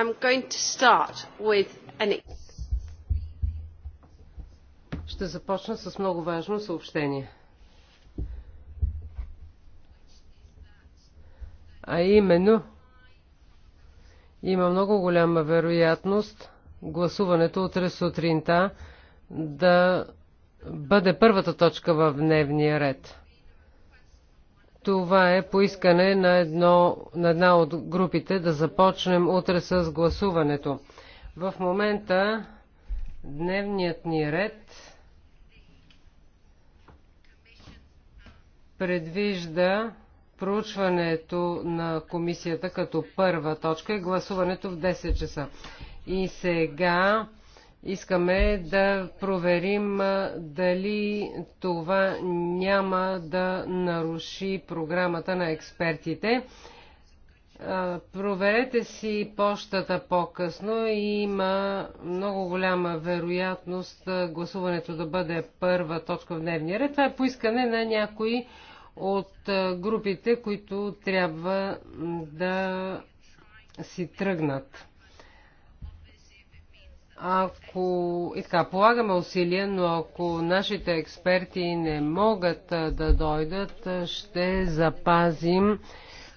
I'm going to start with an... Ще започна с много важно съобщение. А именно, има много голяма вероятност гласуването утре сутринта да бъде първата точка в дневния ред. Това е поискане на, едно, на една от групите да започнем утре с гласуването. В момента дневният ни ред предвижда проучването на комисията като първа точка и гласуването в 10 часа. И сега Искаме да проверим дали това няма да наруши програмата на експертите. Проверете си почтата по-късно и има много голяма вероятност гласуването да бъде първа точка в дневния ред. Това е поискане на някои от групите, които трябва да си тръгнат ако и така, полагаме усилия, но ако нашите експерти не могат да дойдат, ще запазим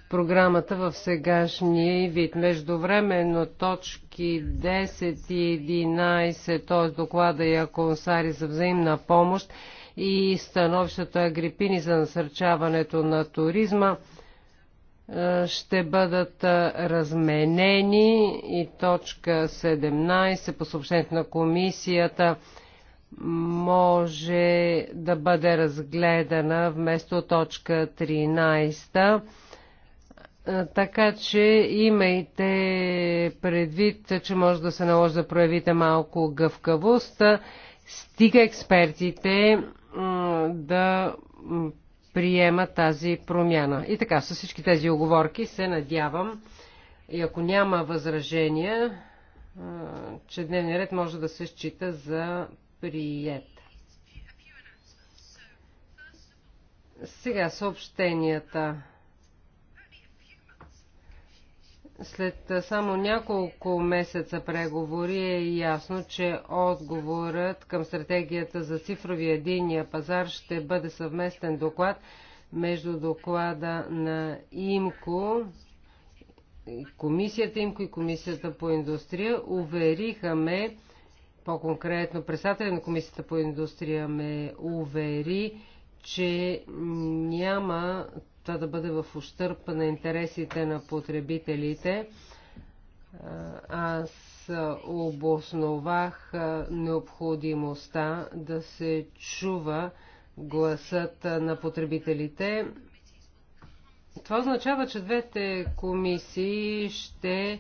програмата в сегашния вид. Междувременно точки 10 и 11, т.е. доклада и Аконсари за взаимна помощ и становището Агрипини за насърчаването на туризма – ще бъдат разменени и точка 17 по съобщението на комисията може да бъде разгледана вместо точка 13. Така че имайте предвид, че може да се наложи да проявите малко гъвкавост. Стига експертите да приема тази промяна. И така, с всички тези оговорки се надявам и ако няма възражения, че дневният ред може да се счита за прият. Сега съобщенията. След само няколко месеца преговори е ясно, че отговорът към стратегията за цифрови единия пазар ще бъде съвместен доклад между доклада на ИМКО, комисията ИМКО и комисията по индустрия. Увериха ме, по-конкретно председателя на комисията по индустрия ме увери, че няма това да бъде в ущърп на интересите на потребителите. Аз обосновах необходимостта да се чува гласът на потребителите. Това означава, че двете комисии ще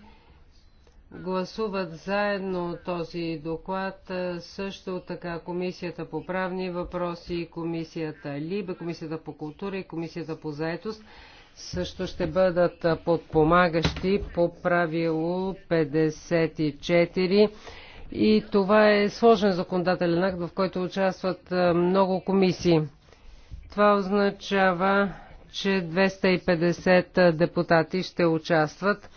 гласуват заедно този доклад, също така Комисията по правни въпроси, Комисията Либе, Комисията по култура и Комисията по заетост също ще бъдат подпомагащи по правило 54. И това е сложен законодателен акт, в който участват много комисии. Това означава, че 250 депутати ще участват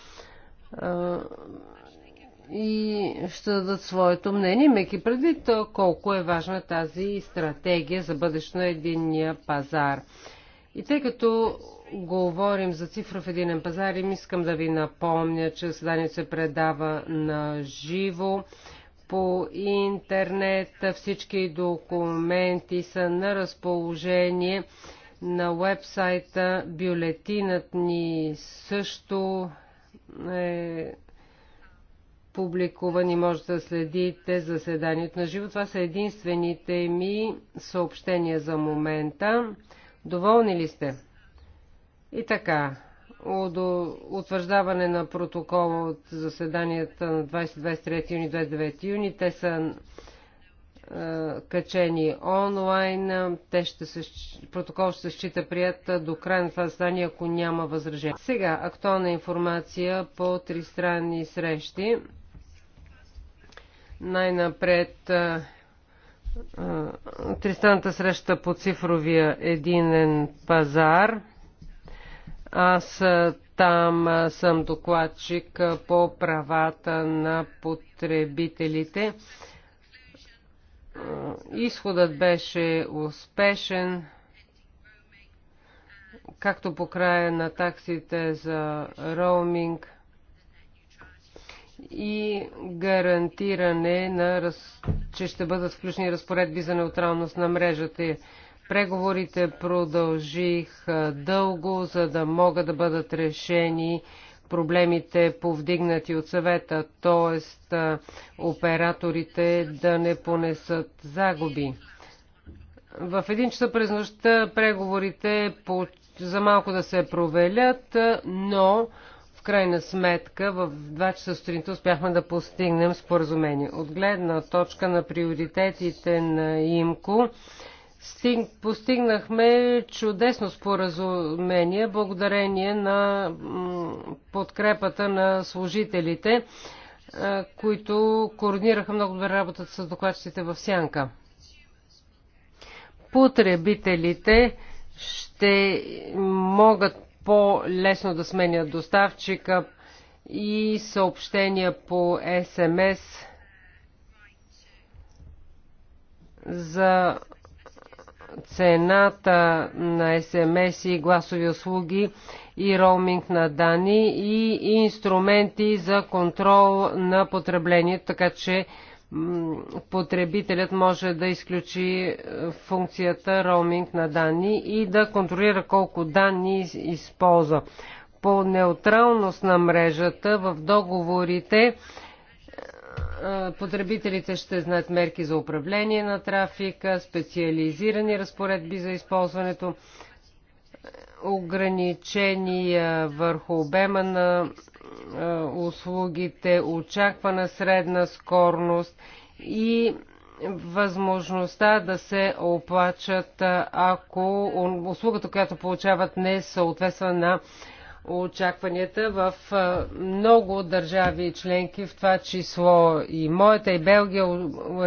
и ще дадат своето мнение, меки предвид колко е важна тази стратегия за бъдещето на единния пазар. И тъй като говорим за в единен пазар, им искам да ви напомня, че заседанието се предава на живо по интернет. Всички документи са на разположение на вебсайта. Бюлетинът ни също е публикувани. Може да следите заседанието на живо. Това са единствените ми съобщения за момента. Доволни ли сте? И така, до утвърждаване на протокола от заседанията на 20-23 юни, 29 юни. Те са е, качени онлайн. Те ще се, протокол ще се счита прият до края на това заседание, ако няма възражение. Сега, актуална информация по тристранни срещи. Най-напред Тристаната среща по цифровия единен пазар. Аз там съм докладчик по правата на потребителите. Изходът беше успешен, както по края на таксите за роуминг – и гарантиране на, раз... че ще бъдат включени разпоредби за неутралност на мрежата. Преговорите продължих дълго, за да могат да бъдат решени проблемите повдигнати от съвета, т.е. операторите да не понесат загуби. В един часа през нощта преговорите по... за малко да се провелят, но крайна сметка в 2 часа сутринта успяхме да постигнем споразумение. От гледна точка на приоритетите на ИМКО, постигнахме чудесно споразумение благодарение на подкрепата на служителите, които координираха много добре работата с докладчиците в Сянка. Потребителите ще могат по-лесно да сменят доставчика и съобщения по СМС за цената на СМС и гласови услуги и роуминг на данни и инструменти за контрол на потреблението, така че потребителят може да изключи е, функцията роуминг на данни и да контролира колко данни използва. По неутралност на мрежата в договорите е, потребителите ще знаят мерки за управление на трафика, специализирани разпоредби за използването ограничения върху обема на услугите, очаквана средна скорност и възможността да се оплачат, ако услугата, която получават, не съответства на очакванията в много държави и членки, в това число и моята и Белгия,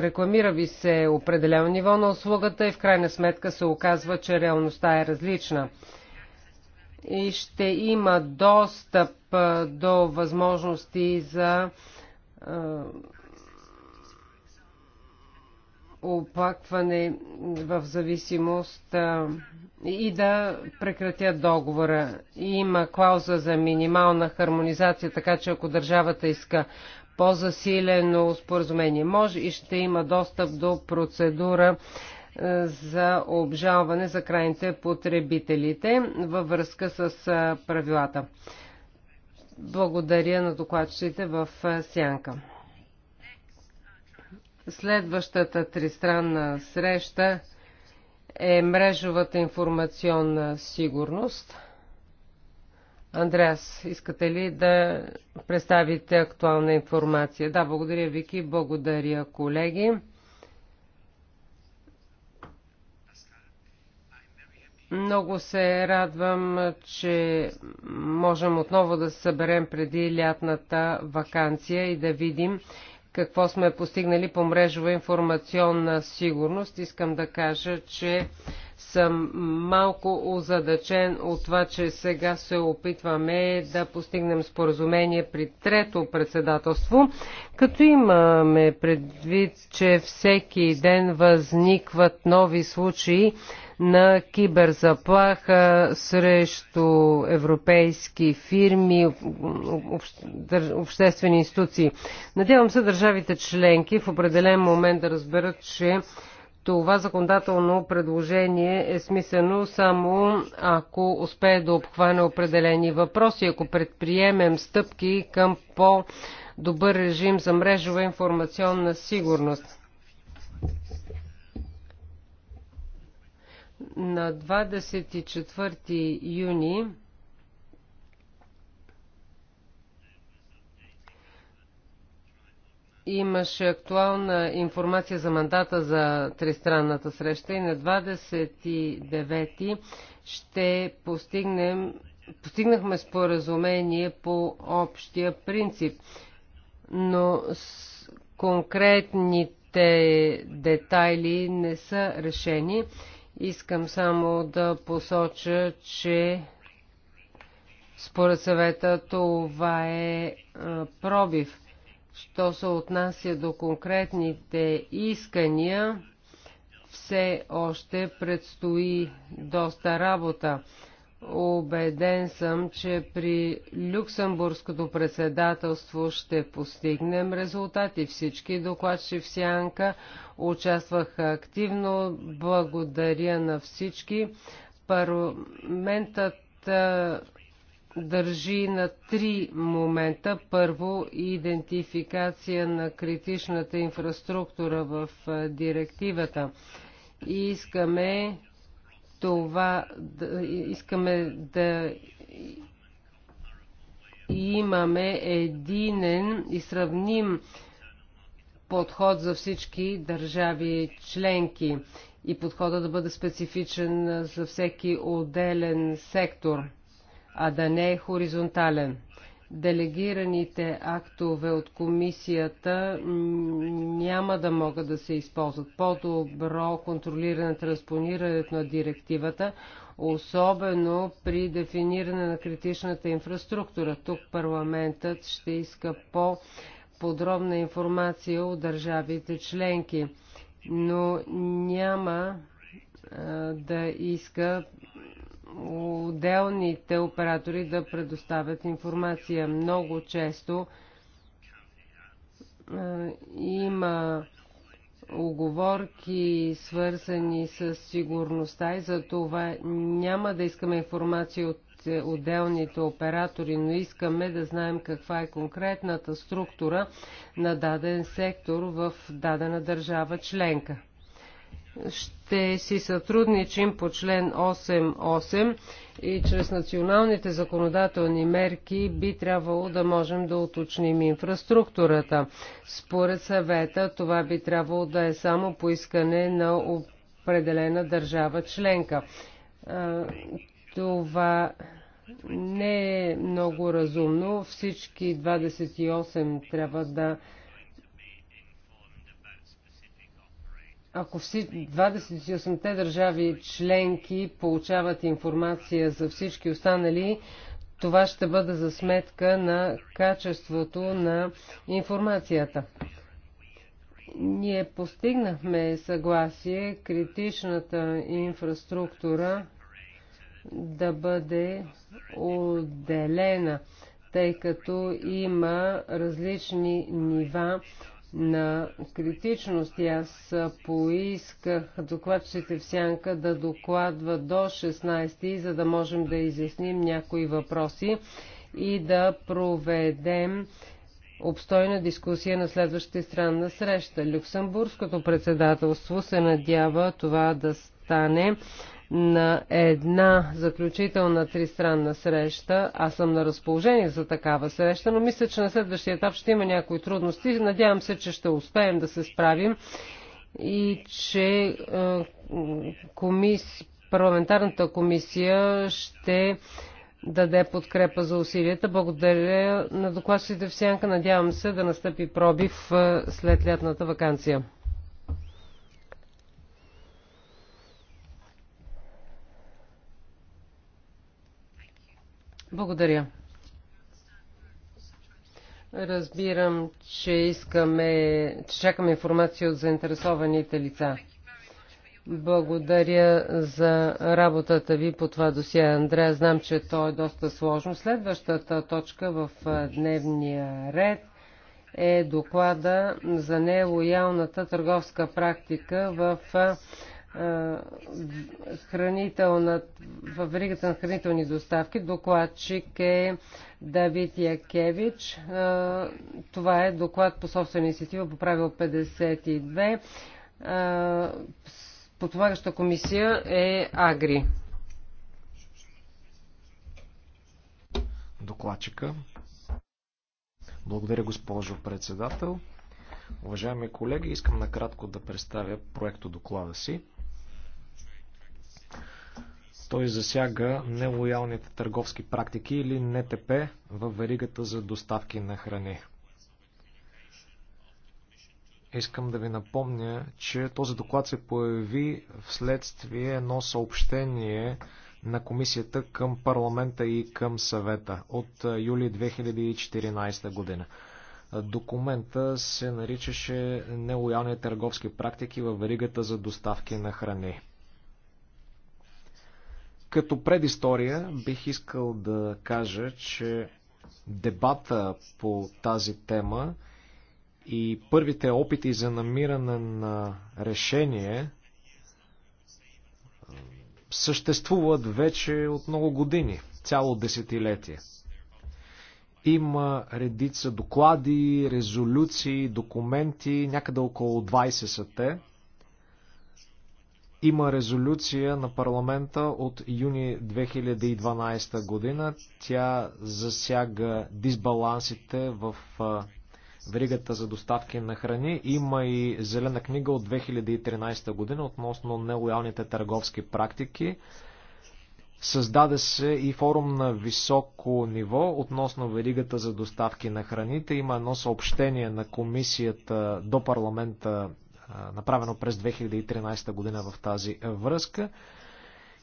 рекламира ви се определено ниво на услугата и в крайна сметка се оказва, че реалността е различна и ще има достъп до възможности за оплакване в зависимост и да прекратят договора. Има клауза за минимална хармонизация, така че ако държавата иска по-засилено споразумение, може и ще има достъп до процедура за обжалване за крайните потребителите във връзка с правилата. Благодаря на докладчите в Сянка. Следващата тристранна среща е мрежовата информационна сигурност. Андреас, искате ли да представите актуална информация? Да, благодаря Вики, благодаря колеги. Много се радвам, че можем отново да се съберем преди лятната вакансия и да видим какво сме постигнали по мрежова информационна сигурност. Искам да кажа, че съм малко озадачен от това, че сега се опитваме да постигнем споразумение при трето председателство, като имаме предвид, че всеки ден възникват нови случаи на киберзаплаха срещу европейски фирми, обществени институции. Надявам се държавите членки в определен момент да разберат, че това законодателно предложение е смислено само ако успее да обхване определени въпроси, ако предприемем стъпки към по-добър режим за мрежова информационна сигурност. На 24 юни имаше актуална информация за мандата за тристранната среща и на 29 ще постигнем, постигнахме споразумение по общия принцип, но с конкретните детайли не са решени Искам само да посоча, че според съвета това е пробив. Що се отнася до конкретните искания, все още предстои доста работа. Обеден съм, че при Люксембургското председателство ще постигнем резултати. Всички докладчи в Сянка участваха активно. Благодаря на всички. Парламентът държи на три момента. Първо, идентификация на критичната инфраструктура в директивата. И искаме това да, искаме да имаме единен и сравним подход за всички държави членки и подхода да бъде специфичен за всеки отделен сектор, а да не е хоризонтален делегираните актове от комисията няма да могат да се използват. По-добро контролиране на транспонирането на директивата, особено при дефиниране на критичната инфраструктура. Тук парламентът ще иска по-подробна информация от държавите членки, но няма да иска отделните оператори да предоставят информация. Много често има оговорки, свързани с сигурността и за това няма да искаме информация от отделните оператори, но искаме да знаем каква е конкретната структура на даден сектор в дадена държава членка ще си сътрудничим по член 8.8 и чрез националните законодателни мерки би трябвало да можем да уточним инфраструктурата. Според съвета това би трябвало да е само поискане на определена държава членка. Това не е много разумно. Всички 28 трябва да ако си 28-те държави членки получават информация за всички останали, това ще бъде за сметка на качеството на информацията. Ние постигнахме съгласие критичната инфраструктура да бъде отделена, тъй като има различни нива на критичност. И аз поисках докладчите в сянка да докладва до 16, за да можем да изясним някои въпроси и да проведем обстойна дискусия на следващата странна среща. Люксембургското председателство се надява това да стане на една заключителна тристранна среща. Аз съм на разположение за такава среща, но мисля, че на следващия етап ще има някои трудности. Надявам се, че ще успеем да се справим и че е, комис... парламентарната комисия ще даде подкрепа за усилията. Благодаря на докладчите в Сянка. Надявам се да настъпи пробив е, след лятната вакансия. Благодаря. Разбирам, че искаме, че чакаме информация от заинтересованите лица. Благодаря за работата ви по това досия, Андрея. Знам, че то е доста сложно. Следващата точка в дневния ред е доклада за нелоялната търговска практика в е, хранителна, във веригата на хранителни доставки. Докладчик е Давид Якевич. Е, това е доклад по собствена инициатива по правил 52. Е, подпомагаща комисия е Агри. Докладчика. Благодаря, госпожо председател. Уважаеми колеги, искам накратко да представя проекто доклада си. Той засяга нелоялните търговски практики или НТП във веригата за доставки на храни. Искам да ви напомня, че този доклад се появи вследствие едно съобщение на комисията към парламента и към съвета от юли 2014 година. Документа се наричаше Нелоялни търговски практики във веригата за доставки на храни. Като предистория бих искал да кажа, че дебата по тази тема и първите опити за намиране на решение съществуват вече от много години, цяло десетилетие. Има редица доклади, резолюции, документи, някъде около 20 са те. Има резолюция на парламента от юни 2012 година. Тя засяга дисбалансите в веригата за доставки на храни. Има и зелена книга от 2013 година относно нелоялните търговски практики. Създаде се и форум на високо ниво относно веригата за доставки на храните. Има едно съобщение на комисията до парламента направено през 2013 година в тази връзка.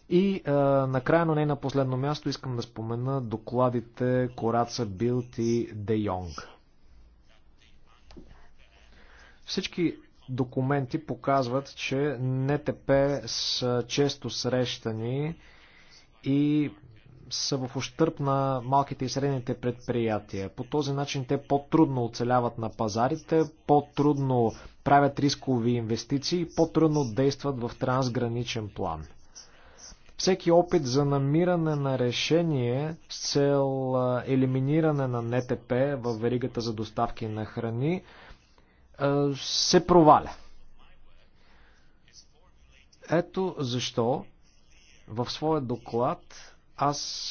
И а, накрая, но не на последно място, искам да спомена докладите Кораца Билт и Де Йонг. Всички документи показват, че НТП са често срещани и са в ощърп на малките и средните предприятия. По този начин те по-трудно оцеляват на пазарите, по-трудно правят рискови инвестиции и по-трудно действат в трансграничен план. Всеки опит за намиране на решение с цел елиминиране на НТП в веригата за доставки на храни се проваля. Ето защо в своя доклад аз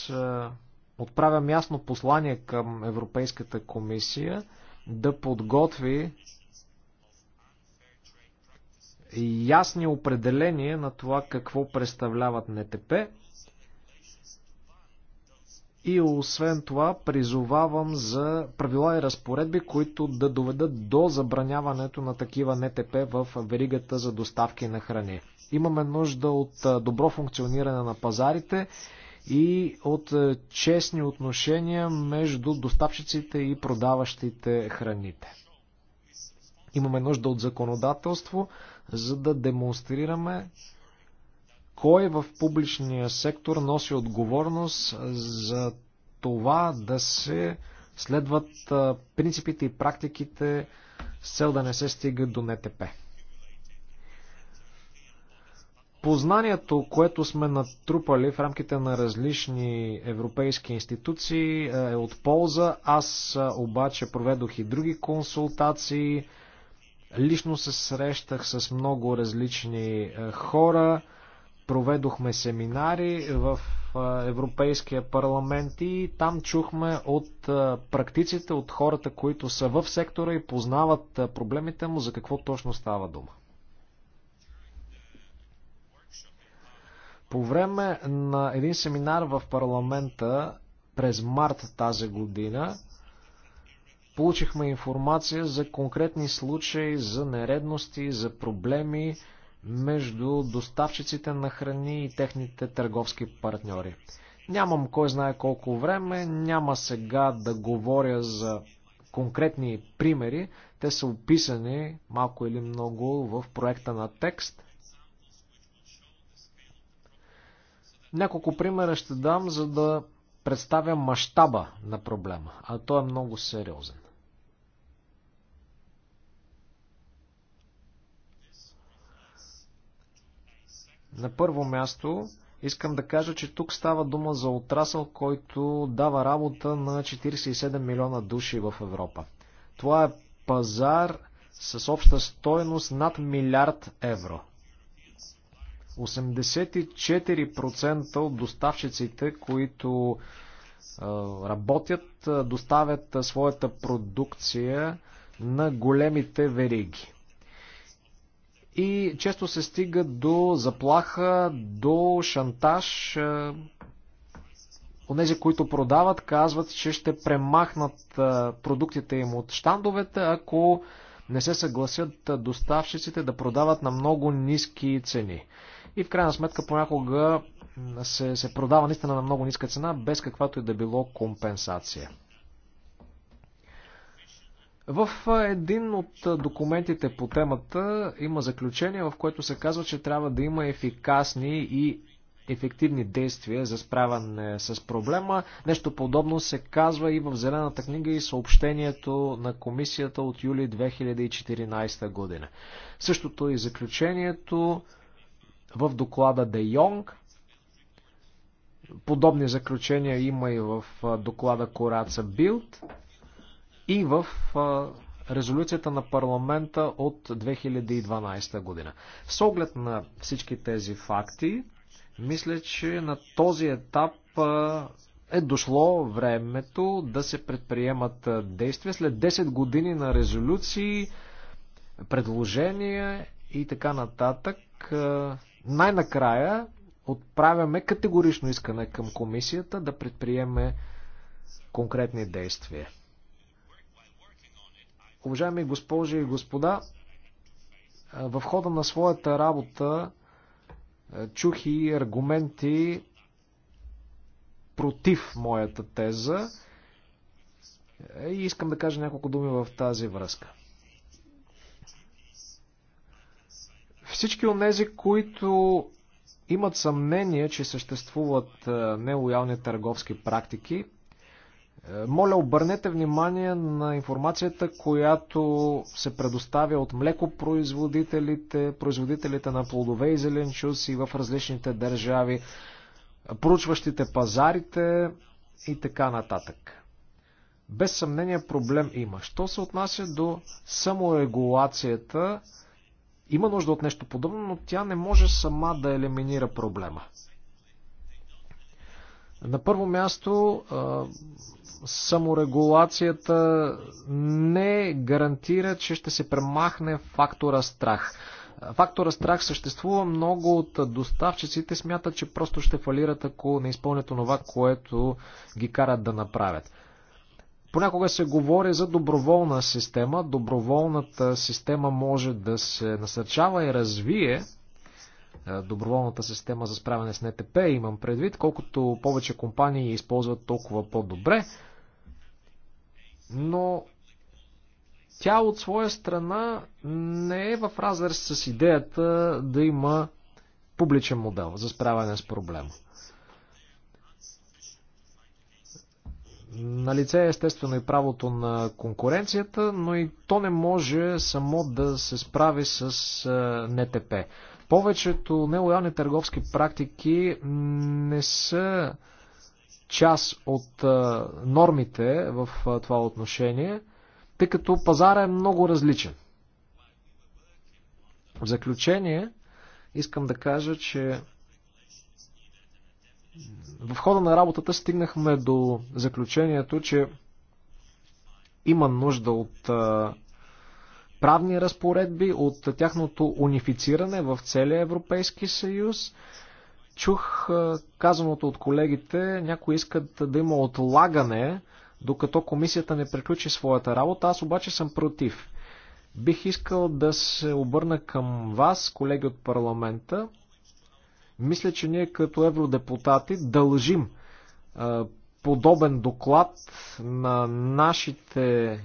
отправям ясно послание към Европейската комисия да подготви ясни определения на това какво представляват НТП. И освен това призовавам за правила и разпоредби, които да доведат до забраняването на такива НТП в веригата за доставки на храни. Имаме нужда от добро функциониране на пазарите и от честни отношения между доставчиците и продаващите храните. Имаме нужда от законодателство, за да демонстрираме кой е в публичния сектор носи отговорност за това да се следват принципите и практиките с цел да не се стига до НТП. Познанието, което сме натрупали в рамките на различни европейски институции е от полза. Аз обаче проведох и други консултации Лично се срещах с много различни е, хора, проведохме семинари в е, Европейския парламент и там чухме от е, практиците, от хората, които са в сектора и познават проблемите му, за какво точно става дума. По време на един семинар в парламента през март тази година Получихме информация за конкретни случаи, за нередности, за проблеми между доставчиците на храни и техните търговски партньори. Нямам кой знае колко време, няма сега да говоря за конкретни примери. Те са описани малко или много в проекта на текст. Няколко примера ще дам, за да представя мащаба на проблема, а той е много сериозен. На първо място искам да кажа, че тук става дума за отрасъл, който дава работа на 47 милиона души в Европа. Това е пазар с обща стойност над милиард евро. 84% от доставчиците, които работят, доставят своята продукция на големите вериги и често се стига до заплаха, до шантаж. Е, онези, които продават, казват, че ще премахнат е, продуктите им от щандовете, ако не се съгласят доставчиците да продават на много ниски цени. И в крайна сметка понякога се, се продава наистина на много ниска цена, без каквато и да било компенсация. В един от документите по темата има заключение, в което се казва, че трябва да има ефикасни и ефективни действия за справяне с проблема. Нещо подобно се казва и в Зелената книга и съобщението на комисията от юли 2014 година. Същото и заключението в доклада Де Йонг. Подобни заключения има и в доклада Кораца Билд и в резолюцията на парламента от 2012 година. С оглед на всички тези факти, мисля, че на този етап е дошло времето да се предприемат действия след 10 години на резолюции, предложения и така нататък. Най-накрая отправяме категорично искане към комисията да предприеме конкретни действия. Уважаеми госпожи и господа, в хода на своята работа чух и аргументи против моята теза и искам да кажа няколко думи в тази връзка. Всички от тези, които имат съмнение, че съществуват нелоялни търговски практики, моля, обърнете внимание на информацията, която се предоставя от млекопроизводителите, производителите на плодове и зеленчуци в различните държави, проучващите пазарите и така нататък. Без съмнение проблем има. Що се отнася до саморегулацията, има нужда от нещо подобно, но тя не може сама да елиминира проблема. На първо място, саморегулацията не гарантира, че ще се премахне фактора страх. Фактора страх съществува. Много от доставчиците смятат, че просто ще фалират, ако не изпълнят това, което ги карат да направят. Понякога се говори за доброволна система. Доброволната система може да се насърчава и развие, е, доброволната система за справяне с НТП, имам предвид, колкото повече компании използват толкова по-добре, но тя от своя страна не е в разрез с идеята да има публичен модел за справяне с проблема. На лице е естествено и правото на конкуренцията, но и то не може само да се справи с е, НТП. Повечето нелоялни търговски практики не са част от нормите в това отношение, тъй като пазара е много различен. В заключение, искам да кажа, че в хода на работата стигнахме до заключението, че има нужда от а, правни разпоредби, от тяхното унифициране в целия Европейски съюз. Чух казаното от колегите, някои искат да има отлагане, докато комисията не приключи своята работа, аз обаче съм против. Бих искал да се обърна към вас, колеги от парламента. Мисля, че ние като евродепутати дължим подобен доклад на нашите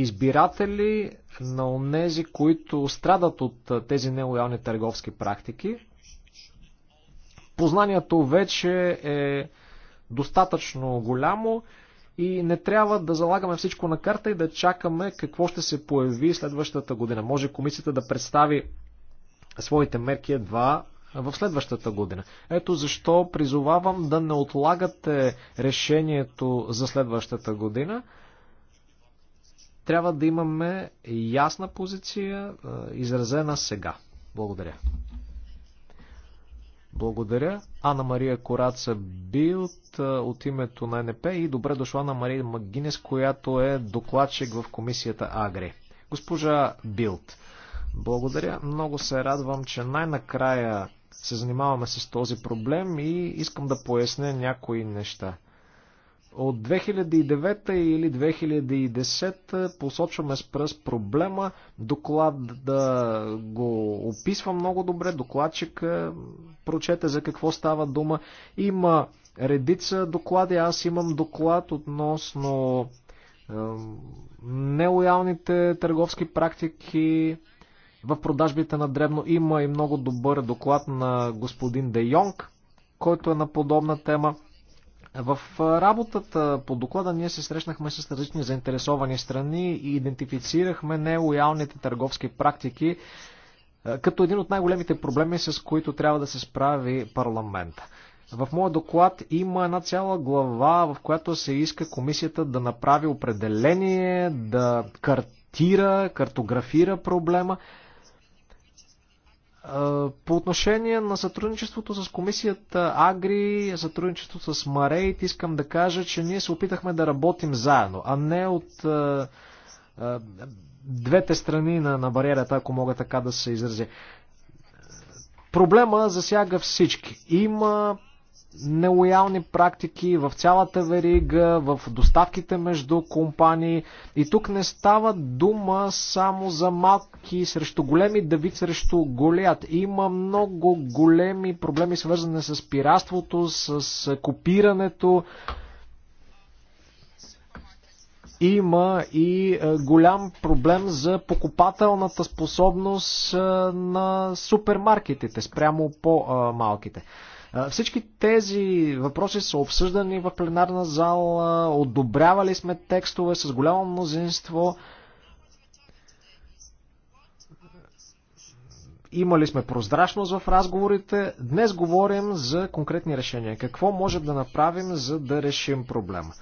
избиратели на онези, които страдат от тези нелоялни търговски практики. Познанието вече е достатъчно голямо и не трябва да залагаме всичко на карта и да чакаме какво ще се появи следващата година. Може комисията да представи своите мерки едва в следващата година. Ето защо призовавам да не отлагате решението за следващата година. Трябва да имаме ясна позиция, изразена сега. Благодаря. Благодаря. Ана Мария Кораца Билт от името на НП и добре дошла на Мария Магинес, която е докладчик в комисията Агри. Госпожа Билт, благодаря. Много се радвам, че най-накрая се занимаваме с този проблем и искам да поясня някои неща. От 2009 или 2010 посочваме с пръст проблема, доклад да го описва много добре, докладчик прочете за какво става дума. Има редица доклади, аз имам доклад относно е, нелоялните търговски практики в продажбите на дребно. Има и много добър доклад на господин Де Йонг, който е на подобна тема. В работата по доклада ние се срещнахме с различни заинтересовани страни и идентифицирахме нелоялните търговски практики като един от най-големите проблеми, с които трябва да се справи парламента. В моя доклад има една цяла глава, в която се иска комисията да направи определение, да картира, картографира проблема. По отношение на сътрудничеството с комисията Агри, сътрудничеството с Марейт, искам да кажа, че ние се опитахме да работим заедно, а не от а, а, двете страни на, на бариерата, ако мога така да се изразя. Проблема засяга всички. Има нелоялни практики в цялата верига, в доставките между компании. И тук не става дума само за малки срещу големи, Давид срещу голят. Има много големи проблеми, свързани с пиратството, с копирането. Има и е, голям проблем за покупателната способност е, на супермаркетите спрямо по-малките. Е, всички тези въпроси са обсъждани в пленарна зала, одобрявали сме текстове с голямо мнозинство. Имали сме прозрачност в разговорите. Днес говорим за конкретни решения. Какво можем да направим, за да решим проблема?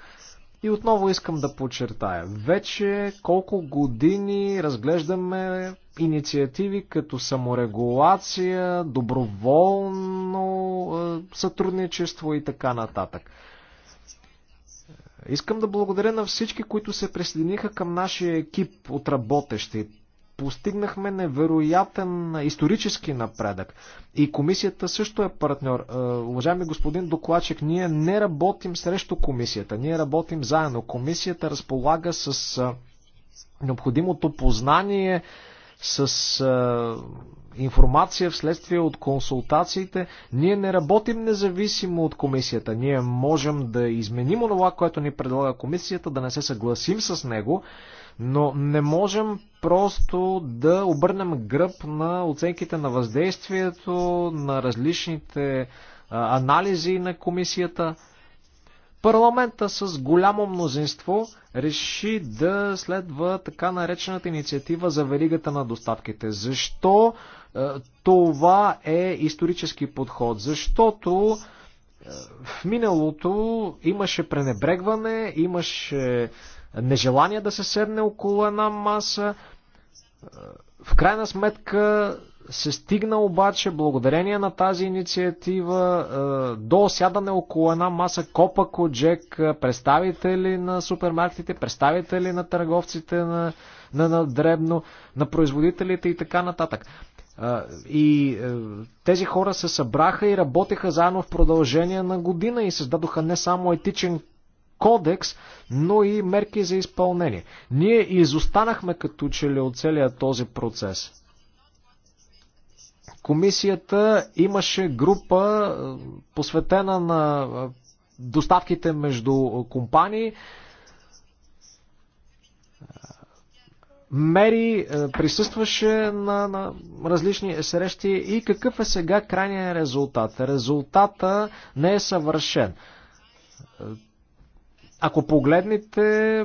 И отново искам да подчертая, вече колко години разглеждаме инициативи като саморегулация, доброволно е, сътрудничество и така нататък. Искам да благодаря на всички, които се присъединиха към нашия екип от работещи постигнахме невероятен исторически напредък. И комисията също е партньор. Е, уважаеми господин докладчик, ние не работим срещу комисията, ние работим заедно. Комисията разполага с е, необходимото познание, с е, информация вследствие от консултациите. Ние не работим независимо от комисията. Ние можем да изменим онова, което ни предлага комисията, да не се съгласим с него, но не можем просто да обърнем гръб на оценките на въздействието, на различните анализи на комисията. Парламента с голямо мнозинство реши да следва така наречената инициатива за веригата на доставките. Защо това е исторически подход? Защото в миналото имаше пренебрегване, имаше нежелание да се седне около една маса. Е, в крайна сметка се стигна обаче, благодарение на тази инициатива, е, до сядане около една маса Копа Коджек, е, представители на супермаркетите, представители на търговците на, на, на дребно, на производителите и така нататък. И тези хора се събраха и работеха заедно в продължение на година и създадоха не само етичен кодекс, но и мерки за изпълнение. Ние изостанахме като че ли от целият този процес. Комисията имаше група е, посветена на е, доставките между компании, Мери е, присъстваше на, на различни срещи и какъв е сега крайният резултат? Резултата не е съвършен. Ако погледнете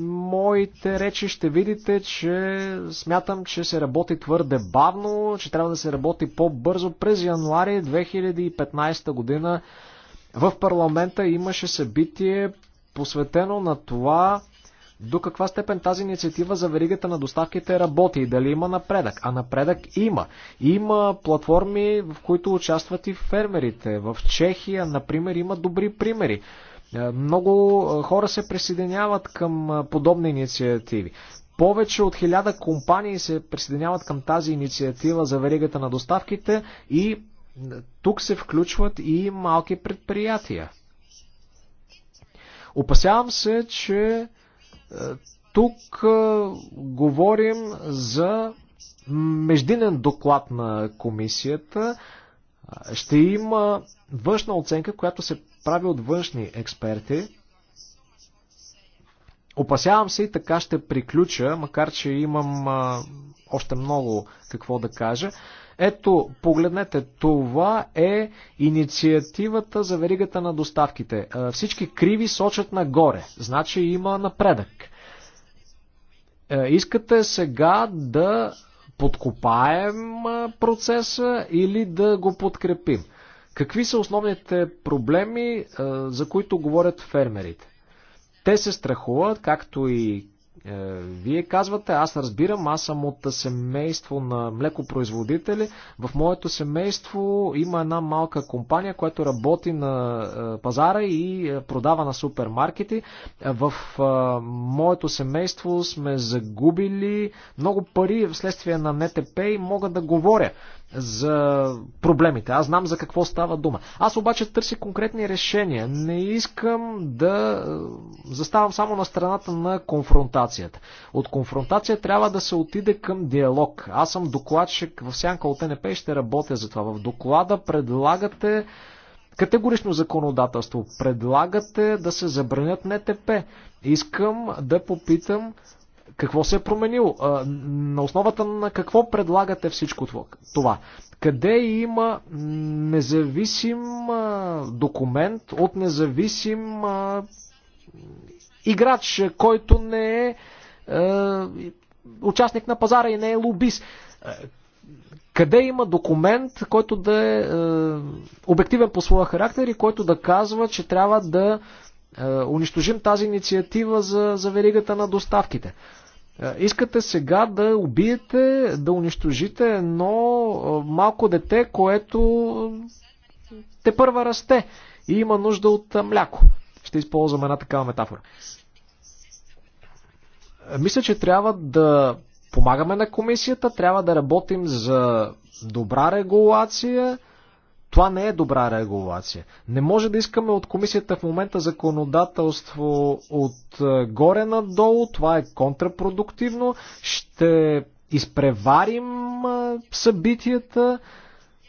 моите речи, ще видите, че смятам, че се работи твърде бавно, че трябва да се работи по-бързо. През януари 2015 година в парламента имаше събитие посветено на това до каква степен тази инициатива за веригата на доставките работи и дали има напредък. А напредък има. Има платформи, в които участват и фермерите. В Чехия, например, има добри примери. Е, много е, хора се присъединяват към е, подобни инициативи. Повече от хиляда компании се присъединяват към тази инициатива за веригата на доставките и тук се включват и малки предприятия. Опасявам се, че тук говорим за междинен доклад на комисията. Ще има външна оценка, която се прави от външни експерти. Опасявам се и така ще приключа, макар че имам а, още много какво да кажа. Ето, погледнете, това е инициативата за веригата на доставките. Всички криви сочат нагоре, значи има напредък. Е, искате сега да подкопаем процеса или да го подкрепим? Какви са основните проблеми, за които говорят фермерите? Те се страхуват, както и е, вие казвате, аз разбирам, аз съм от семейство на млекопроизводители. В моето семейство има една малка компания, която работи на е, пазара и е, продава на супермаркети. В моето семейство сме загубили много пари вследствие на НТП и мога да говоря за проблемите. Аз знам за какво става дума. Аз обаче търся конкретни решения. Не искам да е, заставам само на страната на конфронтацията. От конфронтация трябва да се отиде към диалог. Аз съм докладчик в сянка от НП и ще работя за това. В доклада предлагате категорично законодателство. Предлагате да се забранят НТП. Искам да попитам какво се е променило? На основата на какво предлагате всичко това? Къде има независим документ от независим играч, който не е, е участник на пазара и не е лобист? Е, къде има документ, който да е, е обективен по своя характер и който да казва, че трябва да унищожим тази инициатива за, за веригата на доставките? Е, искате сега да убиете, да унищожите едно е, малко дете, което е, те първа расте и има нужда от мляко. Ще използвам една такава метафора. Мисля, че трябва да помагаме на комисията, трябва да работим за добра регулация, това не е добра регулация. Не може да искаме от комисията в момента законодателство от е, горе надолу. Това е контрапродуктивно. Ще изпреварим е, събитията.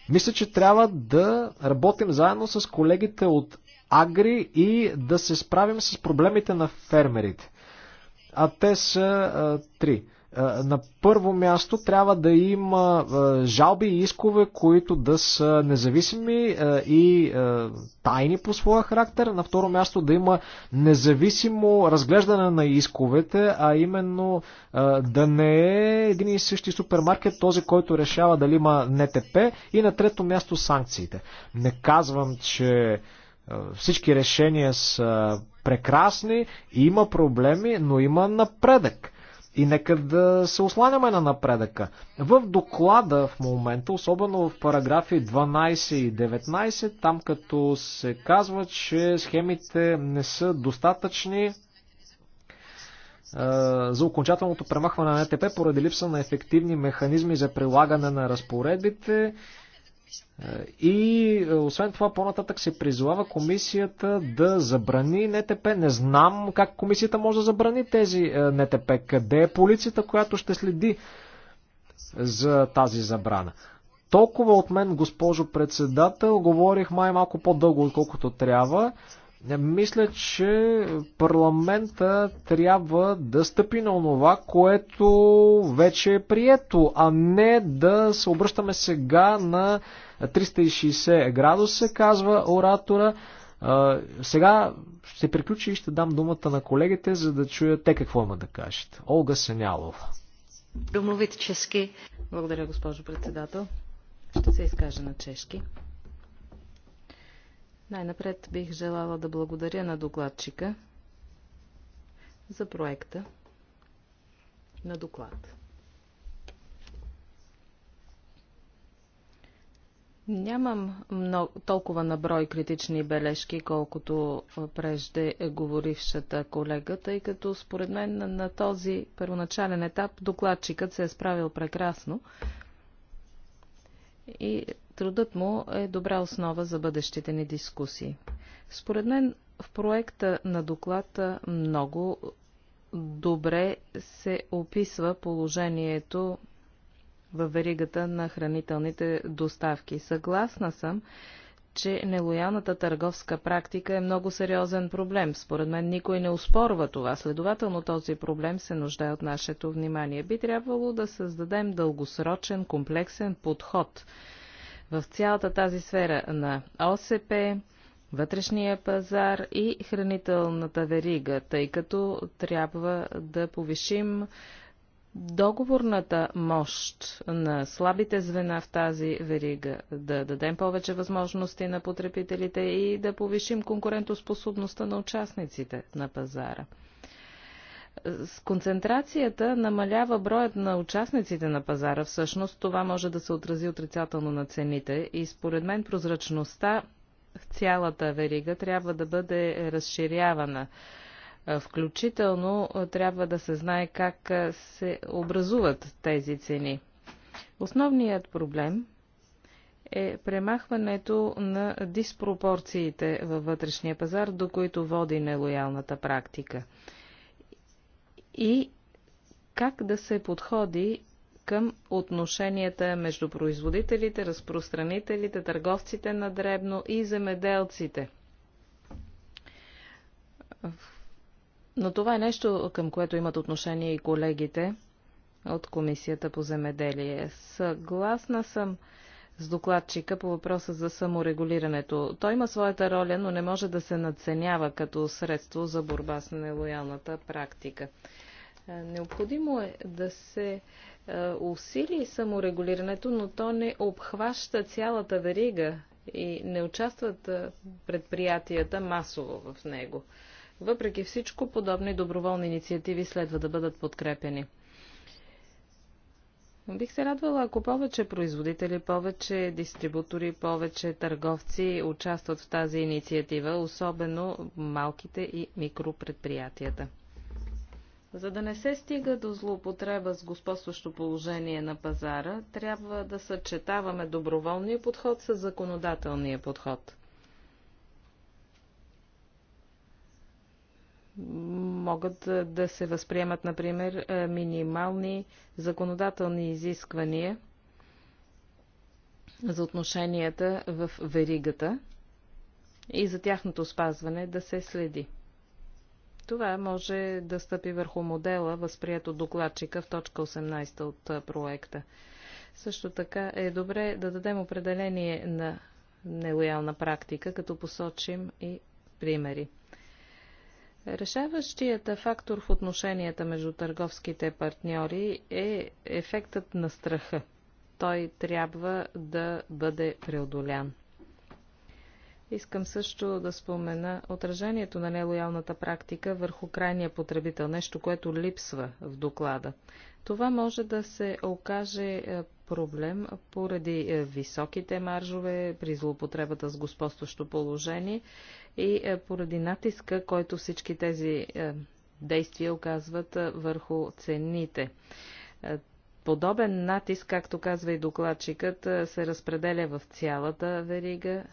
Мисля, че трябва да работим заедно с колегите от Агри и да се справим с проблемите на фермерите. А те са а, е, три. Е, на първо място трябва да има е, жалби и искове, които да са независими е, и тайни по своя характер. На второ място да има независимо разглеждане на исковете, а именно да не е един и същи супермаркет този, който решава дали има НТП. И на трето място санкциите. Не казвам, че всички решения са прекрасни, има проблеми, но има напредък и нека да се осланяме на напредъка. В доклада в момента, особено в параграфи 12 и 19, там като се казва, че схемите не са достатъчни е, за окончателното премахване на НТП поради липса на ефективни механизми за прилагане на разпоредбите, и е, освен това, по-нататък се призовава комисията да забрани НТП. Не знам как комисията може да забрани тези е, НТП. Къде е полицията, която ще следи за тази забрана? Толкова от мен, госпожо председател, говорих май малко по-дълго, отколкото трябва. Не Мисля, че парламента трябва да стъпи на онова, което вече е прието, а не да се обръщаме сега на 360 градуса, казва оратора. Сега ще приключи и ще дам думата на колегите, за да чуя те какво има да кажат. Олга Сенялова. Домовит чески, Благодаря, госпожо председател. Ще се изкажа на чешки. Най-напред бих желала да благодаря на докладчика за проекта на доклад. Нямам много, толкова наброй критични бележки, колкото прежде е говорившата колега, тъй като според мен на, на този първоначален етап докладчикът се е справил прекрасно и Трудът му е добра основа за бъдещите ни дискусии. Според мен в проекта на доклада много добре се описва положението във веригата на хранителните доставки. Съгласна съм, че нелоялната търговска практика е много сериозен проблем. Според мен никой не успорва това. Следователно този проблем се нуждае от нашето внимание. Би трябвало да създадем дългосрочен, комплексен подход – в цялата тази сфера на ОСП, вътрешния пазар и хранителната верига, тъй като трябва да повишим договорната мощ на слабите звена в тази верига, да дадем повече възможности на потребителите и да повишим конкурентоспособността на участниците на пазара. С концентрацията намалява броят на участниците на пазара. Всъщност това може да се отрази отрицателно на цените и според мен прозрачността в цялата верига трябва да бъде разширявана. Включително трябва да се знае как се образуват тези цени. Основният проблем е премахването на диспропорциите във вътрешния пазар, до които води нелоялната практика и как да се подходи към отношенията между производителите, разпространителите, търговците на дребно и земеделците. Но това е нещо, към което имат отношение и колегите от Комисията по земеделие. Съгласна съм с докладчика по въпроса за саморегулирането. Той има своята роля, но не може да се надценява като средство за борба с нелоялната практика. Е, необходимо е да се е, усили саморегулирането, но то не обхваща цялата верига и не участват е, предприятията масово в него. Въпреки всичко, подобни доброволни инициативи следва да бъдат подкрепени. Бих се радвала, ако повече производители, повече дистрибутори, повече търговци участват в тази инициатива, особено малките и микропредприятията. За да не се стига до злоупотреба с господстващо положение на пазара, трябва да съчетаваме доброволния подход с законодателния подход. Могат да се възприемат, например, е, минимални законодателни изисквания за отношенията в веригата и за тяхното спазване да се следи. Това може да стъпи върху модела, възприето докладчика в точка 18 от проекта. Също така е добре да дадем определение на нелоялна практика, като посочим и примери. Решаващият фактор в отношенията между търговските партньори е ефектът на страха. Той трябва да бъде преодолян. Искам също да спомена отражението на нелоялната практика върху крайния потребител, нещо, което липсва в доклада. Това може да се окаже е, проблем поради е, високите маржове при злоупотребата с господстващо положение и е, поради натиска, който всички тези действия оказват върху цените. Подобен натиск, както казва и докладчикът, се разпределя в цялата верига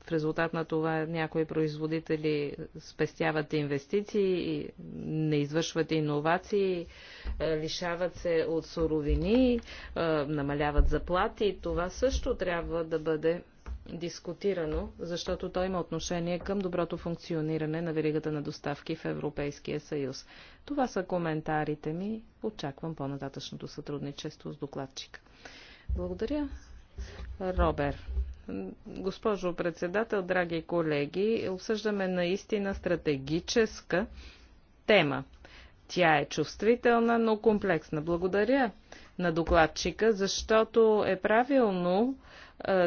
в резултат на това някои производители спестяват инвестиции, не извършват иновации, е, лишават се от суровини, е, намаляват заплати. Това също трябва да бъде дискутирано, защото то има отношение към доброто функциониране на веригата на доставки в Европейския съюз. Това са коментарите ми. Очаквам по-нататъчното сътрудничество с докладчика. Благодаря. Робер, Госпожо председател, драги колеги, обсъждаме наистина стратегическа тема. Тя е чувствителна, но комплексна. Благодаря на докладчика, защото е правилно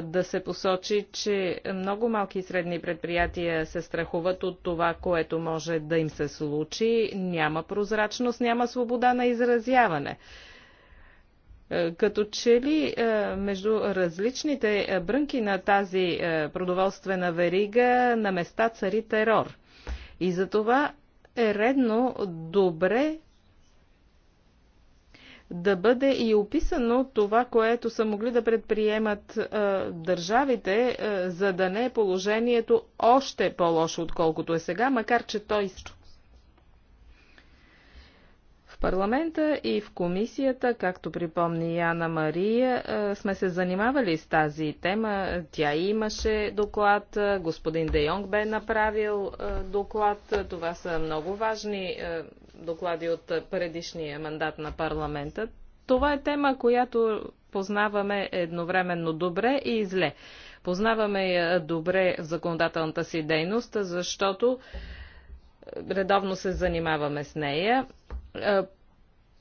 да се посочи, че много малки и средни предприятия се страхуват от това, което може да им се случи. Няма прозрачност, няма свобода на изразяване. Е, като че ли е, между различните е, брънки на тази продоволствена верига на места цари терор. И за това е редно добре да бъде и описано това, което са могли да предприемат е, държавите, е, за да не е положението още по-лошо, отколкото е сега, макар че той също парламента и в комисията, както припомни Яна Мария, е, сме се занимавали с тази тема. Тя имаше доклад, е, господин Де Йонг бе направил е, доклад. Това са много важни доклади от предишния мандат на парламента. Това е тема, която познаваме едновременно добре и зле. Познаваме я добре в законодателната си дейност, защото редовно се занимаваме с нея е,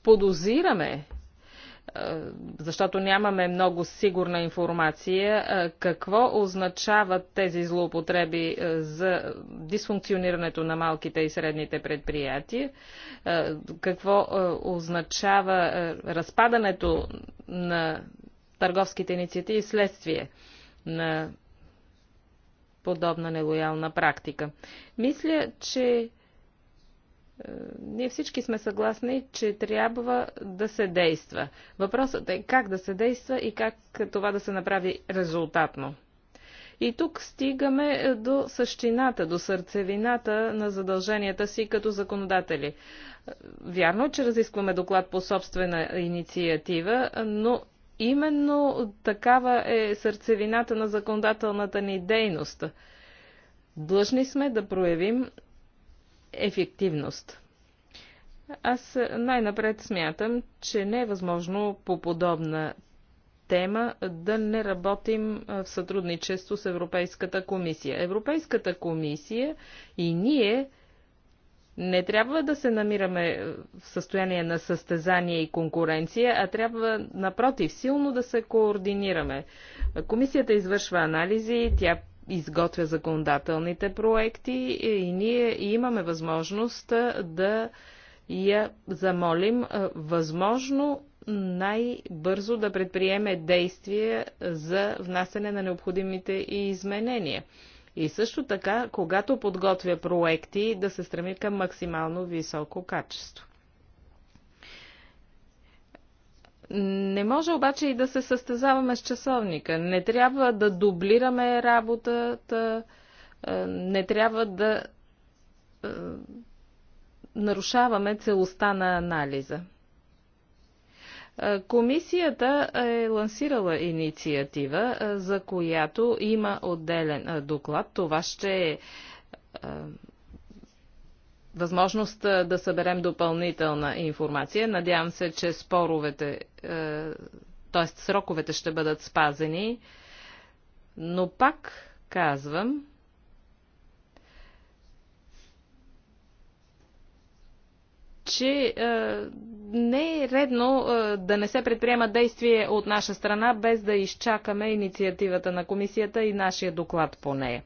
подозираме, е, защото нямаме много сигурна информация, е, какво означават тези злоупотреби за дисфункционирането на малките и средните предприятия, какво означава разпадането на търговските инициативи следствие на подобна нелоялна практика. Мисля, че ние всички сме съгласни, че трябва да се действа. Въпросът е как да се действа и как това да се направи резултатно. И тук стигаме е, до същината, до сърцевината на задълженията си като законодатели. Вярно е, че разискваме доклад по собствена инициатива, но именно такава е сърцевината на законодателната ни дейност. Длъжни сме да проявим ефективност. Аз най-напред смятам, че не е възможно по подобна тема да не работим в сътрудничество с Европейската комисия. Европейската комисия и ние не трябва да се намираме в състояние на състезание и конкуренция, а трябва, напротив, силно да се координираме. Комисията извършва анализи, тя изготвя законодателните проекти и ние имаме възможност да я замолим възможно най-бързо да предприеме действия за внасене на необходимите изменения. И също така, когато подготвя проекти, да се стреми към максимално високо качество. Не може обаче и да се състезаваме с часовника. Не трябва да дублираме работата, е, не трябва да е, нарушаваме целостта на анализа. Е, комисията е лансирала инициатива, за която има отделен доклад. Това ще е възможност да съберем допълнителна информация. Надявам се, че споровете, т.е. сроковете ще бъдат спазени. Но пак казвам, че е, не е редно е, да не се предприема действие от наша страна, без да изчакаме инициативата на комисията и нашия доклад по нея.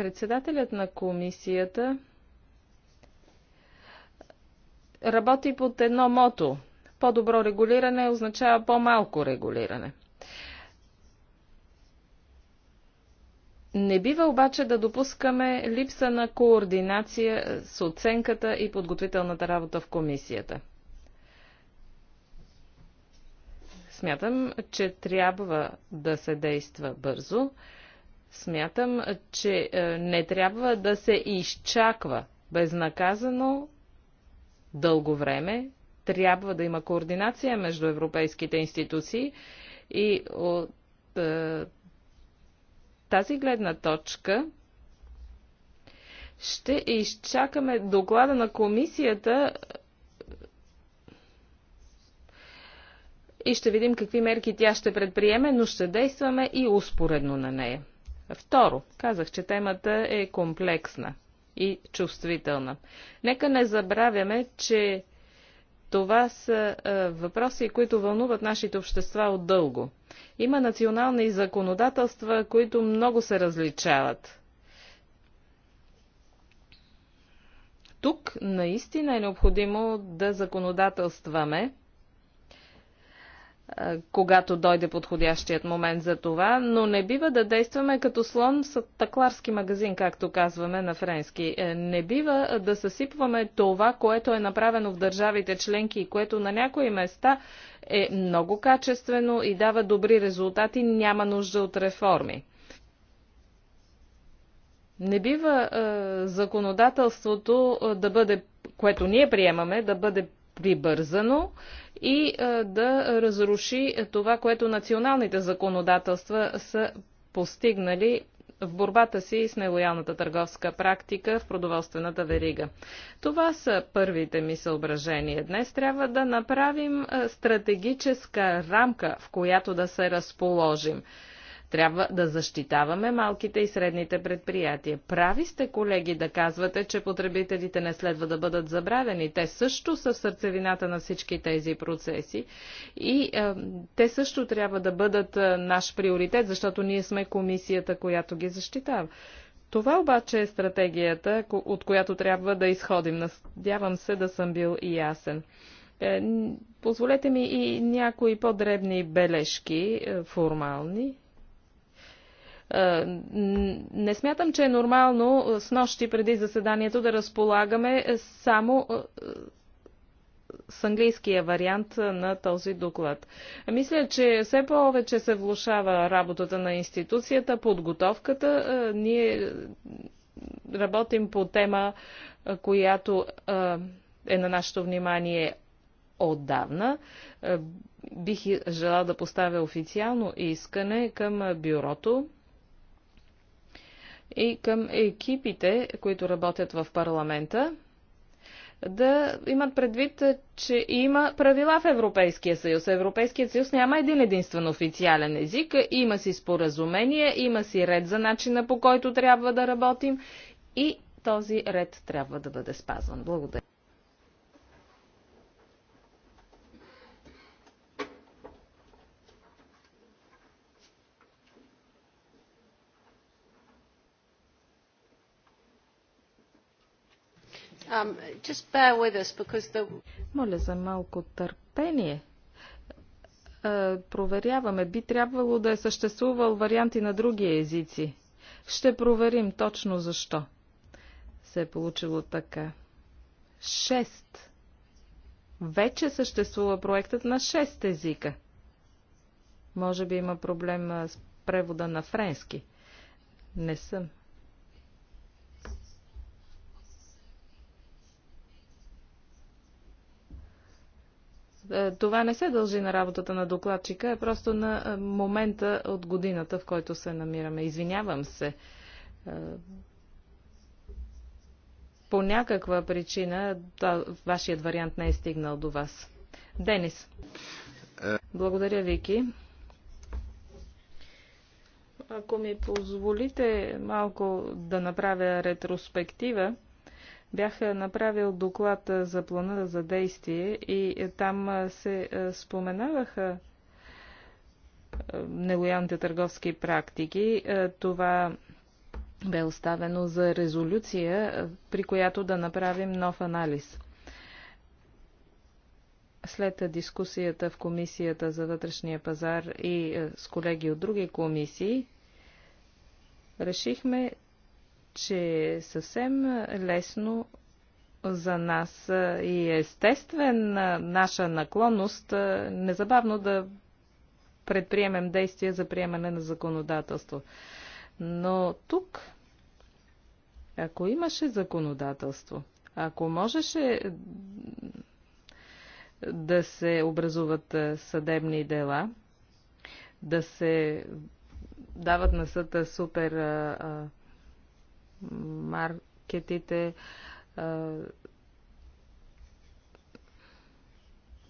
Председателят на комисията работи под едно мото. По-добро регулиране означава по-малко регулиране. Не бива обаче да допускаме липса на координация с оценката и подготвителната работа в комисията. Смятам, че трябва да се действа бързо. Смятам, че е, не трябва да се изчаква безнаказано дълго време. Трябва да има координация между европейските институции и от е, тази гледна точка ще изчакаме доклада на комисията е, и ще видим какви мерки тя ще предприеме, но ще действаме и успоредно на нея. Второ, казах, че темата е комплексна и чувствителна. Нека не забравяме, че това са е, въпроси, които вълнуват нашите общества отдълго. Има национални законодателства, които много се различават. Тук наистина е необходимо да законодателстваме когато дойде подходящият момент за това, но не бива да действаме като слон с такларски магазин, както казваме на френски. Е, не бива да съсипваме това, което е направено в държавите членки и което на някои места е много качествено и дава добри резултати, няма нужда от реформи. Не бива е, законодателството да бъде, което ние приемаме, да бъде прибързано и е, да разруши това, което националните законодателства са постигнали в борбата си с нелоялната търговска практика в продоволствената верига. Това са първите ми съображения. Днес трябва да направим е, стратегическа рамка, в която да се разположим. Трябва да защитаваме малките и средните предприятия. Прави сте, колеги, да казвате, че потребителите не следва да бъдат забравени. Те също са в сърцевината на всички тези процеси и е, те също трябва да бъдат е, наш приоритет, защото ние сме комисията, която ги защитава. Това обаче е стратегията, от която трябва да изходим. Надявам се да съм бил и ясен. Е, позволете ми и някои по-дребни бележки, е, формални. Е, не смятам, че е нормално е, с нощи преди заседанието да разполагаме е, само с английския вариант на този доклад. Мисля, че все повече се влушава работата на институцията, подготовката. Ние работим по тема, която е на нашето внимание отдавна. Бих желал да поставя официално искане към бюрото и към екипите, които работят в парламента, да имат предвид, че има правила в Европейския съюз. Европейският съюз няма един единствен официален език, има си споразумение, има си ред за начина по който трябва да работим и този ред трябва да бъде спазван. Благодаря. Um, just bear with us because the... Моля за малко търпение. Е, проверяваме. Би трябвало да е съществувал варианти на други езици. Ще проверим точно защо се е получило така. Шест. Вече съществува проектът на шест езика. Може би има проблем с превода на френски. Не съм Е, това не се дължи на работата на докладчика, а е просто на е, момента от годината, в който се намираме. Извинявам се. По някаква причина да, вашият вариант не е стигнал до вас. Денис. Благодаря, Вики. Ако ми позволите малко да направя ретроспектива, Бях направил доклад за плана за действие и там се споменаваха нелоялните търговски практики. Това бе оставено за резолюция, при която да направим нов анализ. След дискусията в Комисията за вътрешния пазар и с колеги от други комисии, решихме че е съвсем лесно за нас и естествен наша наклонност незабавно да предприемем действия за приемане на законодателство. Но тук, ако имаше законодателство, ако можеше да се образуват съдебни дела, да се дават на съда супер маркетите. А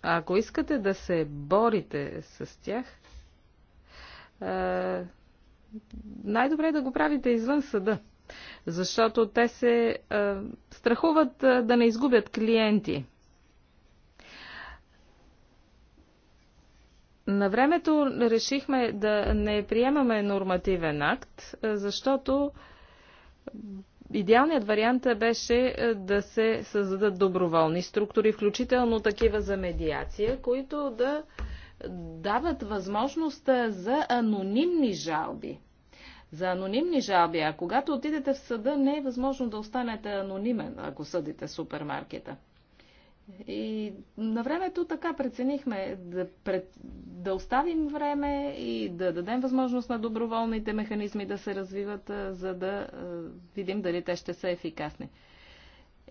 ако искате да се борите с тях, най-добре е да го правите извън съда, защото те се страхуват да не изгубят клиенти. На времето решихме да не приемаме нормативен акт, защото Идеалният вариант беше е, да се създадат доброволни структури, включително такива за медиация, които да дават възможност е, за анонимни жалби. За анонимни жалби, а когато отидете в съда, не е възможно да останете анонимен, ако съдите супермаркета. И на времето така преценихме да, пред, да оставим време и да дадем възможност на доброволните механизми да се развиват, за да видим дали те ще са ефикасни.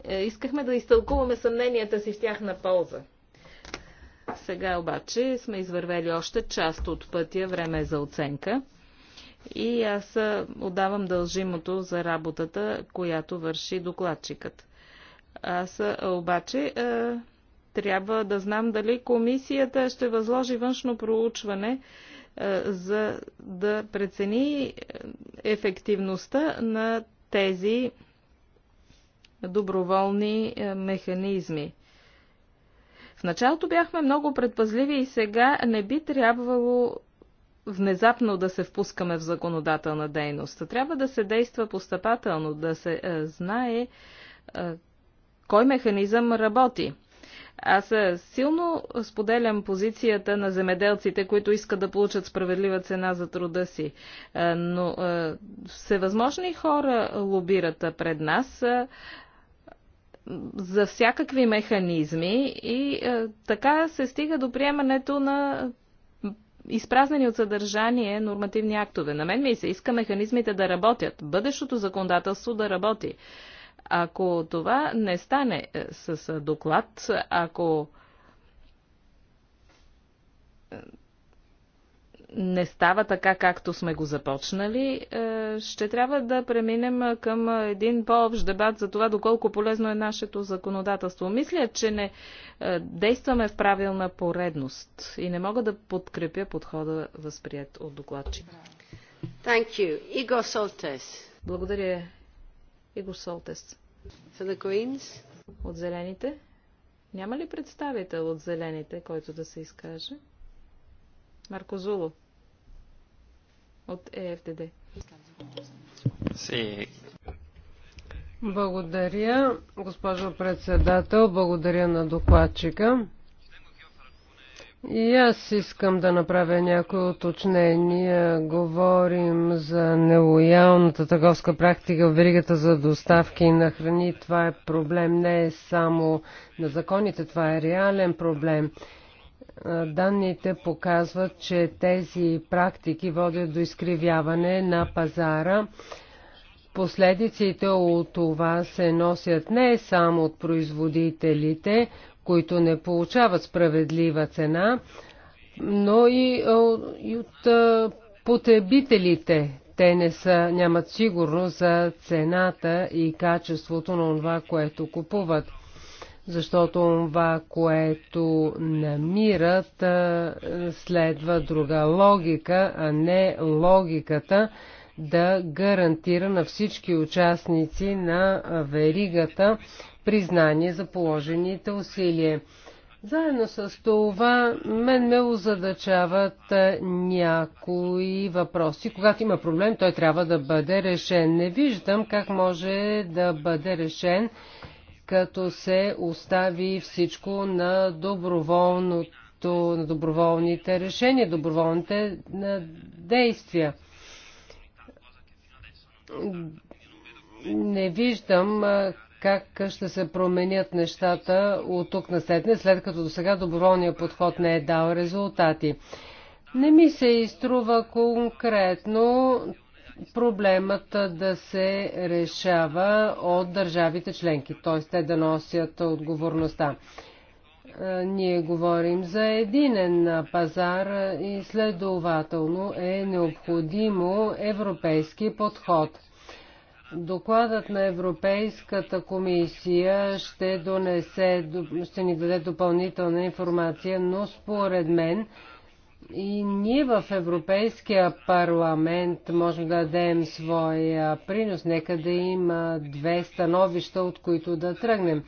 Е, искахме да изтълкуваме съмненията си в тях на полза. Сега обаче сме извървели още част от пътя, време е за оценка. И аз отдавам дължимото за работата, която върши докладчикът. Аз е, обаче е, трябва да знам дали комисията ще възложи външно проучване, е, за да прецени ефективността на тези доброволни механизми. В началото бяхме много предпазливи и сега не би трябвало внезапно да се впускаме в законодателна дейност. Трябва да се действа постъпателно, да се знае кой механизъм работи? Аз силно споделям позицията на земеделците, които искат да получат справедлива цена за труда си. Е, но е, всевъзможни хора лобират пред нас е, за всякакви механизми и така се стига до приемането на изпразнени от съдържание нормативни актове. На мен ми се иска механизмите да работят, бъдещото законодателство да работи. Ако това не стане е, с е, доклад, ако е, не става така, както сме го започнали, ще трябва да преминем към един по-общ дебат за това доколко полезно е нашето законодателство. Мисля, че не действаме в правилна поредност и не мога да подкрепя подхода възприят от докладчика. Благодаря, го Солтес. От зелените? Няма ли представител от зелените, който да се изкаже? Марко Зуло. От ЕФДД. Си. Благодаря, госпожо председател. Благодаря на докладчика. И аз искам да направя някои уточнения. Говорим за нелоялната търговска практика в веригата за доставки на храни. Това е проблем не е само на законите, това е реален проблем. Данните показват, че тези практики водят до изкривяване на пазара. Последиците от това се носят не само от производителите, които не получават справедлива цена, но и, и от потребителите. Те не са, нямат сигурност за цената и качеството на това, което купуват защото това, което намират, следва друга логика, а не логиката да гарантира на всички участници на веригата признание за положените усилия. Заедно с това, мен ме озадачават е, някои въпроси. Когато има проблем, той трябва да бъде решен. Не виждам как може да бъде решен, като се остави всичко на доброволното, на доброволните решения, доброволните действия не виждам как ще се променят нещата от тук на сетне, след като до сега доброволният подход не е дал резултати. Не ми се изтрува конкретно проблемът да се решава от държавите членки, т.е. те да носят отговорността. Ние говорим за единен пазар и следователно е необходимо европейски подход. Докладът на Европейската комисия ще, донесе, ще ни даде допълнителна информация, но според мен и ние в Европейския парламент можем да дадем своя принос. Нека да има две становища, от които да тръгнем.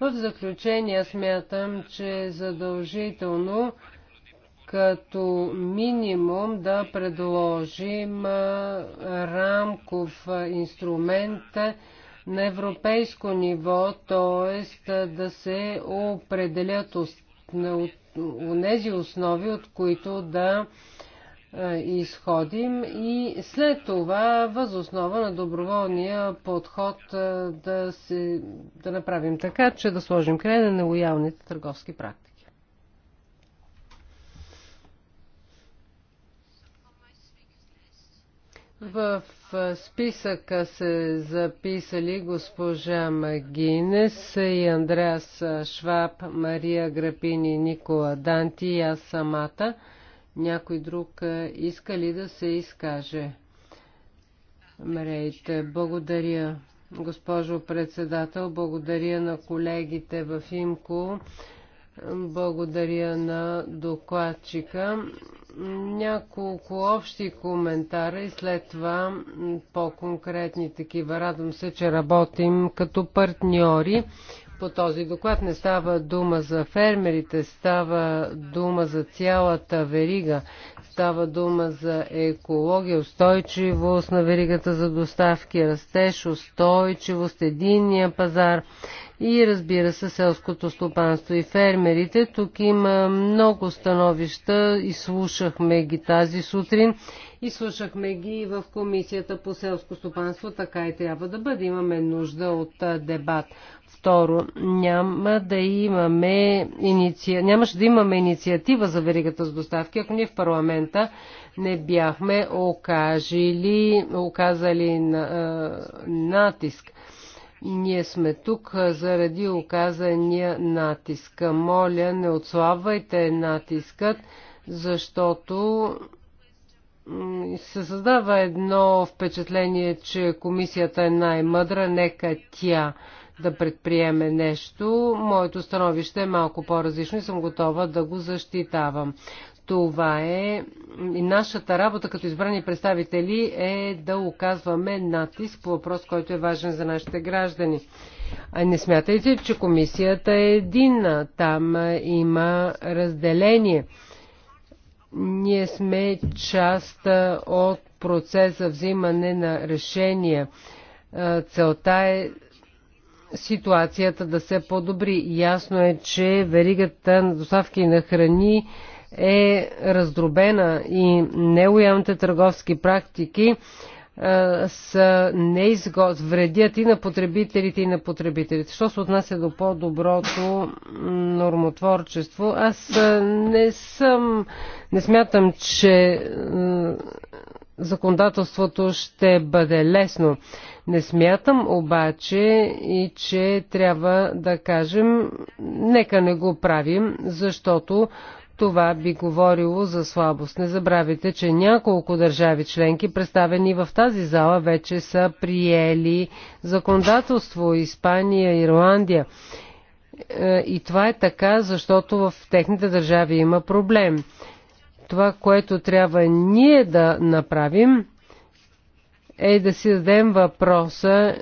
В заключение смятам, че е задължително като минимум да предложим рамков инструмент на европейско ниво, т.е. да се определят от тези основи, от които да е, изходим и след това възоснова на доброволния подход е, да, се, да направим така, че да сложим край на нелоялните търговски практики. В е, списъка се записали госпожа Магинес и Андреас Шваб, Мария Грапини, Никола Данти и аз самата – някой друг иска ли да се изкаже? мрейте. благодаря. Госпожо председател, благодаря на колегите в ИМКО. Благодаря на докладчика. Няколко общи коментара и след това по-конкретни такива. Радвам се, че работим като партньори по този доклад. Не става дума за фермерите, става дума за цялата верига, става дума за екология, устойчивост на веригата за доставки, растеж, устойчивост, единния пазар и разбира се селското стопанство и фермерите. Тук има много становища и слушахме ги тази сутрин и слушахме ги и в Комисията по селско стопанство, така и трябва да бъде. Имаме нужда от дебат. Второ, няма да имаме иници... нямаше да имаме инициатива за веригата с доставки, ако ние в парламента не бяхме окажили, оказали на, натиск. Ние сме тук заради оказания натиск. Моля, не отслабвайте натискът, защото се създава едно впечатление, че комисията е най-мъдра, нека тя да предприеме нещо. Моето становище е малко по-различно и съм готова да го защитавам. Това е и нашата работа като избрани представители е да оказваме натиск по въпрос, който е важен за нашите граждани. А не смятайте, че комисията е единна. Там има разделение. Ние сме част от процес за взимане на решения. Целта е ситуацията да се подобри. Ясно е, че веригата на доставки на храни е раздробена и нелоялните търговски практики са неизгод, вредят и на потребителите, и на потребителите. Що се отнася до по-доброто нормотворчество, аз не съм, не смятам, че законодателството ще бъде лесно. Не смятам обаче и че трябва да кажем, нека не го правим, защото това би говорило за слабост. Не забравяйте, че няколко държави членки, представени в тази зала, вече са приели законодателство Испания, Ирландия. Е, и това е така, защото в техните държави има проблем. Това, което трябва ние да направим, е да си дадем въпроса,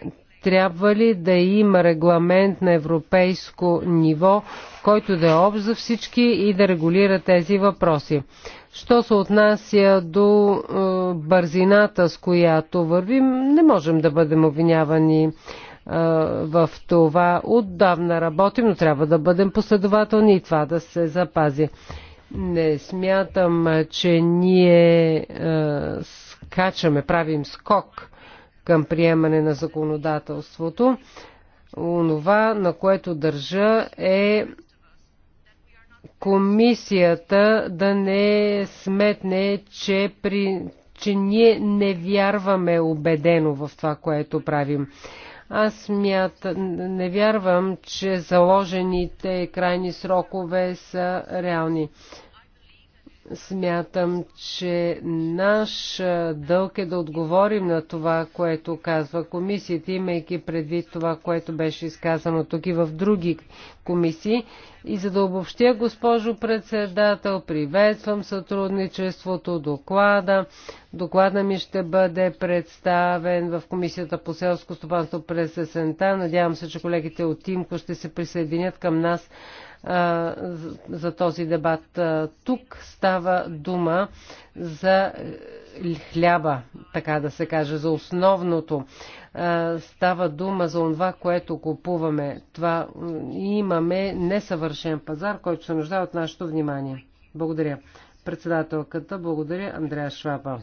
трябва ли да има регламент на европейско ниво, който да е общ за всички и да регулира тези въпроси. Що се отнася до е, бързината, с която вървим, не можем да бъдем обвинявани е, в това. Отдавна работим, но трябва да бъдем последователни и това да се запази. Не смятам, че ние е, скачаме, правим скок към приемане на законодателството. Онова, на което държа е комисията да не сметне, че, при, че ние не вярваме убедено в това, което правим. Аз мят, не вярвам, че заложените крайни срокове са реални. Смятам, че наш дълг е да отговорим на това, което казва комисията, имайки предвид това, което беше изказано тук и в други комисии. И за да обобщя, госпожо председател, приветствам сътрудничеството, доклада. Доклада ми ще бъде представен в Комисията по селско стопанство през сесента. Надявам се, че колегите от Тимко ще се присъединят към нас за този дебат. Тук става дума за хляба, така да се каже, за основното. Става дума за това, което купуваме. Това имаме несъвършен пазар, който се нуждае от нашето внимание. Благодаря. Председателката, благодаря Андрея Шваба.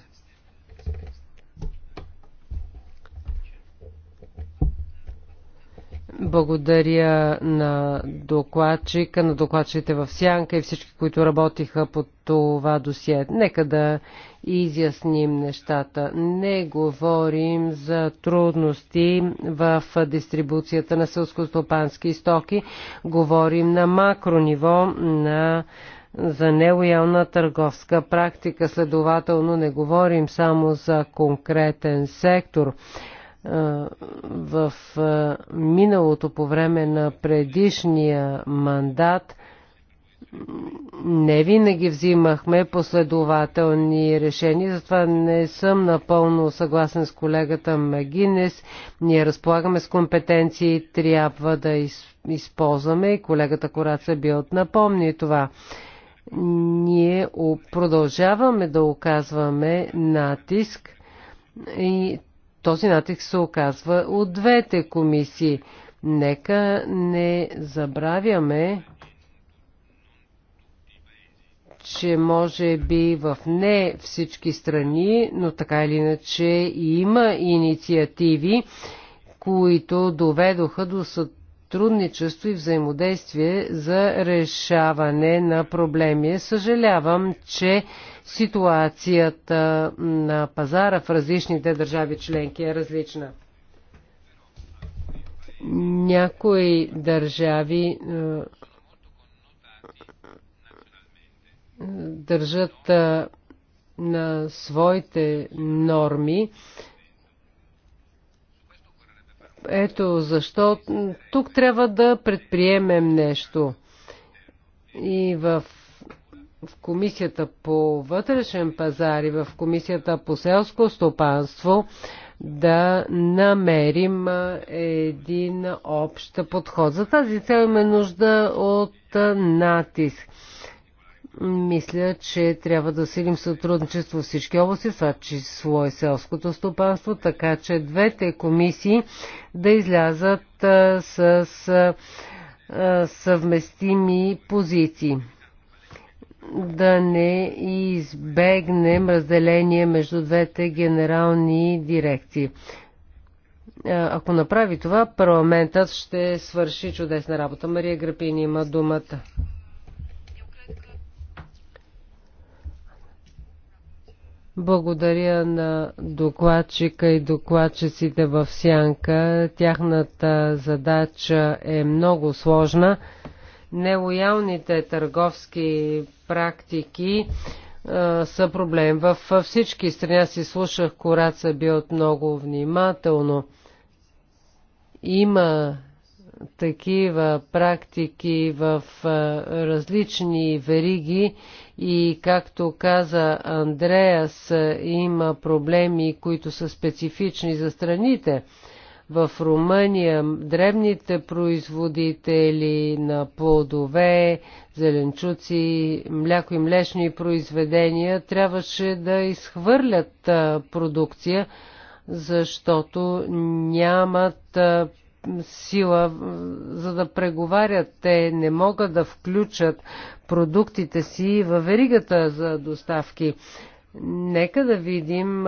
Благодаря на докладчика, на докладчите в Сянка и всички, които работиха по това досие. Нека да изясним нещата. Не говорим за трудности в дистрибуцията на сълскостопански стоки. Говорим на макро ниво на за нелоялна търговска практика. Следователно не говорим само за конкретен сектор е, в е, миналото по време на предишния мандат не винаги взимахме последователни решения, затова не съм напълно съгласен с колегата Магинес. Ние разполагаме с компетенции, трябва да използваме и колегата Кораца от е напомни това. Ние продължаваме да оказваме натиск и този натиск се оказва от двете комисии. Нека не забравяме, че може би в не всички страни, но така или иначе има инициативи, които доведоха до сътрудничество и взаимодействие за решаване на проблеми. Съжалявам, че Ситуацията на пазара в различните държави членки е различна. Някои държави е, държат е, на своите норми. Ето защо тук трябва да предприемем нещо. И в в Комисията по вътрешен пазар и в Комисията по селско стопанство да намерим един общ подход. За тази цел има нужда от натиск. Мисля, че трябва да силим сътрудничество в всички области, това число и селското стопанство, така че двете комисии да излязат с съвместими позиции да не избегнем разделение между двете генерални дирекции. Ако направи това, парламентът ще свърши чудесна работа. Мария Грапини има думата. Благодаря на докладчика и докладчиците в Сянка. Тяхната задача е много сложна. Нелоялните търговски практики а, е, са проблем. В всички страни си слушах Кораца би от много внимателно. Има такива практики в е, различни вериги и както каза Андреас, е, има проблеми, които са специфични за страните. В Румъния древните производители на плодове, зеленчуци, мляко и млечни произведения трябваше да изхвърлят продукция, защото нямат сила, за да преговарят. Те не могат да включат продуктите си във веригата за доставки. Нека да видим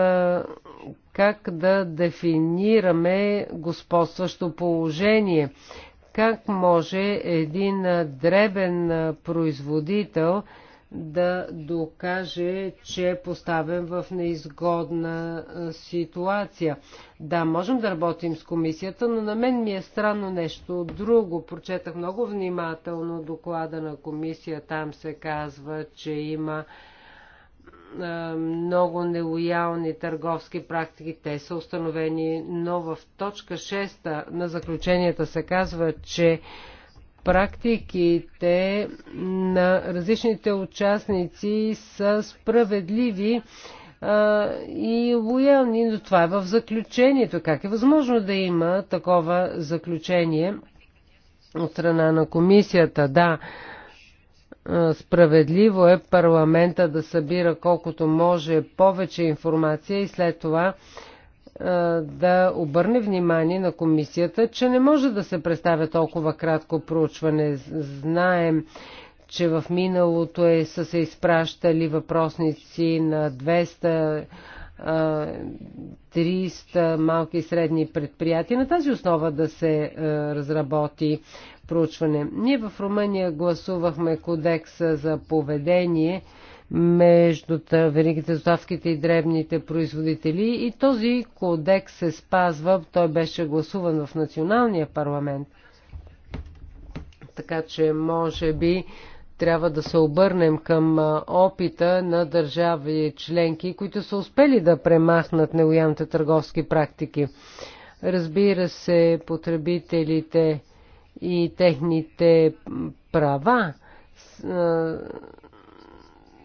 как да дефинираме господстващо положение, как може един дребен производител да докаже, че е поставен в неизгодна ситуация. Да, можем да работим с комисията, но на мен ми е странно нещо друго. Прочетах много внимателно доклада на комисия. Там се казва, че има е, много нелоялни търговски практики. Те са установени, но в точка 6 на заключенията се казва, че практиките на различните участници са справедливи е, и лоялни, но това е в заключението. Как е възможно да има такова заключение от страна на комисията? Да, Справедливо е парламента да събира колкото може повече информация и след това да обърне внимание на комисията, че не може да се представя толкова кратко проучване. Знаем, че в миналото е, са се изпращали въпросници на 200 300 малки и средни предприятия. На тази основа да се разработи проучване. Ние в Румъния гласувахме кодекса за поведение между великите доставките и дребните производители и този кодекс се спазва. Той беше гласуван в националния парламент. Така че, може би, трябва да се обърнем към опита на държави членки, които са успели да премахнат неуямните търговски практики. Разбира се, потребителите и техните права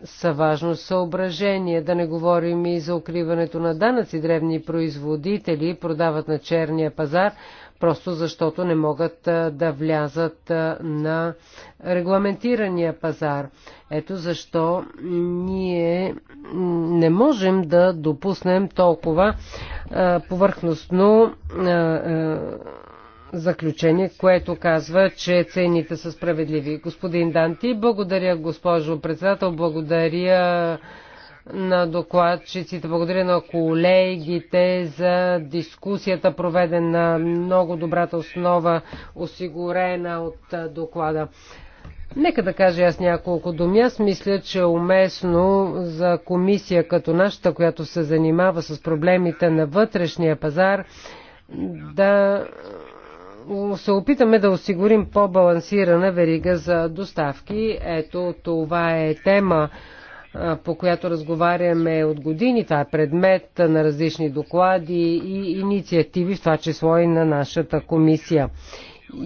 са важно съображение. Да не говорим и за укриването на данъци. Древни производители продават на черния пазар, просто защото не могат да влязат на регламентирания пазар. Ето защо ние не можем да допуснем толкова повърхностно заключение, което казва, че цените са справедливи. Господин Данти, благодаря госпожо председател, благодаря на докладчиците, благодаря на колегите за дискусията, проведена много добрата основа, осигурена от доклада. Нека да кажа аз няколко думи. Аз мисля, че уместно за комисия като нашата, която се занимава с проблемите на вътрешния пазар, да се опитаме да осигурим по-балансирана верига за доставки. Ето това е тема, по която разговаряме от години. Това е предмет на различни доклади и инициативи, в това число и на нашата комисия.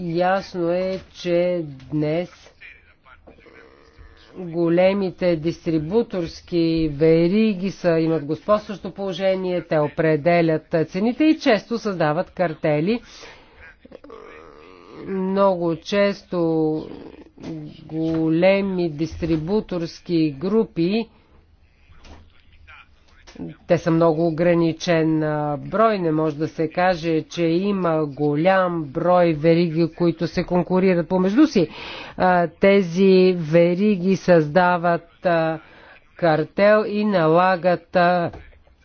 Ясно е, че днес големите дистрибуторски вериги са, имат господстващо положение, те определят цените и често създават картели много често големи дистрибуторски групи, те са много ограничен брой, не може да се каже, че има голям брой вериги, които се конкурират помежду си. Тези вериги създават картел и налагат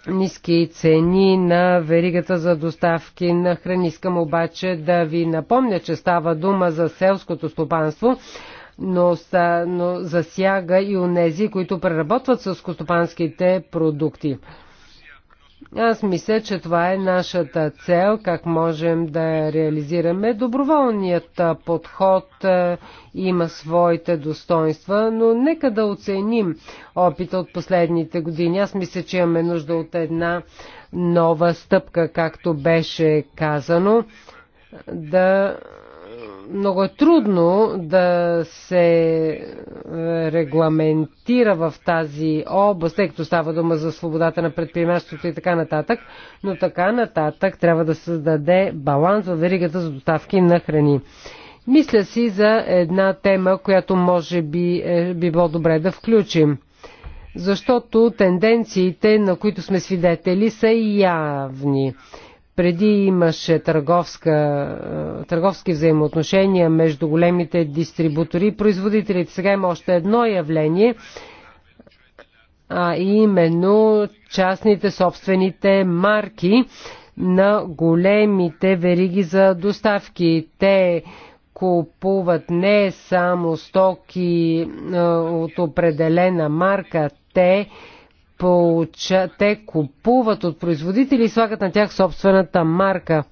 ниски цени на веригата за доставки на храни. Искам обаче да ви напомня, че става дума за селското стопанство, но, са, но засяга и онези, които преработват селскостопанските продукти. Аз мисля, че това е нашата цел, как можем да реализираме. Доброволният подход има своите достоинства, но нека да оценим опита от последните години. Аз мисля, че имаме нужда от една нова стъпка, както беше казано, да много е трудно да се е, регламентира в тази област, тъй като става дума за свободата на предприемачеството и така нататък, но така нататък трябва да създаде баланс в веригата за доставки на храни. Мисля си за една тема, която може би е, би било добре да включим. Защото тенденциите, на които сме свидетели, са явни преди имаше търговска, е, търговски взаимоотношения между големите дистрибутори и производителите. Сега има още едно явление, а именно частните собствените марки на големите вериги за доставки. Те купуват не само стоки е, от определена марка, те получа, те купуват от производители и слагат на тях собствената марка.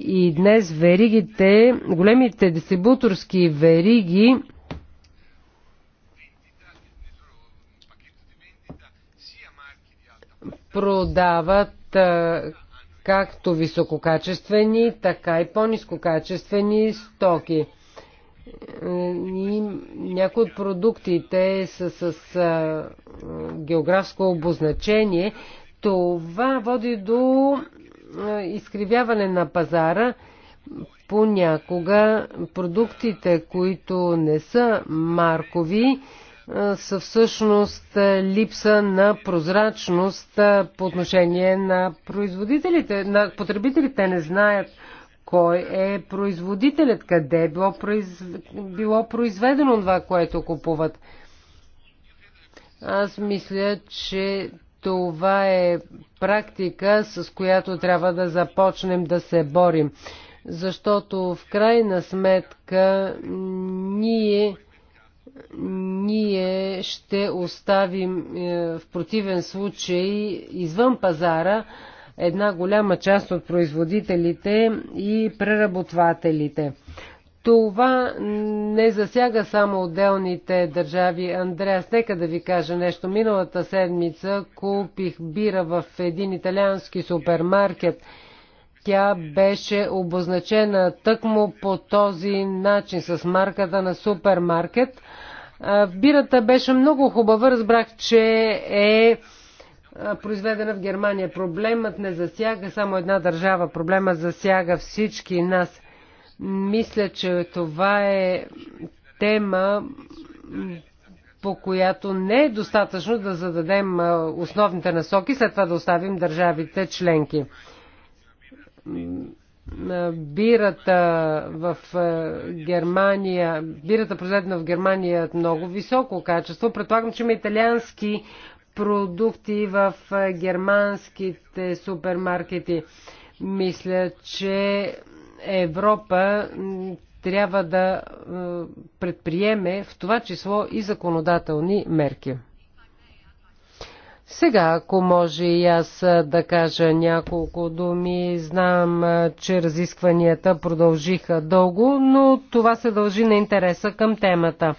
И днес веригите, големите дистрибуторски вериги продават както висококачествени, така и по-низкокачествени стоки. Ами, някои от продуктите са с географско обозначение. Това води до изкривяване на пазара. Понякога продуктите, които не са маркови, са всъщност липса на прозрачност по отношение на производителите, на потребителите. не знаят кой е производителят, къде е било, произ... било произведено това, което купуват. Аз мисля, че това е практика, с която трябва да започнем да се борим. Защото в крайна сметка ние, ние ще оставим е, в противен случай извън пазара една голяма част от производителите и преработвателите. Това не засяга само отделните държави. Андреас, нека да ви кажа нещо. Миналата седмица купих бира в един италиански супермаркет. Тя беше обозначена тъкмо по този начин с марката на супермаркет. Бирата беше много хубава. Разбрах, че е произведена в Германия. Проблемът не засяга само една държава, Проблема засяга всички нас. Мисля, че това е тема, по която не е достатъчно да зададем основните насоки, след това да оставим държавите членки. Бирата в Германия, бирата произведена в Германия е много високо качество. Предполагам, че има италиански продукти в е, германските супермаркети. Мисля, че Европа трябва да е, предприеме в това число и законодателни мерки. Сега, ако може и аз е, да кажа няколко думи, знам, че разискванията продължиха дълго, но това се дължи на интереса към темата.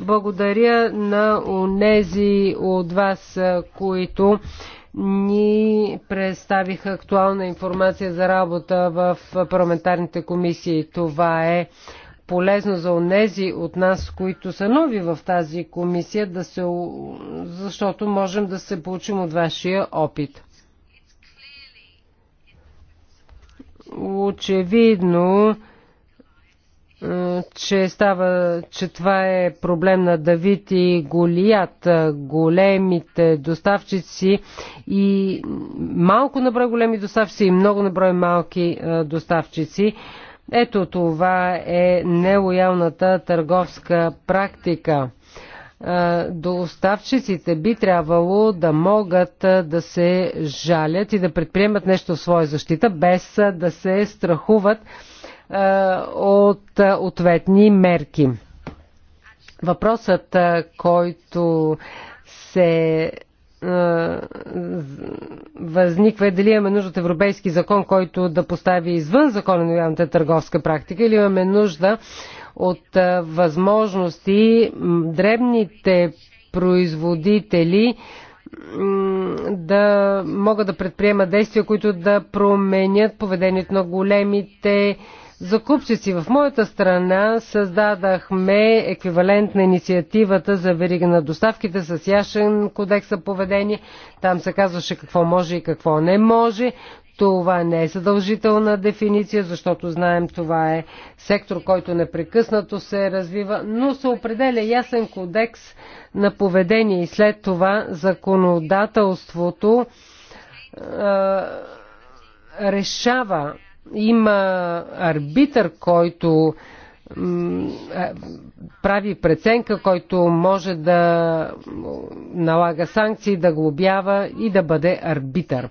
Благодаря на онези от вас, които ни представиха актуална информация за работа в парламентарните комисии. Това е полезно за онези от нас, които са нови в тази комисия, да се, защото можем да се получим от вашия опит. Очевидно, че, става, че това е проблем на Давид и Голият, големите доставчици и малко наброй големи доставчици и много наброй малки доставчици. Ето това е нелоялната търговска практика. Доставчиците би трябвало да могат да се жалят и да предприемат нещо в своя защита, без да се страхуват е, от е, ответни мерки. Въпросът, е, който се възниква е дали имаме нужда от европейски закон, който да постави извън закона на явната търговска практика или имаме нужда от възможности дребните производители да могат да предприемат действия, които да променят поведението на големите закупчици. В моята страна създадахме еквивалент на инициативата за верига на доставките с яшен кодекс за поведение. Там се казваше какво може и какво не може. Това не е задължителна дефиниция, защото знаем това е сектор, който непрекъснато се развива, но се определя ясен кодекс на поведение и след това законодателството е, решава има арбитър, който прави преценка, който може да налага санкции, да глобява и да бъде арбитър.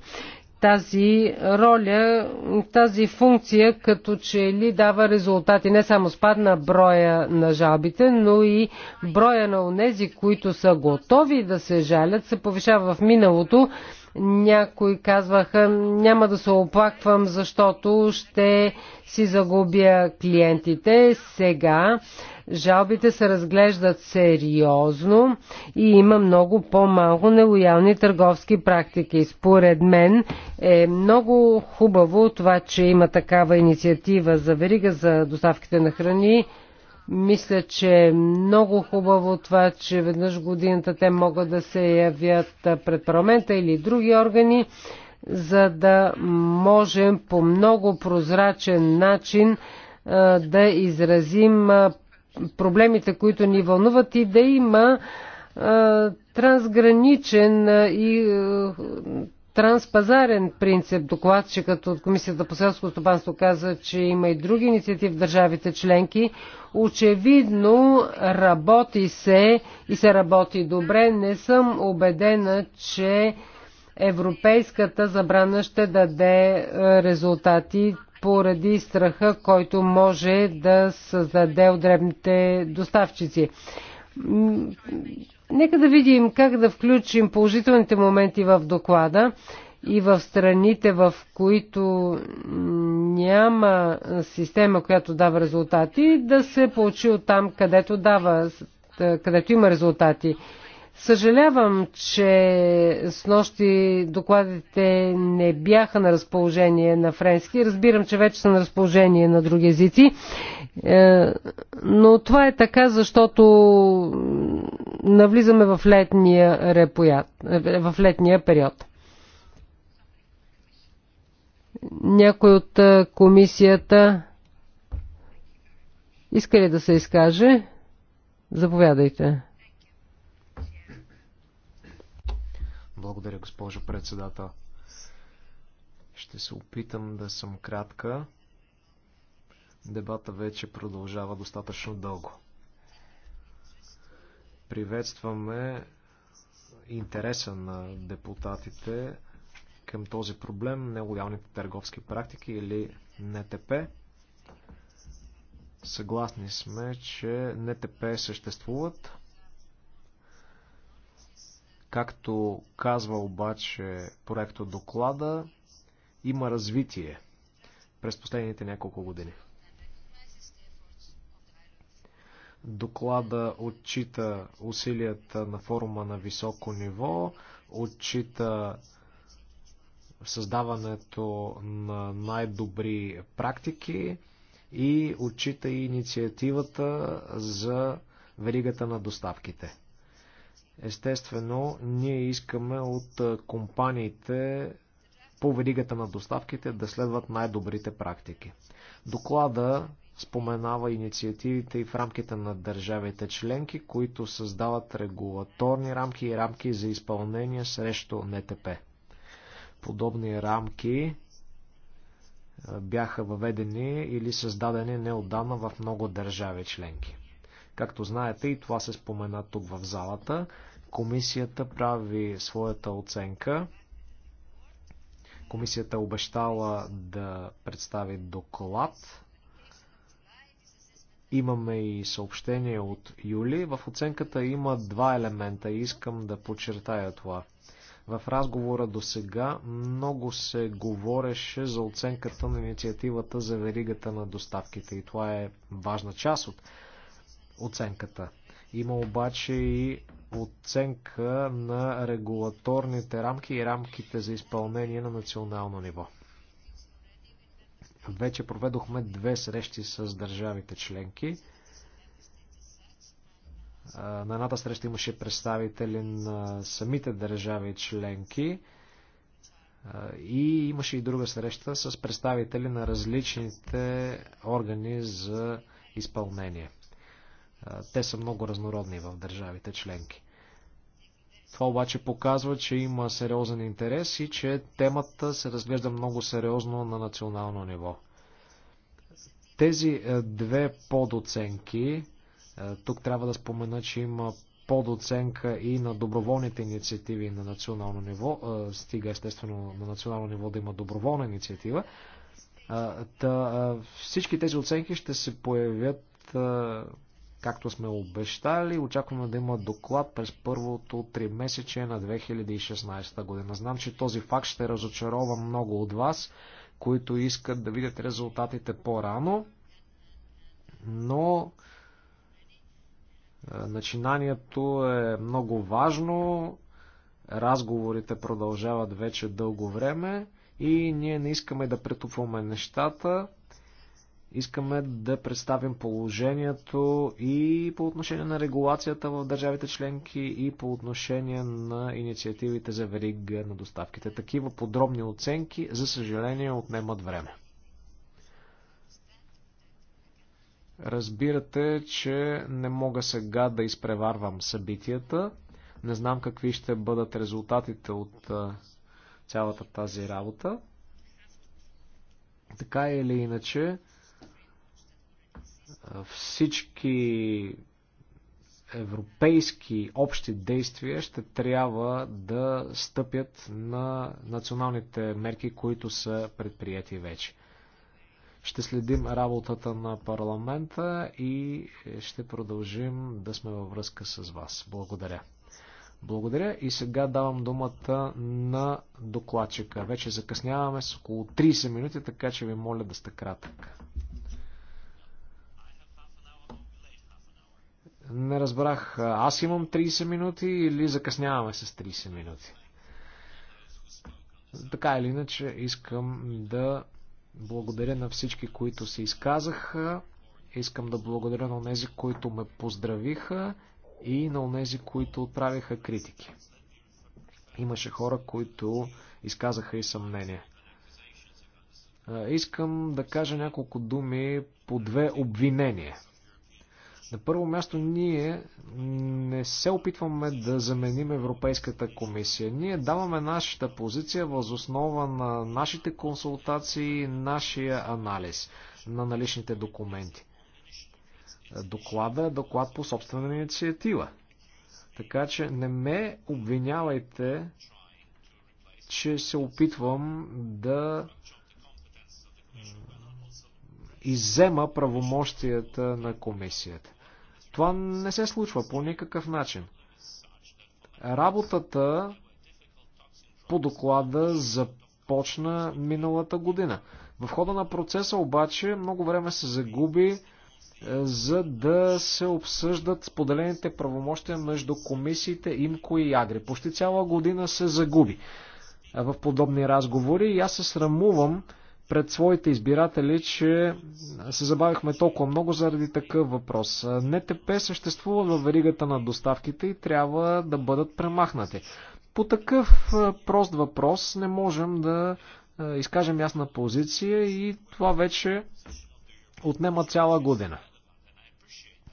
Тази роля, тази функция като че ли дава резултати. Не само спадна броя на жалбите, но и броя на онези, които са готови да се жалят, се повишава в миналото някои казваха, няма да се оплаквам, защото ще си загубя клиентите. Сега жалбите се разглеждат сериозно и има много по-малко нелоялни търговски практики. Според мен е много хубаво това, че има такава инициатива за верига за доставките на храни. Мисля, че е много хубаво това, че веднъж годината те могат да се явят пред парламента или други органи, за да можем по много прозрачен начин да изразим проблемите, които ни вълнуват и да има трансграничен и транспазарен принцип. Докладчикът от Комисията по селско стопанство каза, че има и други инициативи в държавите членки. Очевидно работи се и се работи добре. Не съм убедена, че европейската забрана ще даде е, резултати поради страха, който може да създаде от дребните доставчици Нека да видим как да включим положителните моменти в доклада и в страните, в които няма система, която дава резултати, да се получи от там, където, дава, където има резултати. Съжалявам, че с нощи докладите не бяха на разположение на френски. Разбирам, че вече са на разположение на други езици. Е, но това е така, защото навлизаме в летния, репоят, в летния период. Някой от е, комисията иска ли да се изкаже? Заповядайте. Благодаря, госпожо председател. Ще се опитам да съм кратка. Дебата вече продължава достатъчно дълго. Приветстваме интереса на депутатите към този проблем, нелоялните търговски практики или НТП. Съгласни сме, че НТП съществуват, Както казва обаче проекто доклада, има развитие през последните няколко години. Доклада отчита усилията на форума на високо ниво, отчита създаването на най-добри практики и отчита и инициативата за веригата на доставките. Естествено, ние искаме от компаниите по веригата на доставките да следват най-добрите практики. Доклада споменава инициативите и в рамките на държавите членки, които създават регулаторни рамки и рамки за изпълнение срещу НТП. Подобни рамки бяха въведени или създадени неодавна в много държави членки. Както знаете, и това се спомена тук в залата, комисията прави своята оценка. Комисията обещала да представи доклад. Имаме и съобщение от юли. В оценката има два елемента и искам да подчертая това. В разговора до сега много се говореше за оценката на инициативата за веригата на доставките и това е важна част от оценката. Има обаче и оценка на регулаторните рамки и рамките за изпълнение на национално ниво. Вече проведохме две срещи с държавите членки. На едната среща имаше представители на самите държави членки и имаше и друга среща с представители на различните органи за изпълнение. Те са много разнородни в държавите членки. Това обаче показва, че има сериозен интерес и че темата се разглежда много сериозно на национално ниво. Тези е, две подоценки, е, тук трябва да спомена, че има подоценка и на доброволните инициативи на национално ниво, е, стига естествено на национално ниво да има доброволна инициатива, всички тези оценки ще се появят Както сме обещали, очакваме да има доклад през първото три месече на 2016 година. Знам, че този факт ще разочарова много от вас, които искат да видят резултатите по-рано, но е, начинанието е много важно, разговорите продължават вече дълго време и ние не искаме да претупваме нещата, Искаме да представим положението и по отношение на регулацията в държавите членки и по отношение на инициативите за верига на доставките. Такива подробни оценки, за съжаление, отнемат време. Разбирате, че не мога сега да изпреварвам събитията. Не знам какви ще бъдат резултатите от цялата тази работа. Така или иначе, всички европейски общи действия ще трябва да стъпят на националните мерки, които са предприяти вече. Ще следим работата на парламента и ще продължим да сме във връзка с вас. Благодаря. Благодаря и сега давам думата на докладчика. Вече закъсняваме с около 30 минути, така че ви моля да сте кратък. Не разбрах, аз имам 30 минути или закъсняваме с 30 минути? Така или иначе, искам да благодаря на всички, които се изказаха. Искам да благодаря на тези, които ме поздравиха и на тези, които отправиха критики. Имаше хора, които изказаха и съмнение. Искам да кажа няколко думи по две обвинения – на първо място ние не се опитваме да заменим Европейската комисия. Ние даваме нашата позиция възоснова на нашите консултации, нашия анализ на наличните документи. Доклада е доклад по собствена инициатива. Така че не ме обвинявайте, че се опитвам да иззема правомощията на комисията. Това не се случва по никакъв начин. Работата по доклада започна миналата година. В хода на процеса обаче много време се загуби, е, за да се обсъждат споделените правомощия между комисиите ИМКО и АГРИ. Почти цяла година се загуби е, в подобни разговори и аз се срамувам, пред своите избиратели, че се забавихме толкова много заради такъв въпрос. НТП съществува във веригата на доставките и трябва да бъдат премахнати. По такъв прост въпрос не можем да изкажем ясна позиция и това вече отнема цяла година.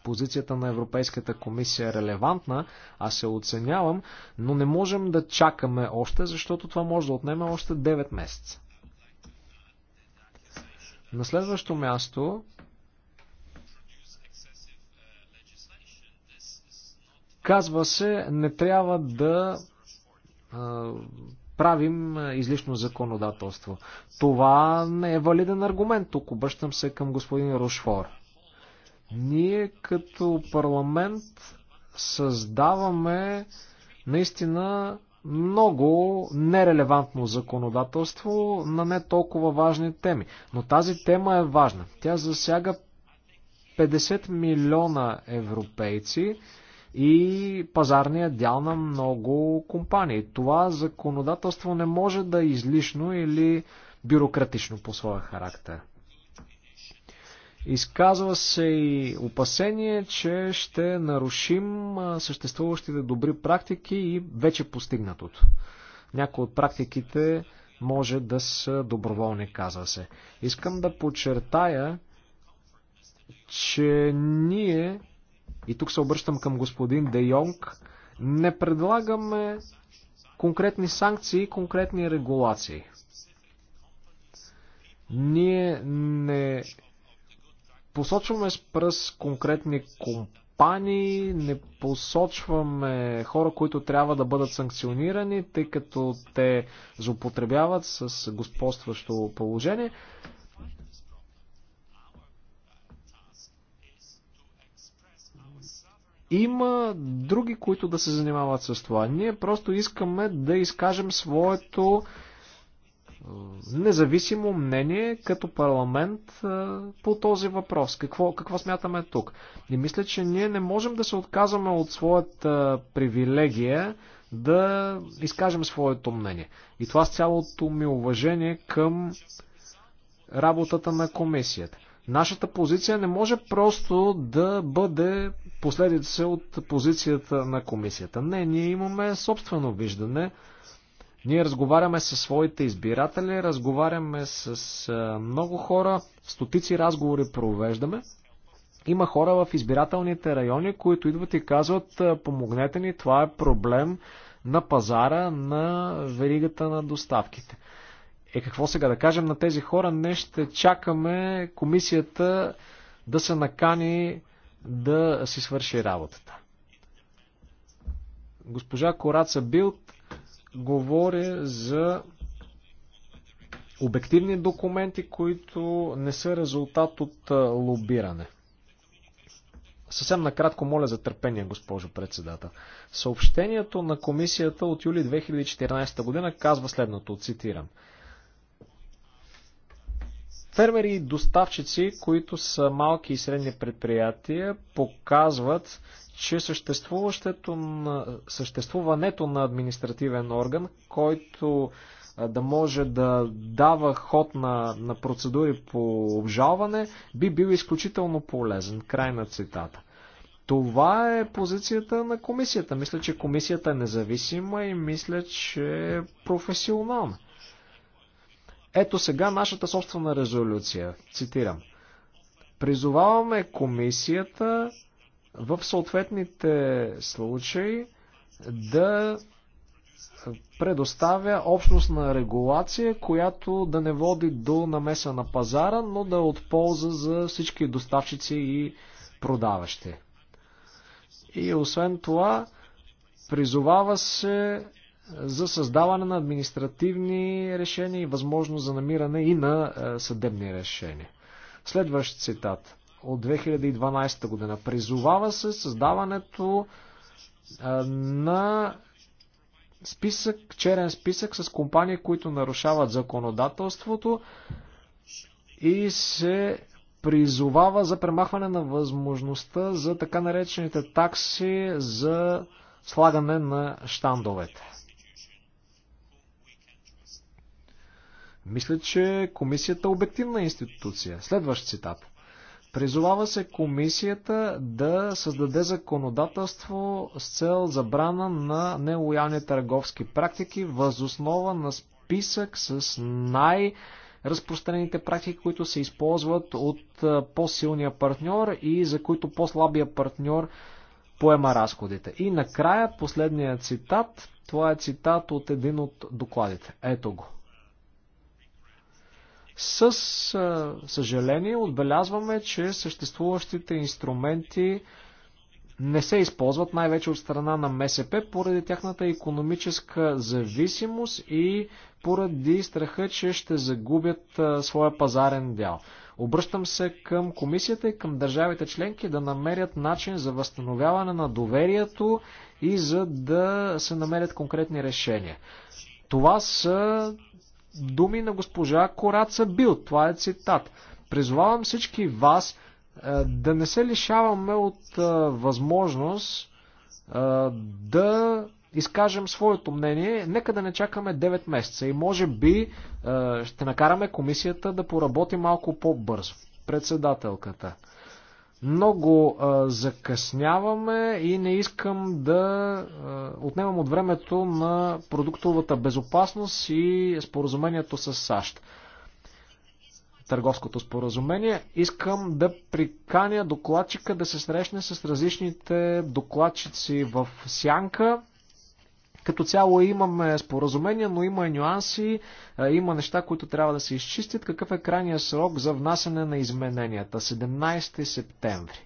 Позицията на Европейската комисия е релевантна, аз се оценявам, но не можем да чакаме още, защото това може да отнеме още 9 месеца. На следващо място, казва се, не трябва да а, правим излишно законодателство. Това не е валиден аргумент. Тук обръщам се към господин Рошфор. Ние като парламент създаваме наистина много нерелевантно законодателство на не толкова важни теми. Но тази тема е важна. Тя засяга 50 милиона европейци и пазарния дял на много компании. Това законодателство не може да е излишно или бюрократично по своя характер. Изказва се и опасение, че ще нарушим съществуващите добри практики и вече постигнатото. Някои от практиките може да са доброволни, казва се. Искам да подчертая, че ние, и тук се обръщам към господин Де Йонг, не предлагаме конкретни санкции и конкретни регулации. Ние не посочваме с пръст конкретни компании, не посочваме хора, които трябва да бъдат санкционирани, тъй като те злоупотребяват с господстващо положение. Има други, които да се занимават с това. Ние просто искаме да изкажем своето независимо мнение като парламент по този въпрос. Какво, какво смятаме тук? И мисля, че ние не можем да се отказваме от своята привилегия да изкажем своето мнение. И това с цялото ми уважение към работата на комисията. Нашата позиция не може просто да бъде последица от позицията на комисията. Не, ние имаме собствено виждане, ние разговаряме с своите избиратели, разговаряме с много хора, стотици разговори провеждаме. Има хора в избирателните райони, които идват и казват, помогнете ни, това е проблем на пазара, на веригата на доставките. Е какво сега да кажем на тези хора? Не ще чакаме комисията да се накани да си свърши работата. Госпожа Кораца Билт Говоря за обективни документи, които не са резултат от лобиране. Съвсем накратко моля за търпение, госпожо председател. Съобщението на комисията от юли 2014 година казва следното, цитирам. Фермери и доставчици, които са малки и средни предприятия, показват, че на, съществуването на административен орган, който да може да дава ход на, на процедури по обжалване, би бил изключително полезен. Край на цитата. Това е позицията на комисията. Мисля, че комисията е независима и мисля, че е професионална. Ето сега нашата собствена резолюция. Цитирам. Призоваваме комисията в съответните случаи да предоставя общност на регулация, която да не води до намеса на пазара, но да е от полза за всички доставчици и продаващи. И освен това, призовава се за създаване на административни решения и възможност за намиране и на е, съдебни решения. Следващ цитат от 2012 година. Призовава се създаването на списък, черен списък с компании, които нарушават законодателството и се призовава за премахване на възможността за така наречените такси за слагане на штандовете. Мисля, че комисията е обективна институция. Следващ цитат. Призовава се комисията да създаде законодателство с цел забрана на нелоялни търговски практики възоснова на списък с най- разпространените практики, които се използват от по-силния партньор и за които по-слабия партньор поема разходите. И накрая последният цитат, това е цитат от един от докладите. Ето го. С съжаление отбелязваме, че съществуващите инструменти не се използват най-вече от страна на МСП поради тяхната економическа зависимост и поради страха, че ще загубят а, своя пазарен дял. Обръщам се към комисията и към държавите членки да намерят начин за възстановяване на доверието и за да се намерят конкретни решения. Това са думи на госпожа Кораца Бил. Това е цитат. Призовавам всички вас е, да не се лишаваме от е, възможност е, да изкажем своето мнение. Нека да не чакаме 9 месеца и може би ще накараме комисията да поработи малко по-бързо. Председателката. Много а, закъсняваме и не искам да а, отнемам от времето на продуктовата безопасност и споразумението с САЩ. Търговското споразумение. Искам да приканя докладчика да се срещне с различните докладчици в Сянка като цяло имаме споразумения, но има и нюанси, е, има неща, които трябва да се изчистят. Какъв е крайният срок за внасяне на измененията? 17 септември.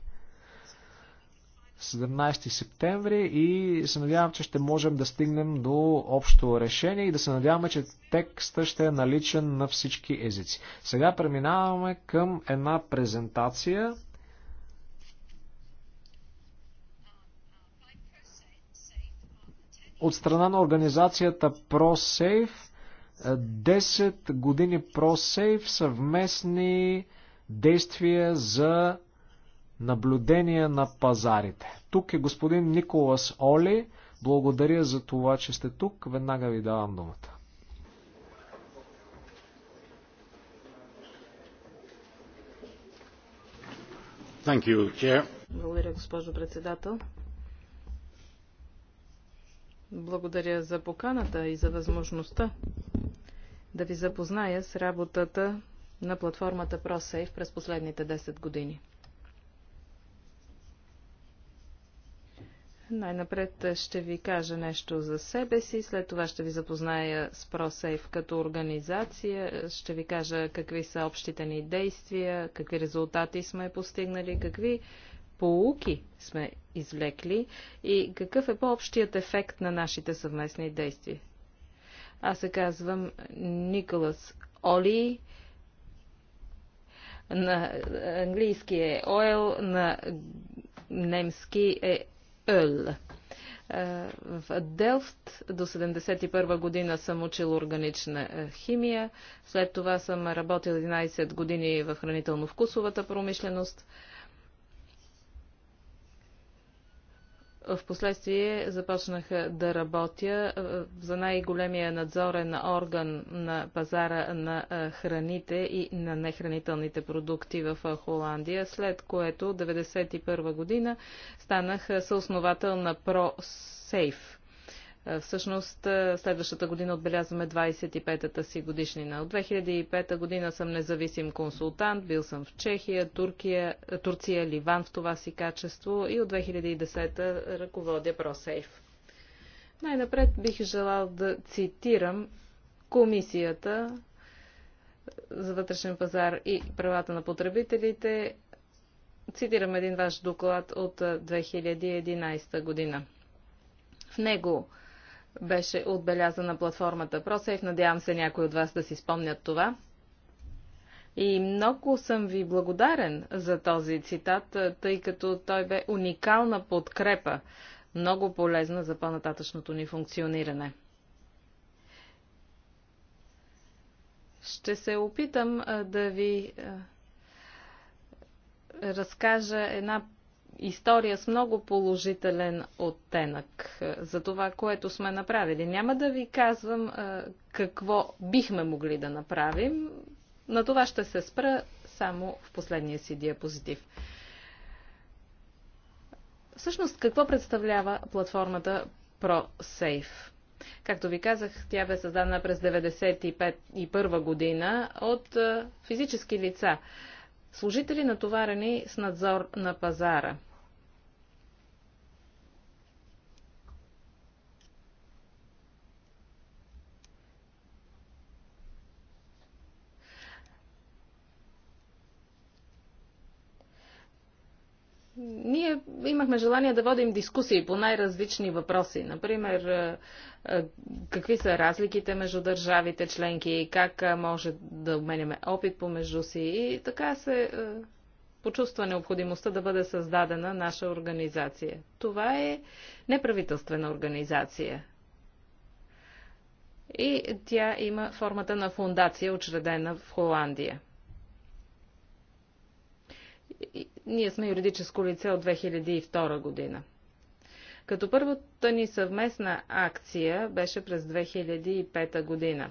17 септември и се надявам, че ще можем да стигнем до общо решение и да се надяваме, че текста ще е наличен на всички езици. Сега преминаваме към една презентация от страна на организацията ProSafe 10 е, години ProSafe съвместни действия за наблюдение на пазарите. Тук е господин Николас Оли. Благодаря за това, че сте тук. Веднага ви давам думата. You, Благодаря, госпожо председател. Благодаря за поканата и за възможността да ви запозная с работата на платформата ProSafe през последните 10 години. Най-напред ще ви кажа нещо за себе си, след това ще ви запозная с ProSafe като организация, ще ви кажа какви са общите ни действия, какви резултати сме постигнали, какви поуки сме извлекли и какъв е по-общият ефект на нашите съвместни действия. Аз се казвам Николас Оли. На английски е Ойл, на немски е Ел. Е, в Делфт до 1971 година съм учил органична е, химия. След това съм работил 11 години в хранително-вкусовата промишленост. В последствие започнах да работя е, за най-големия надзорен орган на пазара на е, храните и на нехранителните продукти в е, Холандия, след което 1991 година станах съосновател на ProSafe е, всъщност, е, следващата година отбелязваме 25-та си годишнина. От 2005 година съм независим консултант, бил съм в Чехия, Туркия, е, Турция, Ливан в това си качество и от 2010 ръководя ProSafe. Най-напред бих желал да цитирам Комисията за вътрешен пазар и правата на потребителите. Цитирам един ваш доклад от 2011 година. В него беше отбелязана платформата ProSafe. Надявам се някой от вас да си спомнят това. И много съм ви благодарен за този цитат, тъй като той бе уникална подкрепа, много полезна за по-нататъчното ни функциониране. Ще се опитам да ви разкажа една история с много положителен оттенък е, за това, което сме направили. Няма да ви казвам е, какво бихме могли да направим. На това ще се спра само в последния си диапозитив. Всъщност, какво представлява платформата ProSafe? Както ви казах, тя бе създадена през 1991 година от е, физически лица служители натоварени с надзор на пазара. Ние имахме желание да водим дискусии по най-различни въпроси. Например, какви са разликите между държавите членки, и как може да обменяме опит помежду си и така се почувства необходимостта да бъде създадена наша организация. Това е неправителствена организация. И тя има формата на фундация, учредена в Холандия. Ние сме юридическо лице от 2002 година. Като първата ни съвместна акция беше през 2005 година.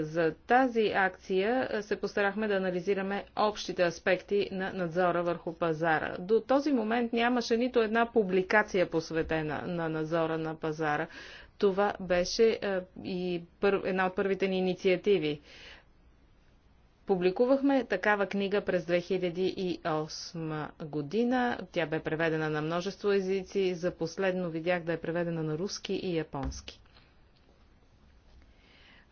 За тази акция се постарахме да анализираме общите аспекти на надзора върху пазара. До този момент нямаше нито една публикация посветена на надзора на пазара. Това беше е, и една от първите ни инициативи. Публикувахме такава книга през 2008 година. Тя бе преведена на множество езици. За последно видях да е преведена на руски и японски.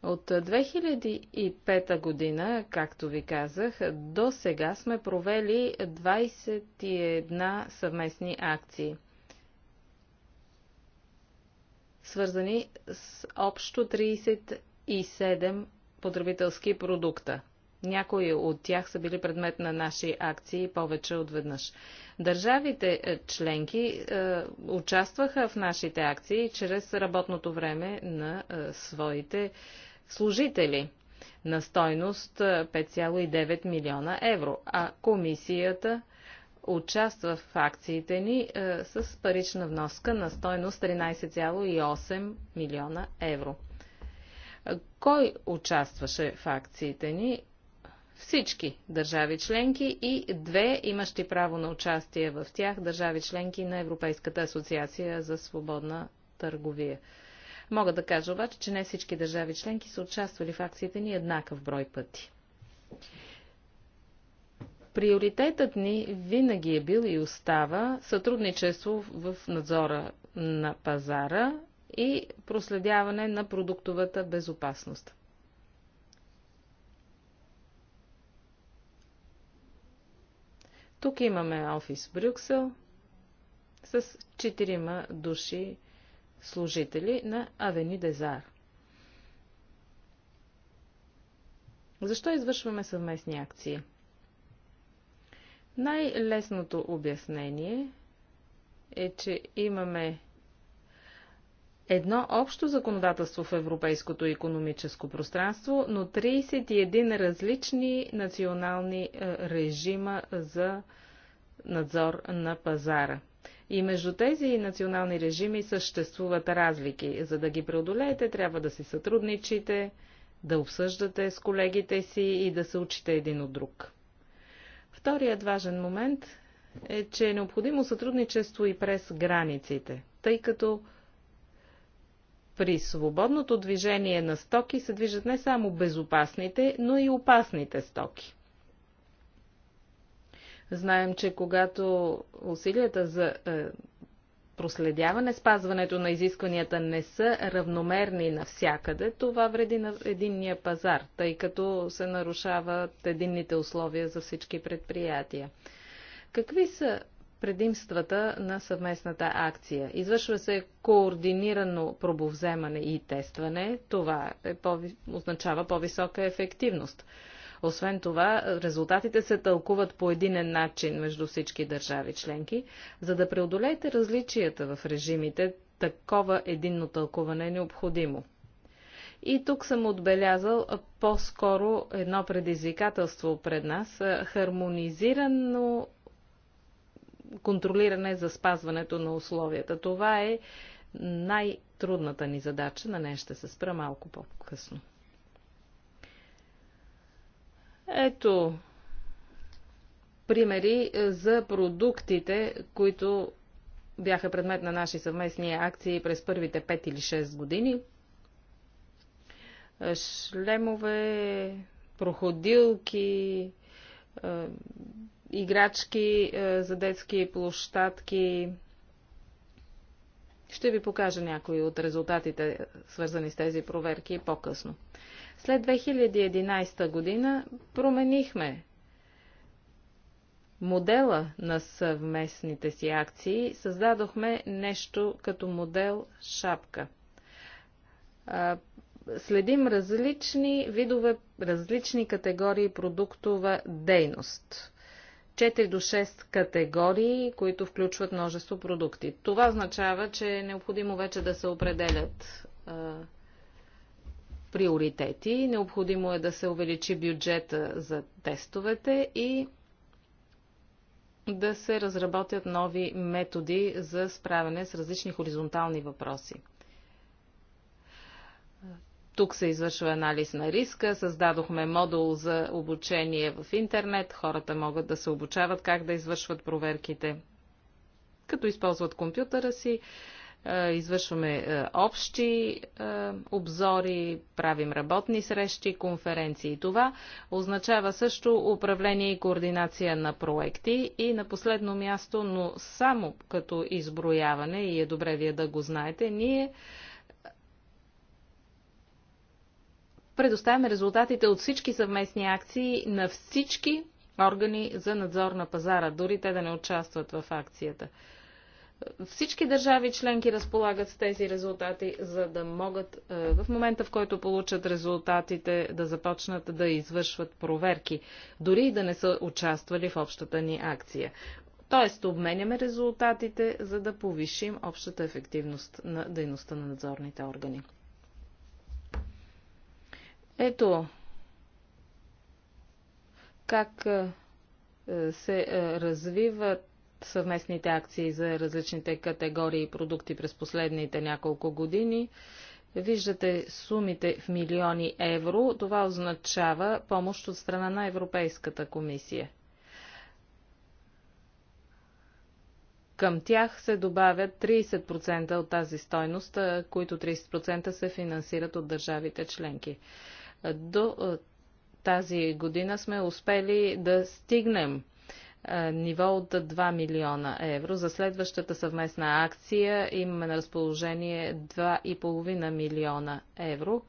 От 2005 година, както ви казах, до сега сме провели 21 съвместни акции, свързани с общо 37 потребителски продукта – някои от тях са били предмет на наши акции повече от веднъж. Държавите е, членки е, участваха в нашите акции чрез работното време на е, своите служители на стойност 5,9 е, милиона евро, а комисията участва в акциите ни е, с парична вноска на стойност 13,8 милиона евро. Кой участваше в акциите ни? всички държави членки и две имащи право на участие в тях държави членки на Европейската асоциация за свободна търговия. Мога да кажа обаче, че не всички държави членки са участвали в акциите ни еднакъв брой пъти. Приоритетът ни винаги е бил и остава сътрудничество в надзора на пазара и проследяване на продуктовата безопасност. Тук имаме офис в Брюксел с четирима души служители на Авени Дезар. Защо извършваме съвместни акции? Най-лесното обяснение е, че имаме едно общо законодателство в европейското економическо пространство, но 31 различни национални е, режима за надзор на пазара. И между тези национални режими съществуват разлики. За да ги преодолеете, трябва да си сътрудничите, да обсъждате с колегите си и да се учите един от друг. Вторият важен момент е, че е необходимо сътрудничество и през границите, тъй като при свободното движение на стоки се движат не само безопасните, но и опасните стоки. Знаем, че когато усилията за е, проследяване, спазването на изискванията не са равномерни навсякъде, това вреди на единния пазар, тъй като се нарушават единните условия за всички предприятия. Какви са предимствата на съвместната акция. Извършва се координирано пробовземане и тестване. Това е по- означава по-висока ефективност. Освен това, резултатите се тълкуват по единен начин между всички държави членки. За да преодолеете различията в режимите, такова единно тълкуване е необходимо. И тук съм отбелязал по-скоро едно предизвикателство пред нас – хармонизирано контролиране за спазването на условията. Това е най-трудната ни задача. На нея ще се спра малко по-късно. Ето примери за продуктите, които бяха предмет на наши съвместни акции през първите 5 или 6 години. Шлемове, проходилки, играчки е, за детски площадки. Ще ви покажа някои от резултатите, свързани с тези проверки по-късно. След 2011 година променихме модела на съвместните си акции, създадохме нещо като модел шапка. Следим различни видове, различни категории продуктова дейност. 4 до 6 категории, които включват множество продукти. Това означава, че е необходимо вече да се определят а, приоритети, необходимо е да се увеличи бюджета за тестовете и да се разработят нови методи за справяне с различни хоризонтални въпроси. Тук се извършва анализ на риска, създадохме модул за обучение в интернет, хората могат да се обучават как да извършват проверките. Като използват компютъра си, извършваме общи обзори, правим работни срещи, конференции. Това означава също управление и координация на проекти и на последно място, но само като изброяване, и е добре вие да го знаете, ние Предоставяме резултатите от всички съвместни акции на всички органи за надзор на пазара, дори те да не участват в акцията. Всички държави членки разполагат с тези резултати, за да могат е, в момента, в който получат резултатите, да започнат да извършват проверки, дори и да не са участвали в общата ни акция. Тоест, обменяме резултатите, за да повишим общата ефективност на дейността на надзорните органи. Ето как е, се е, развиват съвместните акции за различните категории и продукти през последните няколко години. Виждате сумите в милиони евро. Това означава помощ от страна на Европейската комисия. Към тях се добавят 30% от тази стойност, е, които 30% се финансират от държавите членки. До е, тази година сме успели да стигнем е, ниво от 2 милиона евро. За следващата съвместна акция имаме на разположение 2,5 милиона евро.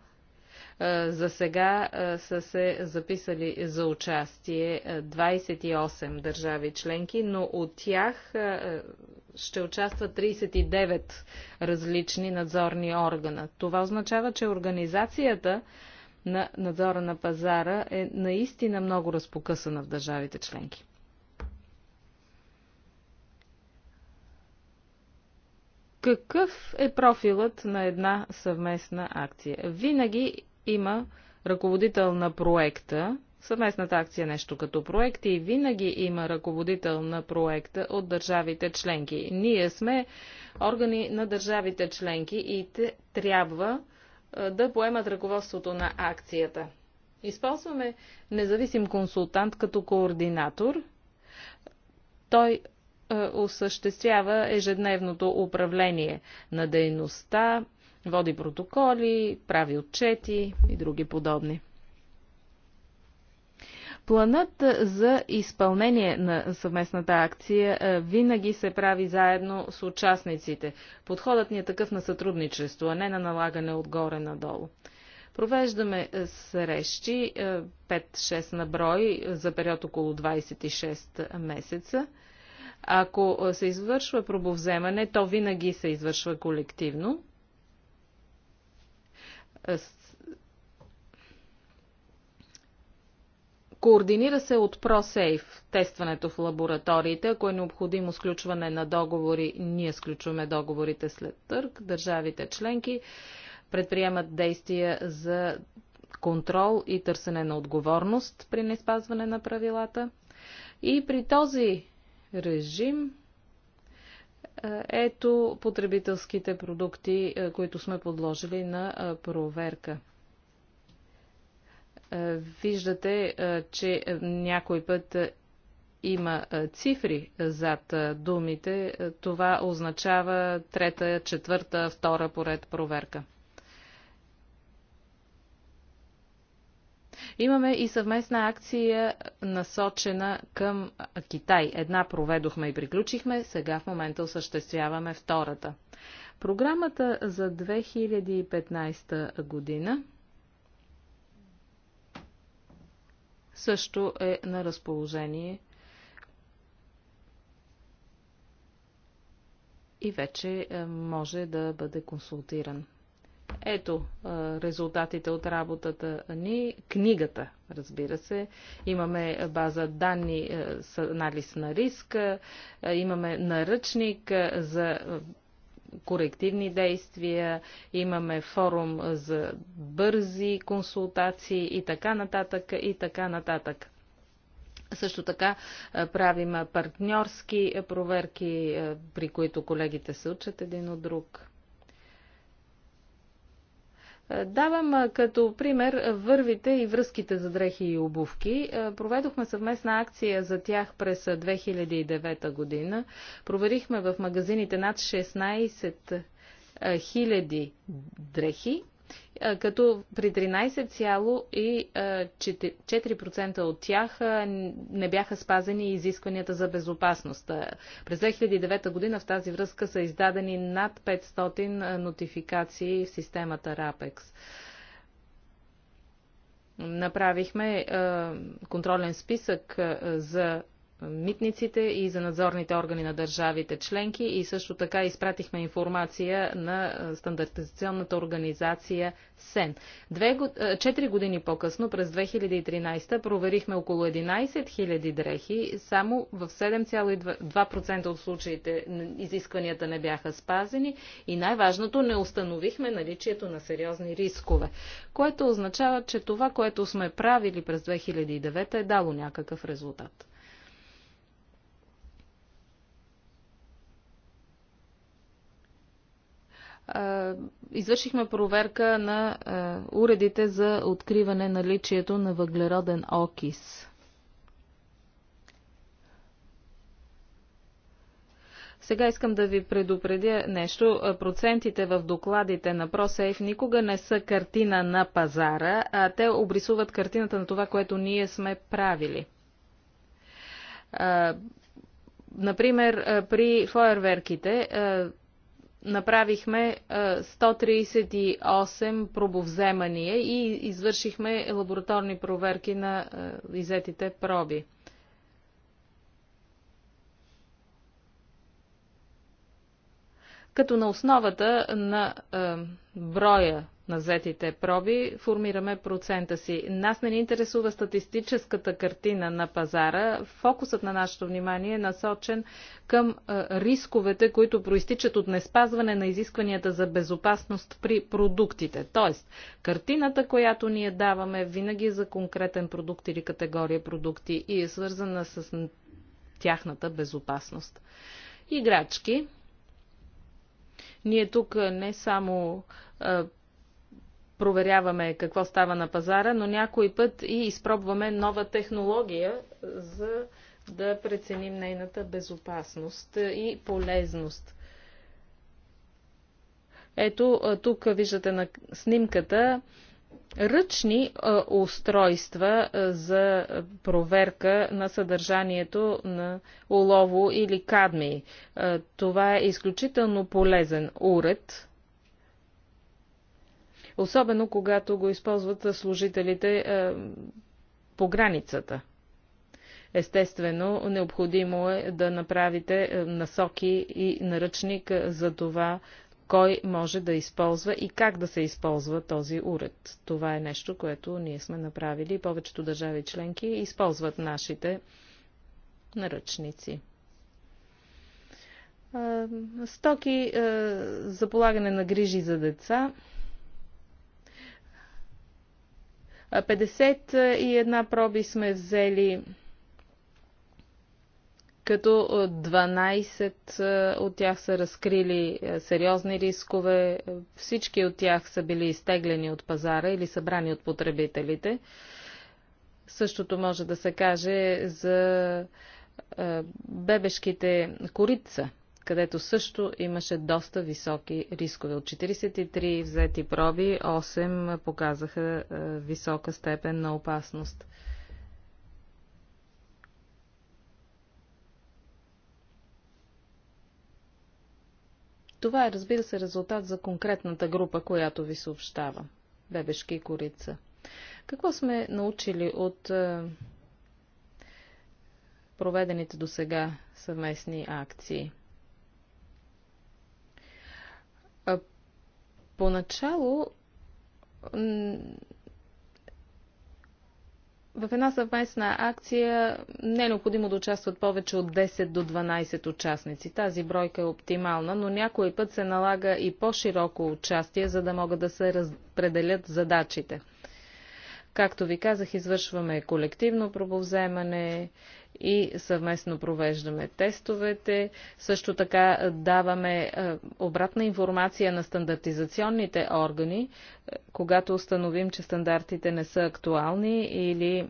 Е, за сега са се записали за участие 28 държави членки, но от тях ще участват 39 различни надзорни органа. Това означава, че организацията на надзора на пазара е наистина много разпокъсана в държавите членки. Какъв е профилът на една съвместна акция? Винаги има ръководител на проекта, Съвместната акция е нещо като проект и винаги има ръководител на проекта от държавите членки. Ние сме органи на държавите членки и те трябва да поемат ръководството на акцията. Използваме независим консултант като координатор. Той осъществява ежедневното управление на дейността, води протоколи, прави отчети и други подобни. Планът за изпълнение на съвместната акция винаги се прави заедно с участниците. Подходът ни е такъв на сътрудничество, а не на налагане отгоре надолу. Провеждаме срещи 5-6 на брой за период около 26 месеца. Ако се извършва пробовземане, то винаги се извършва колективно Координира се от ProSafe тестването в лабораториите. Ако е необходимо сключване на договори, ние сключваме договорите след търг. Държавите членки предприемат действия за контрол и търсене на отговорност при неспазване на правилата. И при този режим е, ето потребителските продукти, е, които сме подложили на е, проверка. Е, виждате, е, че някой път е, има цифри зад думите. Това означава трета, четвърта, втора поред проверка. Имаме и съвместна акция, насочена към Китай. Една проведохме и приключихме, сега в момента осъществяваме втората. Програмата за 2015 година също е на разположение и вече е, може да бъде консултиран. Ето е, резултатите от работата ни. Книгата, разбира се. Имаме база данни е, с анализ на риска, имаме наръчник за корективни действия, имаме форум за бързи консултации и така нататък и така нататък. Също така правим партньорски проверки, при които колегите се учат един от друг. Давам като пример вървите и връзките за дрехи и обувки. Проведохме съвместна акция за тях през 2009 година. Проверихме в магазините над 16 000 дрехи като при 13,4% от тях не бяха спазени изискванията за безопасност. През 2009 година в тази връзка са издадени над 500 нотификации в системата RAPEX. Направихме контролен списък за митниците и за надзорните органи на държавите членки и също така изпратихме информация на стандартизационната организация СЕН. Две, четири години по-късно, през 2013, проверихме около 11 000 дрехи, само в 7,2% от случаите изискванията не бяха спазени и най-важното не установихме наличието на сериозни рискове, което означава, че това, което сме правили през 2009 е дало някакъв резултат. извършихме проверка на уредите за откриване наличието на въглероден окис. Сега искам да ви предупредя нещо. Процентите в докладите на ProSafe никога не са картина на пазара, а те обрисуват картината на това, което ние сме правили. Например, при фойерверките направихме 138 пробовземания и извършихме лабораторни проверки на изетите проби. Като на основата на броя на взетите проби, формираме процента си. Нас не ни интересува статистическата картина на пазара. Фокусът на нашето внимание е насочен към рисковете, които проистичат от неспазване на изискванията за безопасност при продуктите. Тоест, картината, която ние даваме винаги за конкретен продукт или категория продукти и е свързана с тяхната безопасност. Играчки. Ние тук не само проверяваме какво става на пазара, но някой път и изпробваме нова технология, за да преценим нейната безопасност и полезност. Ето, тук виждате на снимката ръчни устройства за проверка на съдържанието на олово или кадми. Това е изключително полезен уред, особено когато го използват служителите е, по границата. Естествено, необходимо е да направите е, насоки и наръчник за това, кой може да използва и как да се използва този уред. Това е нещо, което ние сме направили. Повечето държави членки използват нашите наръчници. Е, стоки за полагане на грижи за деца. 51 проби сме взели като 12 от тях са разкрили сериозни рискове, всички от тях са били изтеглени от пазара или събрани от потребителите. Същото може да се каже за бебешките корица – където също имаше доста високи рискове. От 43 взети проби, 8 показаха е, висока степен на опасност. Това е, разбира се, резултат за конкретната група, която ви съобщава – бебешки и корица. Какво сме научили от е, проведените до сега съвместни акции – Поначало в една съвместна акция не е необходимо да участват повече от 10 до 12 участници. Тази бройка е оптимална, но някой път се налага и по-широко участие, за да могат да се разпределят задачите. Както ви казах, извършваме колективно пробовземане, и съвместно провеждаме тестовете. Също така е, даваме е, обратна информация на стандартизационните органи, е, когато установим, че стандартите не са актуални или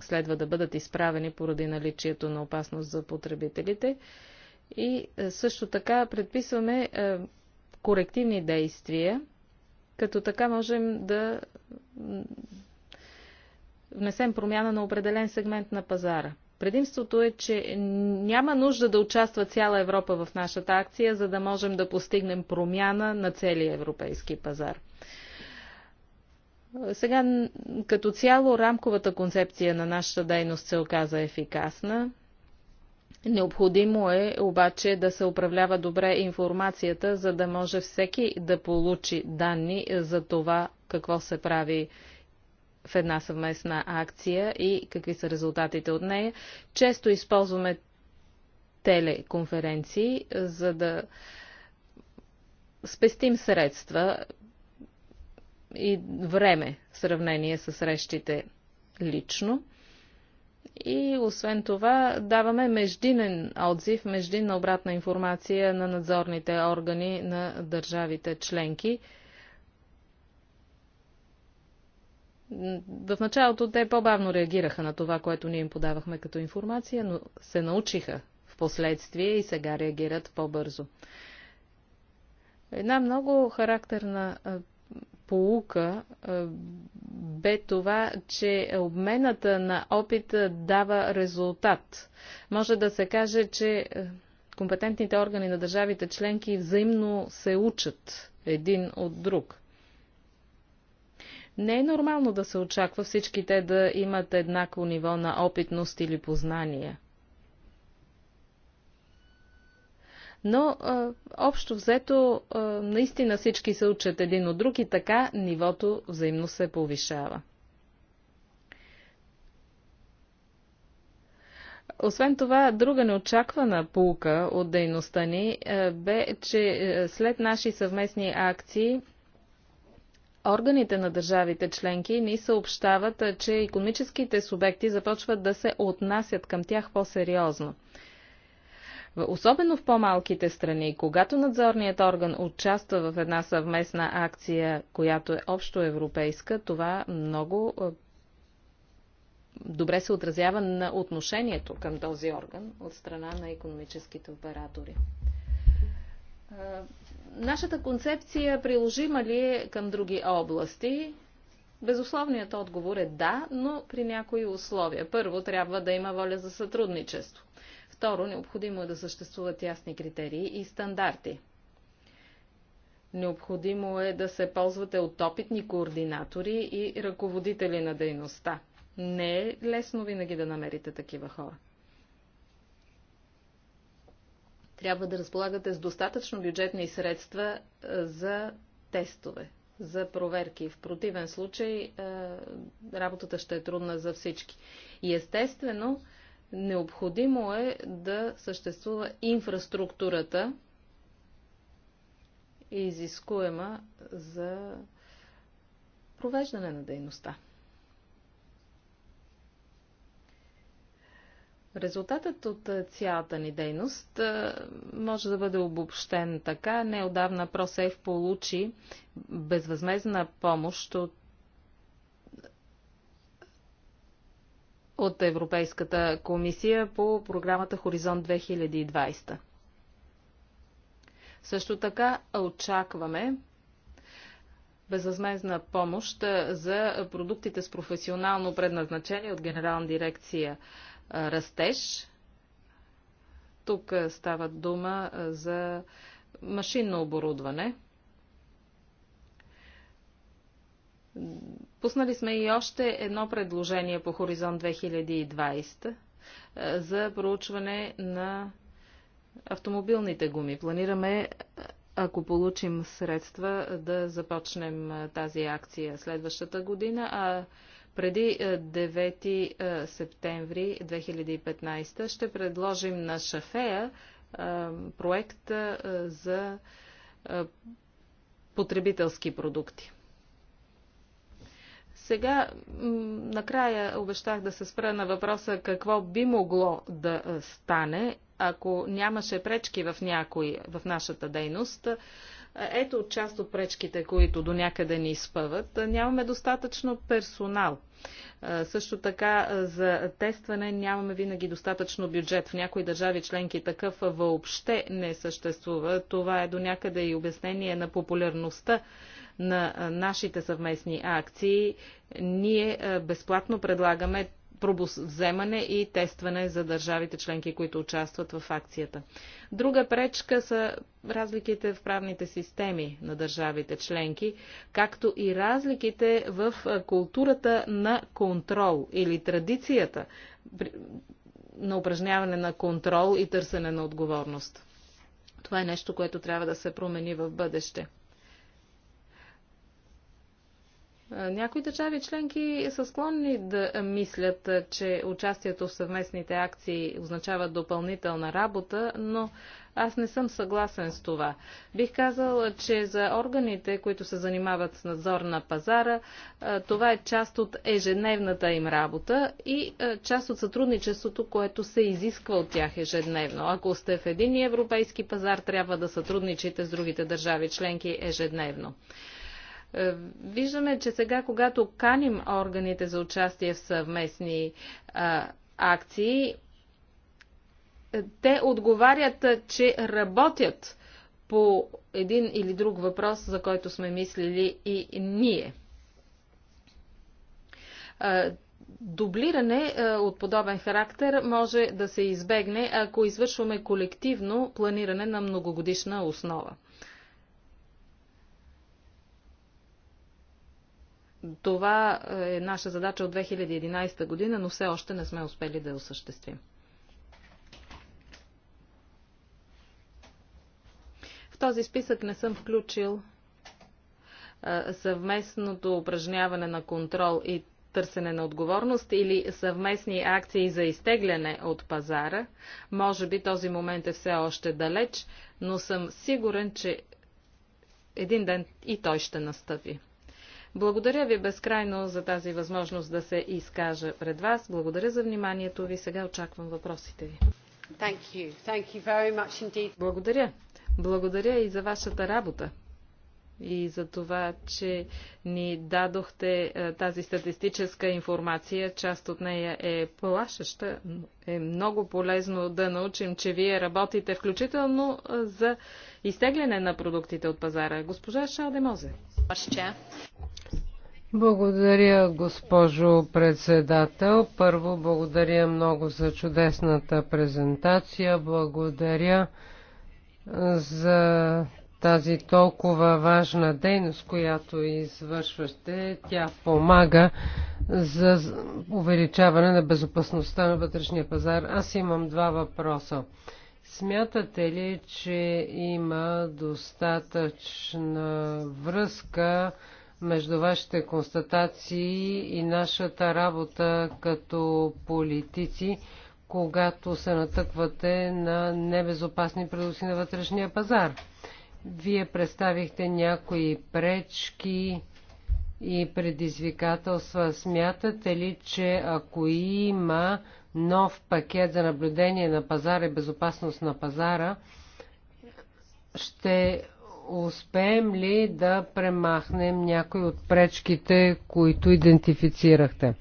следва да бъдат изправени поради наличието на опасност за потребителите. И също така предписваме корективни действия, като така можем да внесем промяна на определен сегмент на пазара. Предимството е, че няма нужда да участва цяла Европа в нашата акция, за да можем да постигнем промяна на целия европейски пазар. Сега като цяло рамковата концепция на нашата дейност се оказа ефикасна. Необходимо е обаче да се управлява добре информацията, за да може всеки да получи данни за това какво се прави в една съвместна акция и какви са резултатите от нея. Често използваме телеконференции, за да спестим средства и време в сравнение с срещите лично. И освен това даваме междинен отзив, междинна обратна информация на надзорните органи на държавите членки – В началото те по-бавно реагираха на това, което ние им подавахме като информация, но се научиха в последствие и сега реагират по-бързо. Една много характерна полука бе това, че обмената на опит дава резултат. Може да се каже, че компетентните органи на държавите членки взаимно се учат един от друг. Не е нормално да се очаква всички те да имат еднакво ниво на опитност или познание. Но а, общо взето, а, наистина всички се учат един от друг и така нивото взаимно се повишава. Освен това, друга неочаквана пулка от дейността ни бе, че след наши съвместни акции Органите на държавите членки ни съобщават, че економическите субекти започват да се отнасят към тях по-сериозно. Особено в по-малките страни, когато надзорният орган участва в една съвместна акция, която е общо европейска, това много добре се отразява на отношението към този орган от страна на економическите оператори нашата концепция е приложима ли е към други области? Безусловният отговор е да, но при някои условия. Първо, трябва да има воля за сътрудничество. Второ, необходимо е да съществуват ясни критерии и стандарти. Необходимо е да се ползвате от опитни координатори и ръководители на дейността. Не е лесно винаги да намерите такива хора. Трябва да разполагате с достатъчно бюджетни средства е, за тестове, за проверки. В противен случай е, работата ще е трудна за всички. И естествено, необходимо е да съществува инфраструктурата, изискуема за провеждане на дейността. Резултатът от е, цялата ни дейност е, може да бъде обобщен така. Неодавна ProSafe получи безвъзмезна помощ от от Европейската комисия по програмата Хоризонт 2020. Също така очакваме безвъзмезна помощ е, за продуктите с професионално предназначение от Генерална дирекция растеж. Тук става дума за машинно оборудване. Пуснали сме и още едно предложение по Хоризонт 2020 за проучване на автомобилните гуми. Планираме, ако получим средства, да започнем тази акция следващата година, а преди 9 е, е, септември 2015 ще предложим на Шафея е, проект за потребителски продукти. Сега, накрая обещах да се спра на въпроса какво би могло да стане ако нямаше пречки в някой, в нашата дейност, ето част от пречките, които до някъде ни изпъват. Нямаме достатъчно персонал. Също така за тестване нямаме винаги достатъчно бюджет. В някои държави членки такъв въобще не съществува. Това е до някъде и обяснение на популярността на нашите съвместни акции. Ние безплатно предлагаме пробовземане и тестване за държавите членки, които участват в акцията. Друга пречка са разликите в правните системи на държавите членки, както и разликите в културата на контрол или традицията на упражняване на контрол и търсене на отговорност. Това е нещо, което трябва да се промени в бъдеще. Някои държави членки са склонни да мислят, че участието в съвместните акции означава допълнителна работа, но аз не съм съгласен с това. Бих казал, че за органите, които се занимават с надзор на пазара, това е част от ежедневната им работа и част от сътрудничеството, което се изисква от тях ежедневно. Ако сте в един европейски пазар, трябва да сътрудничите с другите държави членки ежедневно. Е, виждаме, че сега, когато каним органите за участие в съвместни а, е, акции, е, те отговарят, че работят по един или друг въпрос, за който сме мислили и ние. Дублиране от подобен характер може да се избегне, ако извършваме колективно планиране на многогодишна основа. Това е наша задача от 2011 година, но все още не сме успели да я осъществим. В този списък не съм включил съвместното упражняване на контрол и търсене на отговорност или съвместни акции за изтегляне от пазара. Може би този момент е все още далеч, но съм сигурен, че един ден и той ще настъпи. Благодаря ви безкрайно за тази възможност да се изкажа пред вас. Благодаря за вниманието ви. Сега очаквам въпросите ви. Thank you. Thank you Благодаря. Благодаря и за вашата работа и за това, че ни дадохте е, тази статистическа информация. Част от нея е плашеща. Е много полезно да научим, че вие работите включително е, за изтегляне на продуктите от пазара. Госпожа Шалдемозе. Благодаря, госпожо председател. Първо, благодаря много за чудесната презентация. Благодаря за тази толкова важна дейност, която извършвате, Тя помага за увеличаване на безопасността на вътрешния пазар. Аз имам два въпроса. Смятате ли, че има достатъчна връзка между вашите констатации и нашата работа като политици, когато се натъквате на небезопасни предуси на вътрешния пазар? Вие представихте някои пречки и предизвикателства. Смятате ли, че ако има нов пакет за наблюдение на пазара и безопасност на пазара, ще успеем ли да премахнем някои от пречките, които идентифицирахте?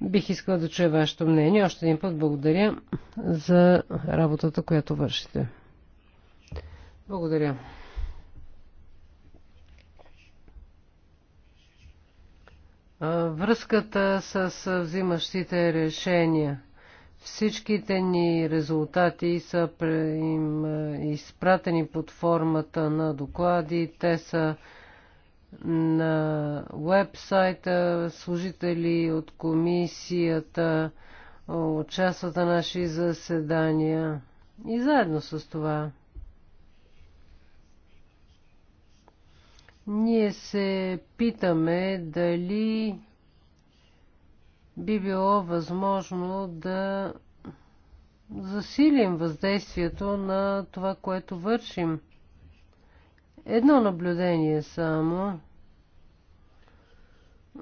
Бих искала да чуя вашето мнение. Още един път благодаря за работата, която вършите. Благодаря. Връзката с взимащите решения. Всичките ни резултати са им изпратени под формата на доклади. Те са на вебсайта, служители от комисията, участват на наши заседания. И заедно с това Ние се питаме дали би било възможно да засилим въздействието на това, което вършим. Едно наблюдение само.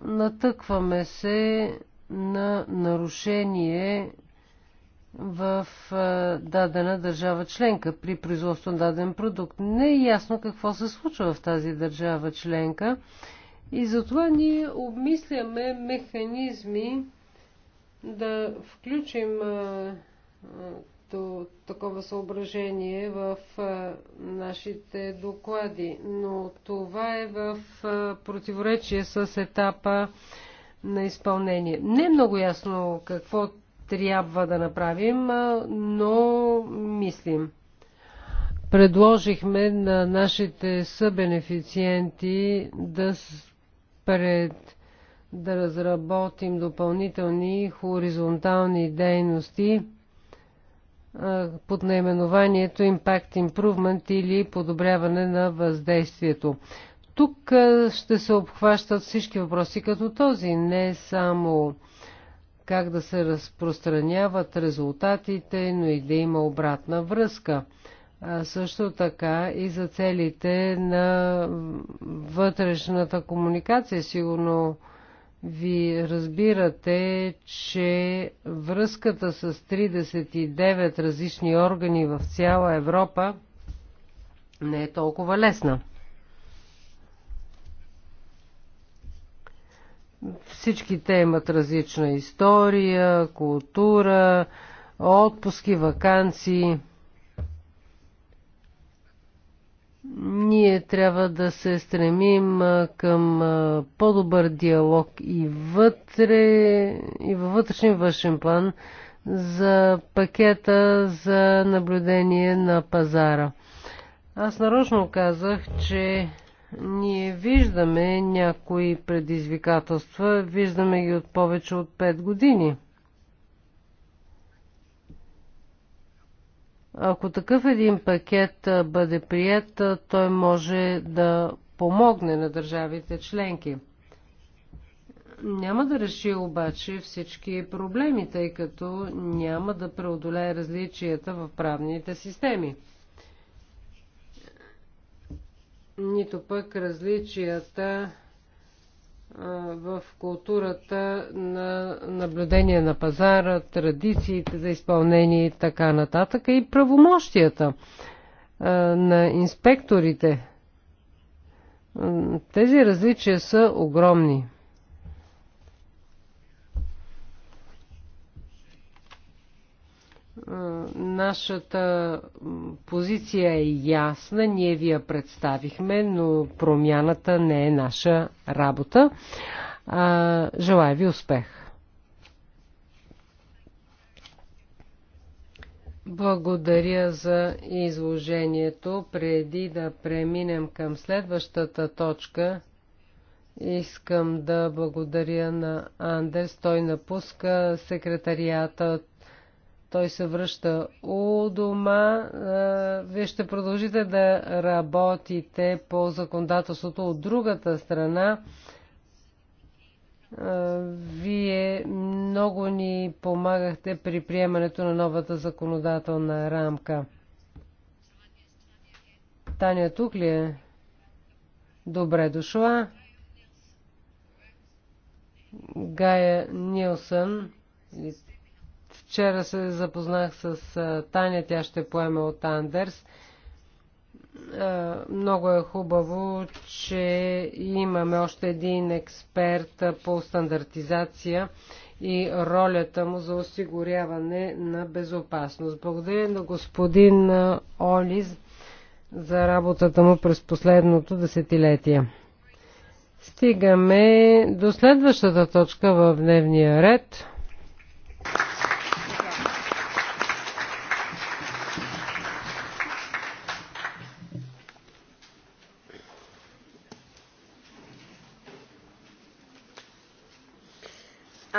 Натъкваме се на нарушение в дадена държава членка при производство на даден продукт. Не е ясно какво се случва в тази държава членка и затова ние обмисляме механизми да включим такова съображение в нашите доклади, но това е в противоречие с етапа на изпълнение. Не е много ясно какво трябва да направим, но мислим. Предложихме на нашите събенефициенти да пред да разработим допълнителни хоризонтални дейности под наименованието Impact Improvement или подобряване на въздействието. Тук ще се обхващат всички въпроси като този, не само как да се разпространяват резултатите, но и да има обратна връзка. А също така и за целите на вътрешната комуникация. Сигурно ви разбирате, че връзката с 39 различни органи в цяла Европа не е толкова лесна. Всички те имат различна история, култура, отпуски, вакансии. Ние трябва да се стремим към по-добър диалог и вътре, и във вътрешния външен план за пакета за наблюдение на пазара. Аз нарочно казах, че ние виждаме някои предизвикателства, виждаме ги от повече от 5 години. Ако такъв един пакет бъде прият, той може да помогне на държавите членки. Няма да реши обаче всички проблеми, тъй като няма да преодолее различията в правните системи нито пък различията в културата на наблюдение на пазара, традициите за изпълнение и така нататък и правомощията на инспекторите. Тези различия са огромни. Е, нашата позиция е ясна, ние ви я представихме, но промяната не е наша работа. Е, желая ви успех! Благодаря за изложението. Преди да преминем към следващата точка, искам да благодаря на Андерс. Той напуска секретарията той се връща у дома. Е, вие ще продължите да работите по законодателството от другата страна. Е, вие много ни помагахте при приемането на новата законодателна рамка. Таня тук ли е? Добре дошла. Гая Нилсън Вчера се запознах с Таня, тя ще поеме от Андерс. Много е хубаво, че имаме още един експерт по стандартизация и ролята му за осигуряване на безопасност. Благодаря на господин Олиз за работата му през последното десетилетие. Стигаме до следващата точка в дневния ред.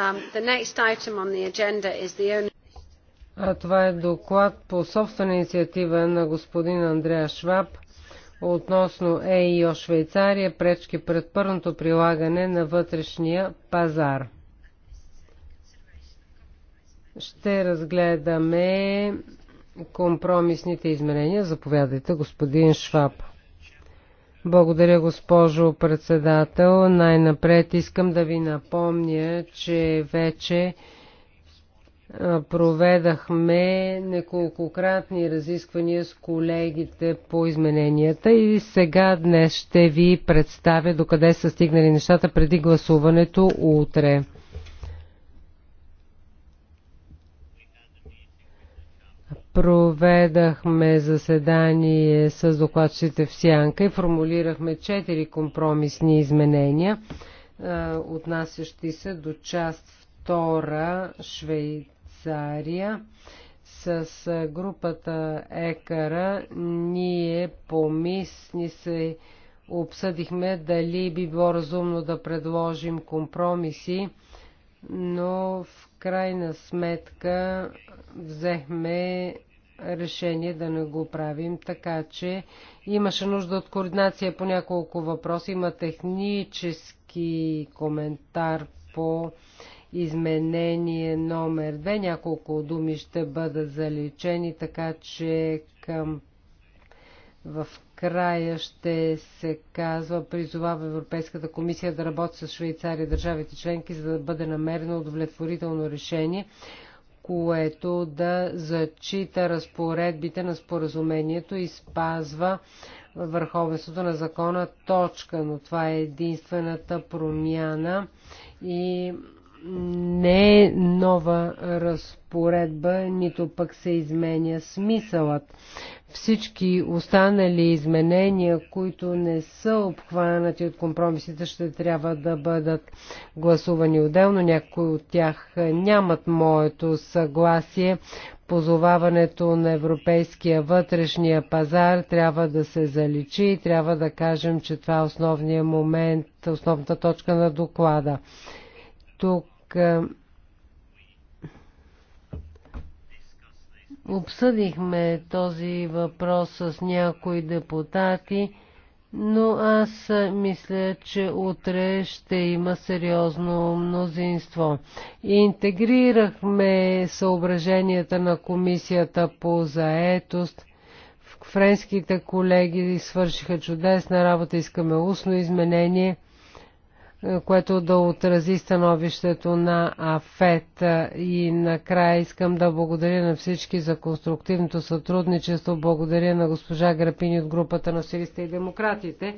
Um, а това е доклад по собствена инициатива на господин Андреа Шваб относно ЕИО Швейцария, пречки пред първното прилагане на вътрешния пазар. Ще разгледаме компромисните изменения. Заповядайте, господин Шваб. Благодаря, госпожо председател. Най-напред искам да ви напомня, че вече проведахме неколкократни разисквания с колегите по измененията и сега днес ще ви представя докъде са стигнали нещата преди гласуването утре. проведахме заседание с докладчите в Сянка и формулирахме четири компромисни изменения, отнасящи се до част втора Швейцария. С групата Екара ние помисни се обсъдихме дали би било разумно да предложим компромиси, но в крайна сметка взехме решение да не го правим, така че имаше нужда от координация по няколко въпроса. Има технически коментар по изменение номер 2. Няколко думи ще бъдат заличени, така че към в края ще се казва призовава Европейската комисия да работи с Швейцария държавите членки, за да бъде намерено удовлетворително решение, което да зачита разпоредбите на споразумението и спазва върховенството на закона точка, но това е единствената промяна и не е нова разпоредба, нито пък се изменя смисълът. Всички останали изменения, които не са обхванати от компромисите, ще трябва да бъдат гласувани отделно. Някои от тях нямат моето съгласие. Позоваването на европейския вътрешния пазар трябва да се заличи и трябва да кажем, че това е основният момент, основната точка на доклада тук Обсъдихме този въпрос с някои депутати, но аз мисля, че утре ще има сериозно мнозинство. Интегрирахме съображенията на комисията по заетост. Френските колеги свършиха чудесна работа, искаме устно изменение – което да отрази становището на АФЕТ. И накрая искам да благодаря на всички за конструктивното сътрудничество. Благодаря на госпожа Грапини от групата на Сирийста и демократите.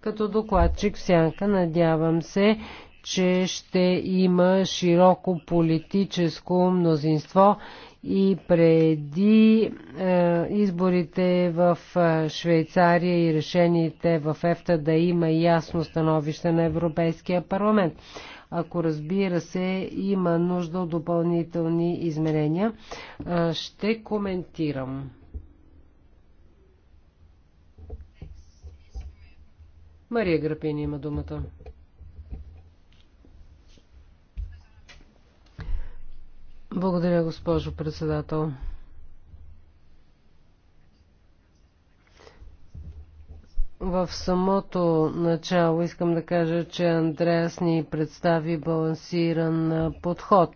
Като докладчик в сянка надявам се, че ще има широко политическо мнозинство и преди е, изборите в е, Швейцария и решените в ЕФТА да има ясно становище на Европейския парламент. Ако разбира се, има нужда от допълнителни изменения, е, ще коментирам. Мария Грапини има думата. Благодаря, госпожо председател. В самото начало искам да кажа, че Андреас ни представи балансиран подход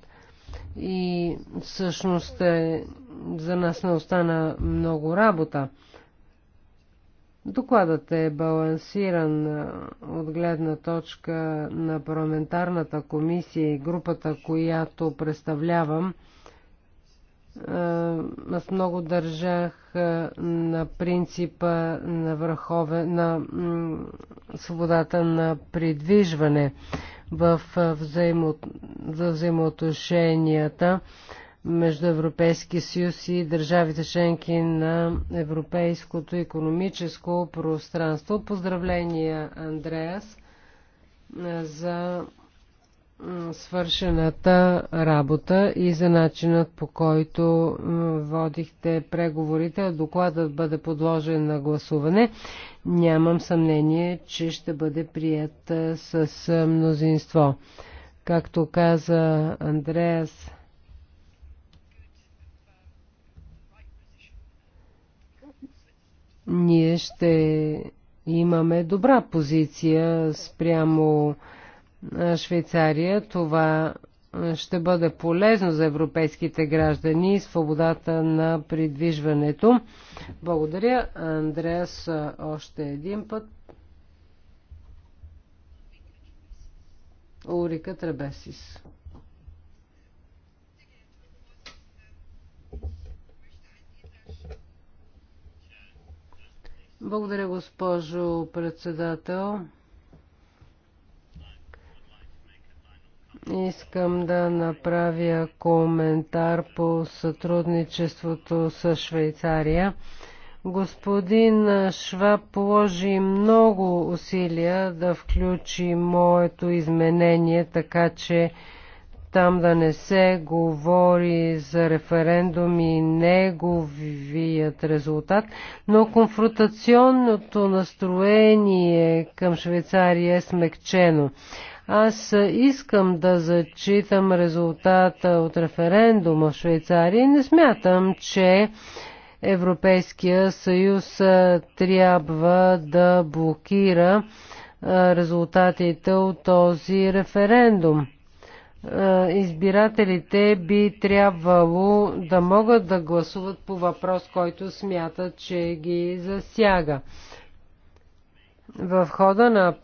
и всъщност е, за нас не остана много работа. Докладът е балансиран от гледна точка на парламентарната комисия и групата, която представлявам. Аз много държах на принципа на, върхове, на свободата на придвижване в взаимо, взаимоотношенията между Европейския съюз и държавите членки на Европейското економическо пространство. Поздравления, Андреас, за свършената работа и за начинът по който водихте преговорите. Докладът бъде подложен на гласуване. Нямам съмнение, че ще бъде прият с мнозинство. Както каза Андреас, ние ще имаме добра позиция спрямо Швейцария. Това ще бъде полезно за европейските граждани и свободата на придвижването. Благодаря, Андреас, още един път. Урика Требесис. Благодаря, госпожо председател. Искам да направя коментар по сътрудничеството с Швейцария. Господин Шваб положи много усилия да включи моето изменение, така че там да не се говори за референдум и неговият резултат, но конфронтационното настроение към Швейцария е смекчено. Аз искам да зачитам резултата от референдума в Швейцария и не смятам, че Европейския съюз трябва да блокира резултатите от този референдум. Е, избирателите би трябвало да могат да гласуват по въпрос, който смятат, че ги засяга. В хода на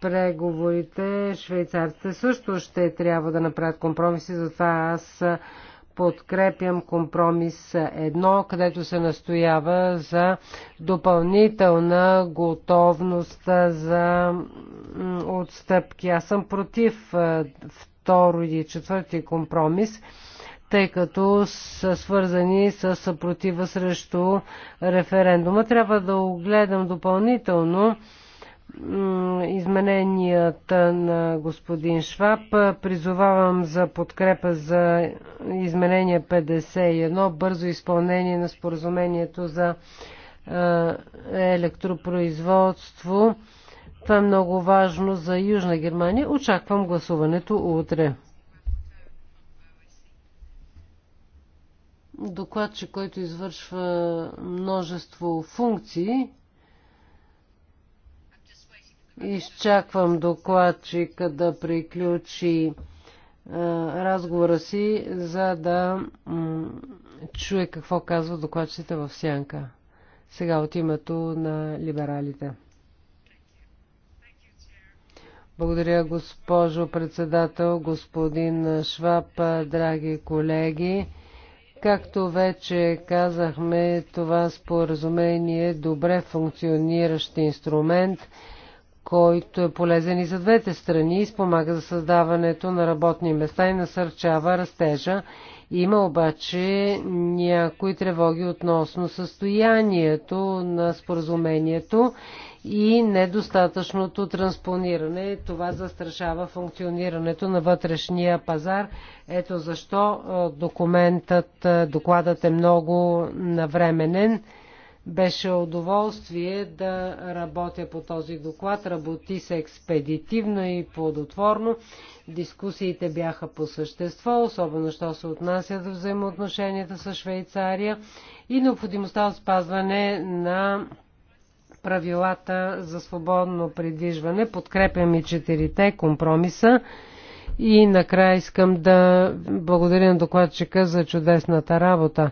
преговорите швейцарците също ще трябва да направят компромиси, затова аз подкрепям компромис Едно, където се настоява за допълнителна готовност за отстъпки. Аз съм против е, второ и четвърти компромис, тъй като са свързани с съпротива срещу референдума. Трябва да огледам допълнително измененията на господин Шваб. Призовавам за подкрепа за изменение 51, бързо изпълнение на споразумението за електропроизводство това е много важно за Южна Германия. Очаквам гласуването утре. Докладче, който извършва множество функции. Изчаквам докладчика да приключи е, разговора си, за да чуе какво казва докладчите в сянка. Сега от името на либералите. Благодаря, госпожо председател, господин Шваб, драги колеги. Както вече казахме, това споразумение е добре функциониращ инструмент, който е полезен и за двете страни и спомага за създаването на работни места и насърчава растежа. Има обаче някои тревоги относно състоянието на споразумението и недостатъчното транспониране. Това застрашава функционирането на вътрешния пазар. Ето защо документът, докладът е много навременен. Беше удоволствие да работя по този доклад. Работи се експедитивно и плодотворно. Дискусиите бяха по същество, особено що се отнася до взаимоотношенията с Швейцария и необходимостта от спазване на правилата за свободно придвижване. Подкрепям и четирите компромиса. И накрая искам да благодаря на докладчика за чудесната работа.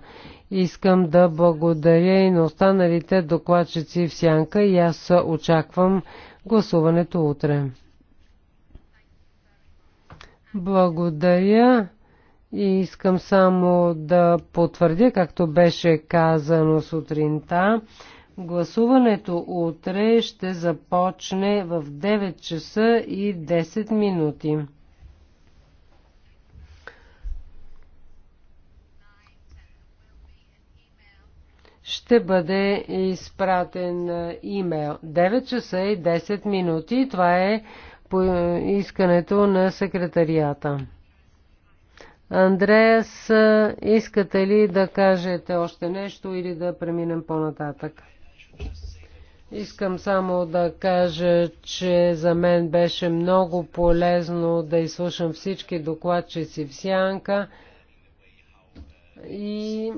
Искам да благодаря и на останалите докладчици в Сянка и аз очаквам гласуването утре. Благодаря и искам само да потвърдя, както беше казано сутринта, Гласуването утре ще започне в 9 часа и 10 минути. ще бъде изпратен имейл. 9 часа и 10 минути. Това е по искането на секретарията. Андреас, искате ли да кажете още нещо или да преминем по-нататък? Искам само да кажа, че за мен беше много полезно да изслушам всички докладчици в Сянка и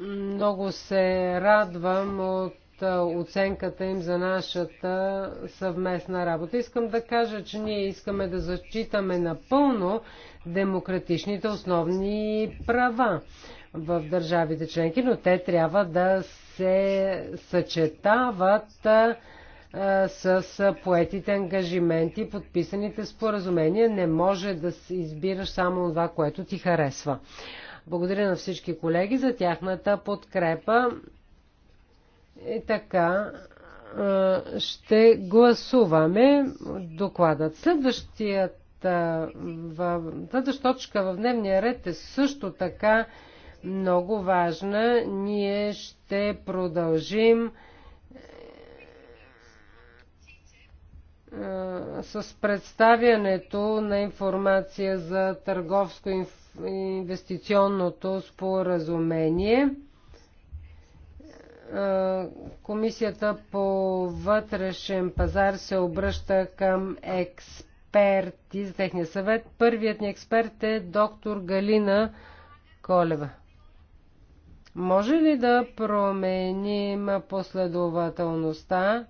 много се радвам от оценката им за нашата съвместна работа. Искам да кажа, че ние искаме да зачитаме напълно демократичните основни права в държавите членки, но те трябва да се съчетават с поетите ангажименти, подписаните споразумения. Не може да избираш само това, което ти харесва. Благодаря на всички колеги за тяхната подкрепа. И така, ще гласуваме докладът. Следващият, следващата точка в дневния ред е също така много важна. Ние ще продължим е, с представянето на информация за търговско-инвестиционното споразумение. Е, Комисията по вътрешен пазар се обръща към експерти за техния съвет. Първият ни експерт е доктор Галина Колева. Може ли да променим последователността?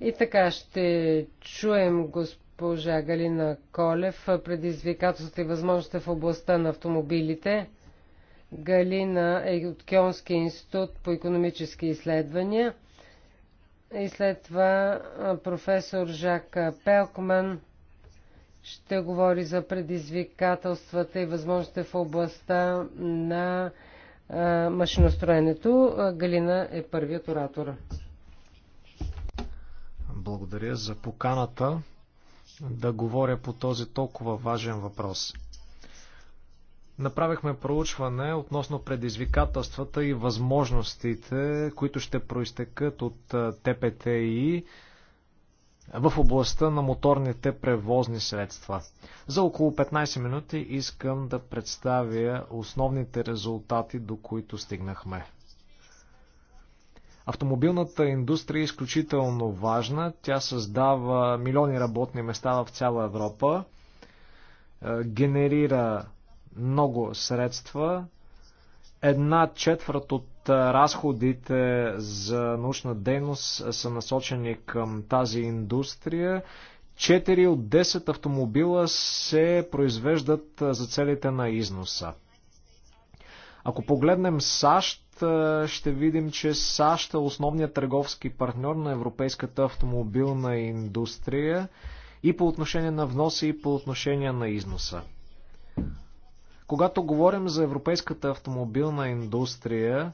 И така ще чуем госпожа Галина Колев, предизвикателствата и възможностите в областта на автомобилите. Галина е от Кьонския институт по економически изследвания и след това професор Жак Пелкман ще говори за предизвикателствата и възможностите в областта на машиностроенето. Галина е първият оратор. Благодаря за поканата да говоря по този толкова важен въпрос направихме проучване относно предизвикателствата и възможностите, които ще проистекат от ТПТИ в областта на моторните превозни средства. За около 15 минути искам да представя основните резултати, до които стигнахме. Автомобилната индустрия е изключително важна. Тя създава милиони работни места в цяла Европа, генерира много средства. Една четвърт от разходите за научна дейност са насочени към тази индустрия. Четири от 10 автомобила се произвеждат за целите на износа. Ако погледнем САЩ, ще видим, че САЩ е основният търговски партньор на европейската автомобилна индустрия и по отношение на вноса, и по отношение на износа. Когато говорим за европейската автомобилна индустрия,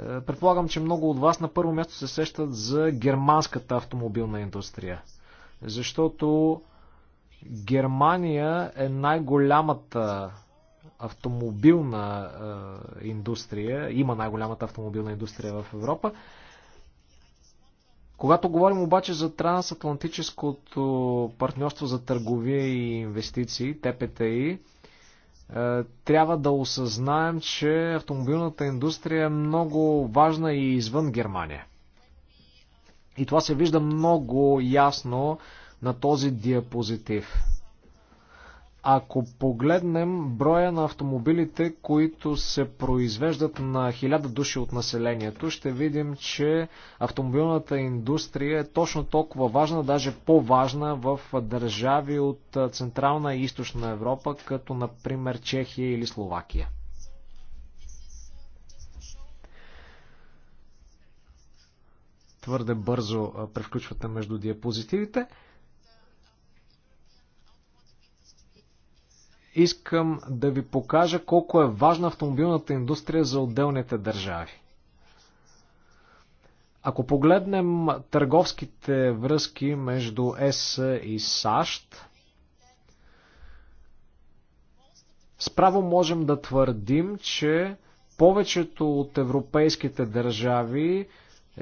е, предполагам, че много от вас на първо място се сещат за германската автомобилна индустрия. Защото Германия е най-голямата автомобилна е, индустрия, има най-голямата автомобилна индустрия в Европа. Когато говорим обаче за трансатлантическото партньорство за търговия и инвестиции, ТПТИ, е, трябва да осъзнаем, че автомобилната индустрия е много важна и извън Германия. И това се вижда много ясно на този диапозитив. Ако погледнем броя на автомобилите, които се произвеждат на хиляда души от населението, ще видим, че автомобилната индустрия е точно толкова важна, даже по-важна в държави от Централна и Източна Европа, като например Чехия или Словакия. Твърде бързо превключвате между диапозитивите. искам да ви покажа колко е важна автомобилната индустрия за отделните държави. Ако погледнем търговските връзки между ЕС и САЩ, справо можем да твърдим, че повечето от европейските държави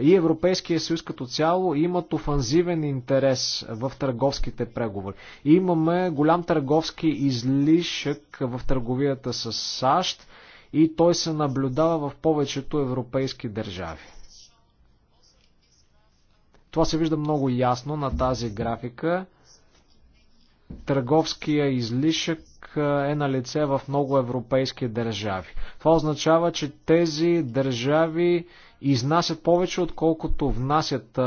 и Европейския съюз като цяло имат офанзивен интерес в търговските преговори. Имаме голям търговски излишък в търговията с САЩ и той се наблюдава в повечето европейски държави. Това се вижда много ясно на тази графика. Търговския излишък е на лице в много европейски държави. Това означава, че тези държави изнасят повече, отколкото внасят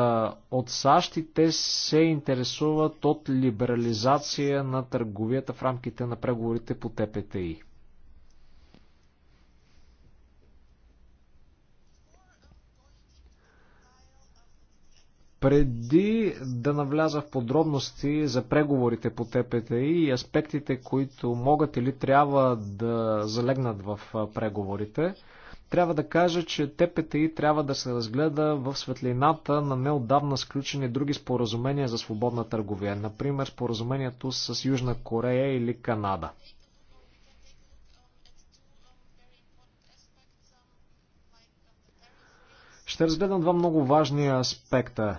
от САЩ и те се интересуват от либерализация на търговията в рамките на преговорите по ТПТИ. Преди да навляза в подробности за преговорите по ТПТИ и аспектите, които могат или трябва да залегнат в преговорите, трябва да кажа, че ТПТИ трябва да се разгледа в светлината на неодавна сключени други споразумения за свободна търговия, например споразумението с Южна Корея или Канада. Ще разгледам два много важни аспекта.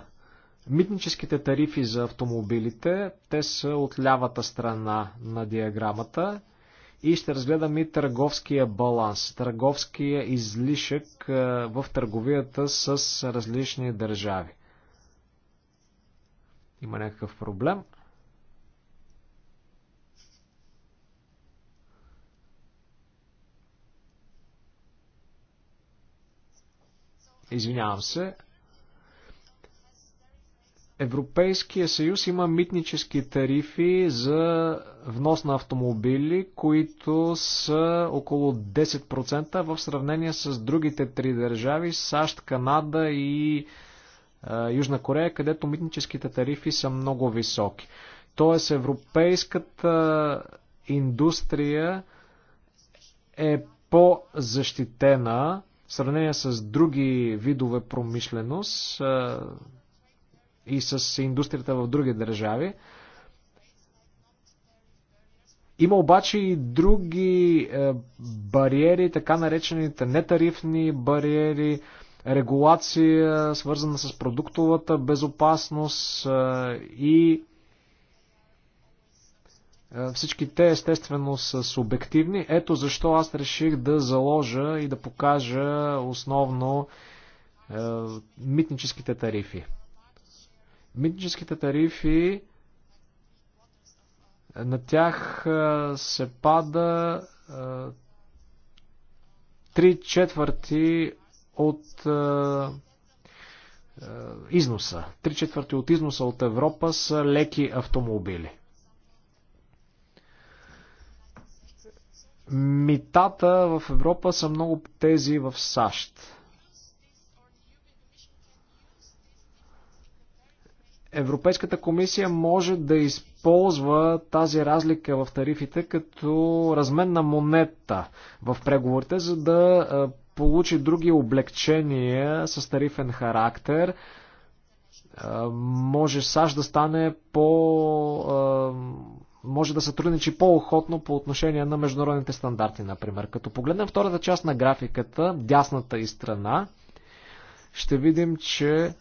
Митническите тарифи за автомобилите, те са от лявата страна на диаграмата – и ще разгледаме и търговския баланс, търговския излишък в търговията с различни държави. Има някакъв проблем? Извинявам се. Европейския съюз има митнически тарифи за внос на автомобили, които са около 10% в сравнение с другите три държави САЩ, Канада и е, Южна Корея, където митническите тарифи са много високи. Тоест европейската индустрия е по-защитена в сравнение с други видове промишленост. Е, и с индустрията в други държави. Има обаче и други е, бариери, така наречените нетарифни бариери, регулация, свързана с продуктовата безопасност е, и е, всички те естествено са субективни. Ето защо аз реших да заложа и да покажа основно митническите тарифи. Митническите тарифи на тях се пада Три четвърти от износа. Три четвърти от износа от Европа са леки автомобили. Митата в Европа са много тези в САЩ. Европейската комисия може да използва тази разлика в тарифите като размен на монета в преговорите, за да получи други облегчения с тарифен характер. Може САЩ да стане по може да сътрудничи по-охотно по отношение на международните стандарти, например. Като погледнем втората част на графиката, дясната и страна, ще видим, че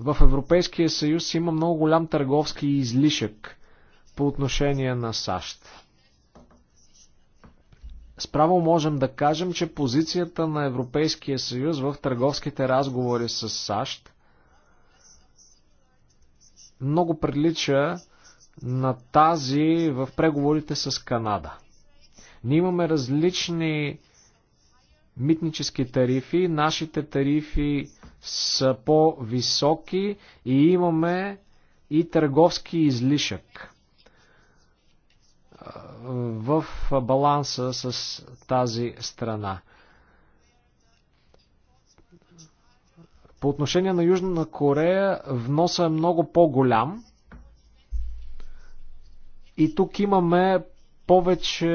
в Европейския съюз има много голям търговски излишък по отношение на САЩ. Справо можем да кажем, че позицията на Европейския съюз в търговските разговори с САЩ много прилича на тази в преговорите с Канада. Ние имаме различни митнически тарифи, нашите тарифи са по-високи и имаме и търговски излишък в баланса с тази страна. По отношение на Южна Корея, вноса е много по-голям. И тук имаме повече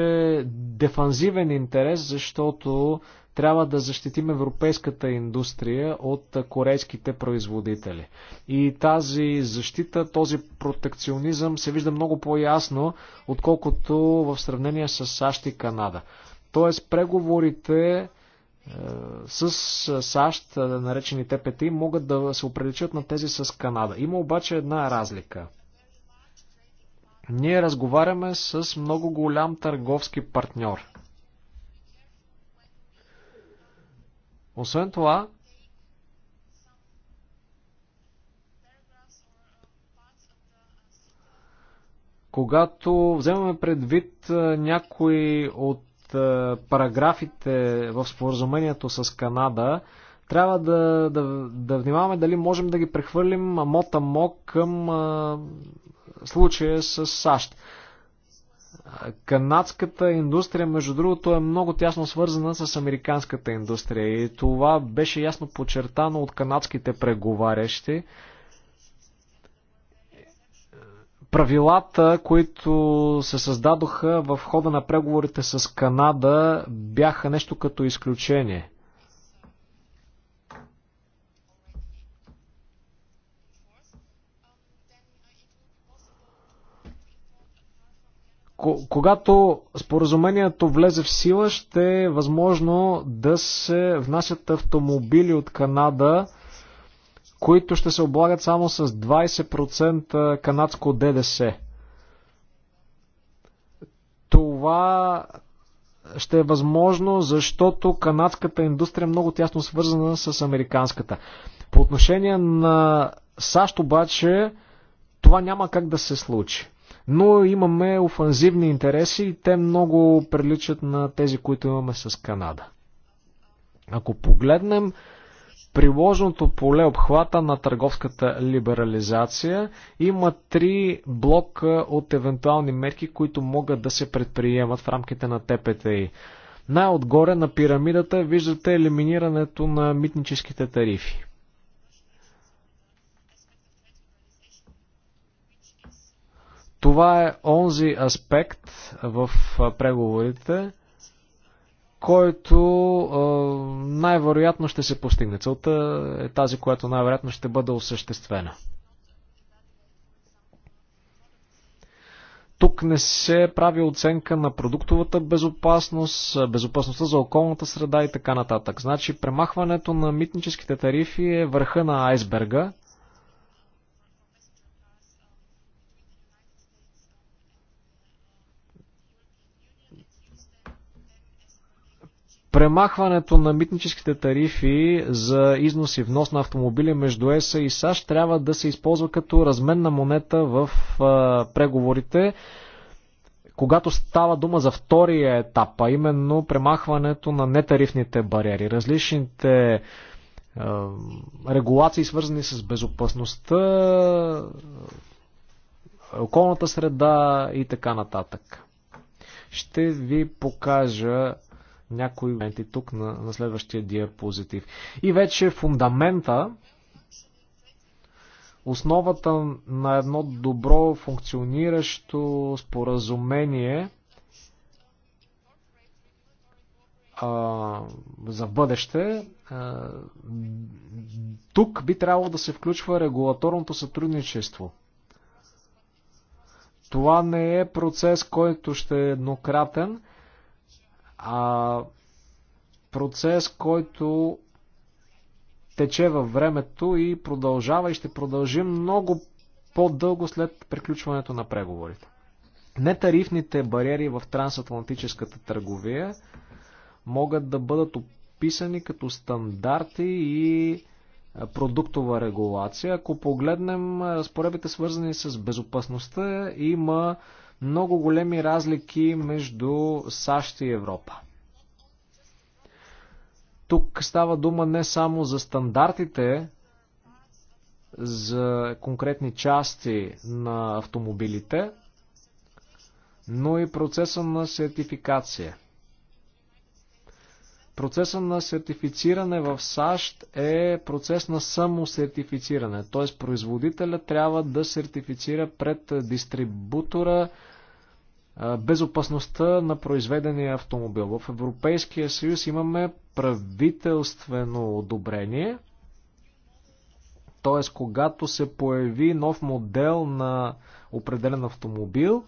дефанзивен интерес, защото трябва да защитим европейската индустрия от корейските производители. И тази защита, този протекционизъм се вижда много по-ясно, отколкото в сравнение с САЩ и Канада. Тоест преговорите е, с САЩ, е, наречени ТПТ, могат да се оприличат на тези с Канада. Има обаче една разлика. Ние разговаряме с много голям търговски партньор. Освен това, когато вземаме предвид някои от параграфите в споразумението с Канада, трябва да, да, да внимаваме дали можем да ги прехвърлим мота мок към а, случая с САЩ. Канадската индустрия, между другото, е много тясно свързана с американската индустрия и това беше ясно подчертано от канадските преговарящи. Правилата, които се създадоха в хода на преговорите с Канада, бяха нещо като изключение. когато споразумението влезе в сила, ще е възможно да се внасят автомобили от Канада, които ще се облагат само с 20% канадско ДДС. Това ще е възможно, защото канадската индустрия е много тясно свързана с американската. По отношение на САЩ обаче, това няма как да се случи. Но имаме офанзивни интереси и те много приличат на тези, които имаме с Канада. Ако погледнем приложното поле обхвата на търговската либерализация има три блока от евентуални мерки, които могат да се предприемат в рамките на ТПТИ. Най-отгоре на пирамидата виждате елиминирането на митническите тарифи. Това е онзи аспект в преговорите, който най-вероятно ще се постигне. Целта е тази, която най-вероятно ще бъде осъществена. Тук не се прави оценка на продуктовата безопасност, безопасността за околната среда и така нататък. Значи премахването на митническите тарифи е върха на айсберга. Премахването на митническите тарифи за износ и внос на автомобили между ЕСА и САЩ трябва да се използва като разменна монета в а, преговорите, когато става дума за втория етап, а именно премахването на нетарифните бариери. Различните а, регулации, свързани с безопасността, околната среда и така нататък. Ще ви покажа някои моменти тук на, на следващия диапозитив. И вече фундамента, основата на едно добро функциониращо споразумение а, за бъдеще, а, тук би трябвало да се включва регулаторното сътрудничество. Това не е процес, който ще е еднократен, а процес, който тече във времето и продължава и ще продължи много по-дълго след приключването на преговорите. Нетарифните бариери в трансатлантическата търговия могат да бъдат описани като стандарти и продуктова регулация. Ако погледнем разпоредбите свързани с безопасността, има много големи разлики между САЩ и Европа. Тук става дума не само за стандартите за конкретни части на автомобилите, но и процеса на сертификация. Процеса на сертифициране в САЩ е процес на самосертифициране, т.е. производителя трябва да сертифицира пред дистрибутора, безопасността на произведения автомобил. В Европейския съюз имаме правителствено одобрение, т.е. когато се появи нов модел на определен автомобил,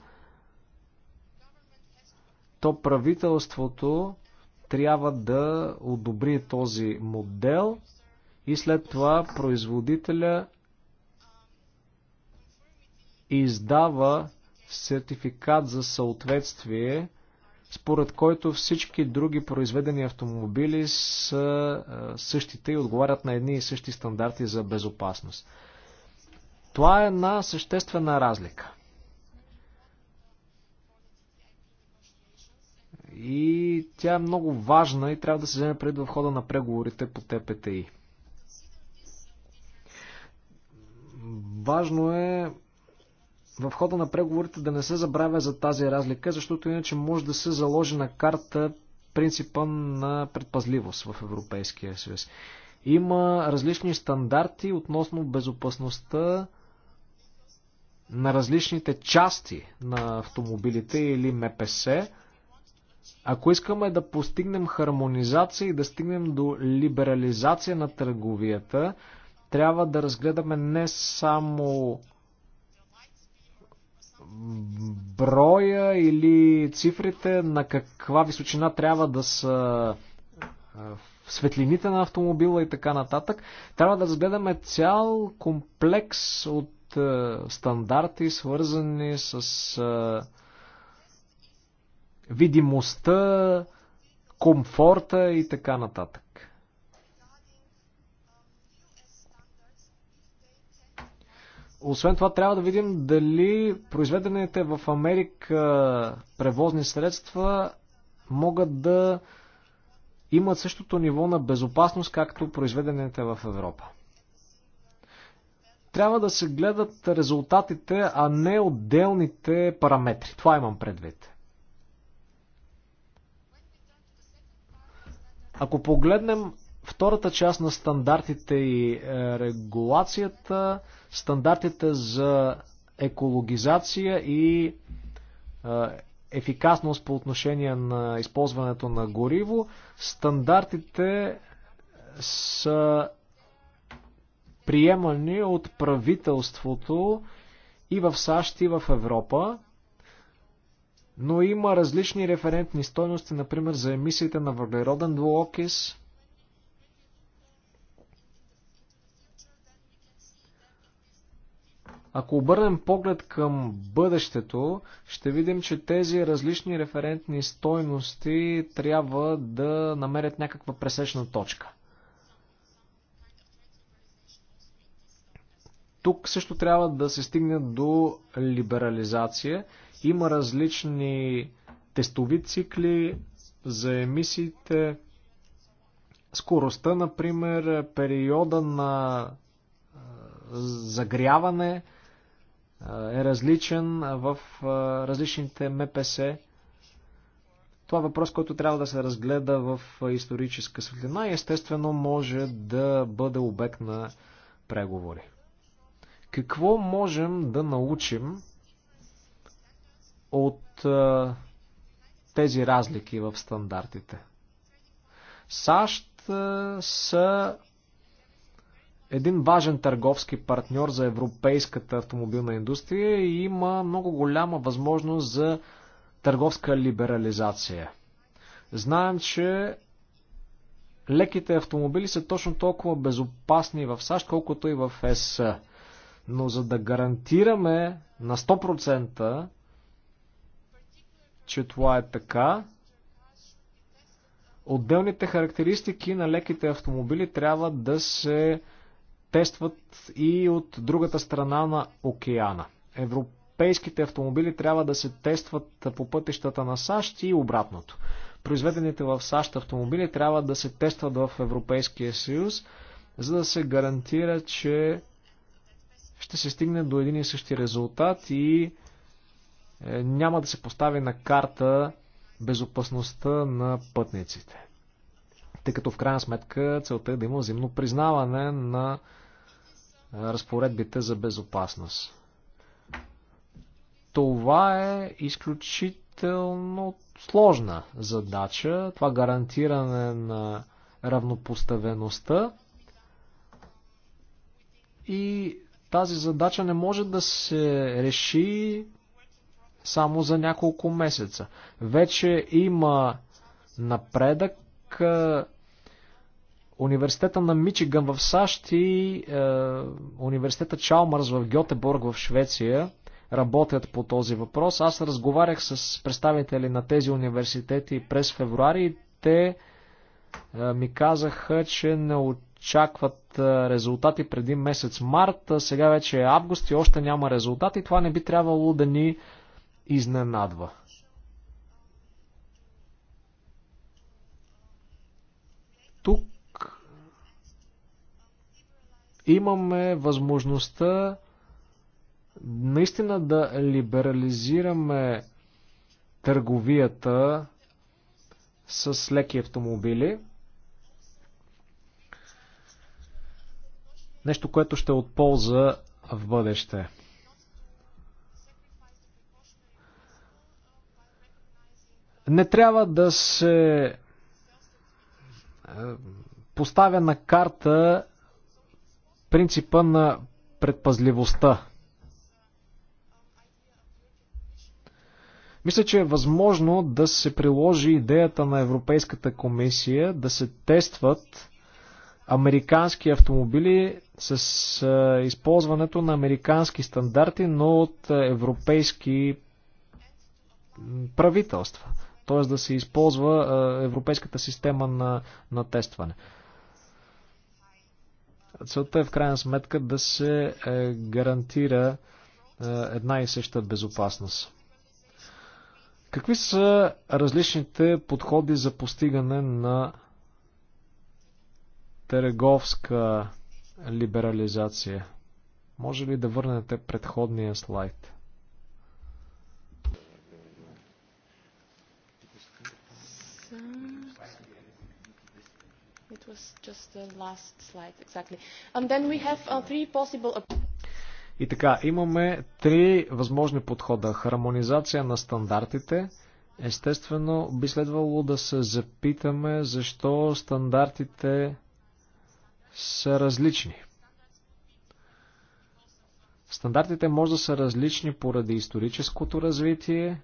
то правителството трябва да одобри този модел и след това производителя издава сертификат за съответствие, според който всички други произведени автомобили са същите и отговарят на едни и същи стандарти за безопасност. Това е една съществена разлика. И тя е много важна и трябва да се вземе пред в хода на преговорите по ТПТИ. Важно е в хода на преговорите да не се забравя за тази разлика, защото иначе може да се заложи на карта принципа на предпазливост в Европейския съюз. Има различни стандарти относно безопасността на различните части на автомобилите или МПС. Ако искаме да постигнем хармонизация и да стигнем до либерализация на търговията, трябва да разгледаме не само броя или цифрите на каква височина трябва да са в светлините на автомобила и така нататък. Трябва да разгледаме цял комплекс от стандарти, свързани с видимостта, комфорта и така нататък. Освен това, трябва да видим дали произведените в Америка превозни средства могат да имат същото ниво на безопасност, както произведените в Европа. Трябва да се гледат резултатите, а не отделните параметри. Това имам предвид. Ако погледнем Втората част на стандартите и е, регулацията, стандартите за екологизация и е, ефикасност по отношение на използването на гориво, стандартите са приемани от правителството и в САЩ и в Европа, но има различни референтни стойности, например за емисиите на въглероден двуокис, Ако обърнем поглед към бъдещето, ще видим, че тези различни референтни стойности трябва да намерят някаква пресечна точка. Тук също трябва да се стигне до либерализация. Има различни тестови цикли за емисиите, скоростта, например, периода на загряване – е различен в различните МПС. Това е въпрос, който трябва да се разгледа в историческа светлина и естествено може да бъде обект на преговори. Какво можем да научим от тези разлики в стандартите? САЩ са един важен търговски партньор за европейската автомобилна индустрия и има много голяма възможност за търговска либерализация. Знаем, че леките автомобили са точно толкова безопасни в САЩ, колкото и в ЕС. Но за да гарантираме на 100%, че това е така, отделните характеристики на леките автомобили трябва да се тестват и от другата страна на океана. Европейските автомобили трябва да се тестват по пътищата на САЩ и обратното. Произведените в САЩ автомобили трябва да се тестват в Европейския съюз, за да се гарантира, че ще се стигне до един и същи резултат и е, няма да се постави на карта безопасността на пътниците тъй като в крайна сметка целта е да има взаимно признаване на разпоредбите за безопасност. Това е изключително сложна задача, това гарантиране на равнопоставеността и тази задача не може да се реши само за няколко месеца. Вече има напредък, университета на Мичиган в САЩ и е, университета Чалмърс в Гьотеборг в Швеция работят по този въпрос. Аз разговарях с представители на тези университети през февруари и те е, ми казаха, че не очакват е, резултати преди месец март. Сега вече е август и още няма резултати. Това не би трябвало да ни изненадва. Тук имаме възможността наистина да либерализираме търговията с леки автомобили. Нещо, което ще е от полза в бъдеще. Не трябва да се е, поставя на карта принципа на предпазливостта. Мисля, че е възможно да се приложи идеята на Европейската комисия да се тестват американски автомобили с а, използването на американски стандарти, но от европейски правителства. Т.е. да се използва а, европейската система на, на тестване. Целта е в крайна сметка да се е, гарантира е, една и съща безопасност. Какви са различните подходи за постигане на търговска либерализация? Може ли да върнете предходния слайд? just, just the last slide, exactly. And um, then we have uh, three possible... И така, имаме три възможни подхода. Хармонизация на стандартите. Естествено, би следвало да се запитаме защо стандартите са различни. Стандартите може да са различни поради историческото развитие,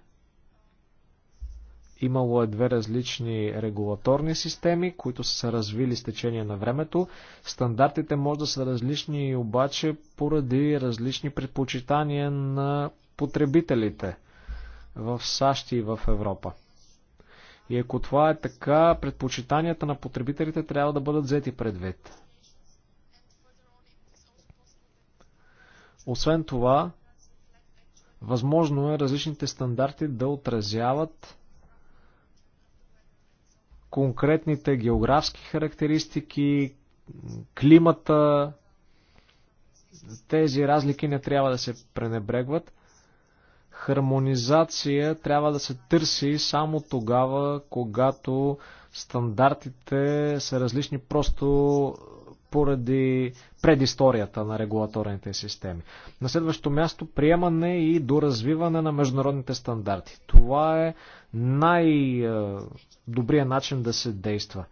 Имало е две различни регулаторни системи, които са се развили с течение на времето. Стандартите може да са различни обаче поради различни предпочитания на потребителите в САЩ и в Европа. И ако това е така, предпочитанията на потребителите трябва да бъдат взети предвид. Освен това, възможно е различните стандарти да отразяват конкретните географски характеристики, климата. Тези разлики не трябва да се пренебрегват. Хармонизация трябва да се търси само тогава, когато стандартите са различни просто поради предисторията на регулаторните системи. На следващо място приемане и доразвиване на международните стандарти. Това е най-добрият начин да се действа.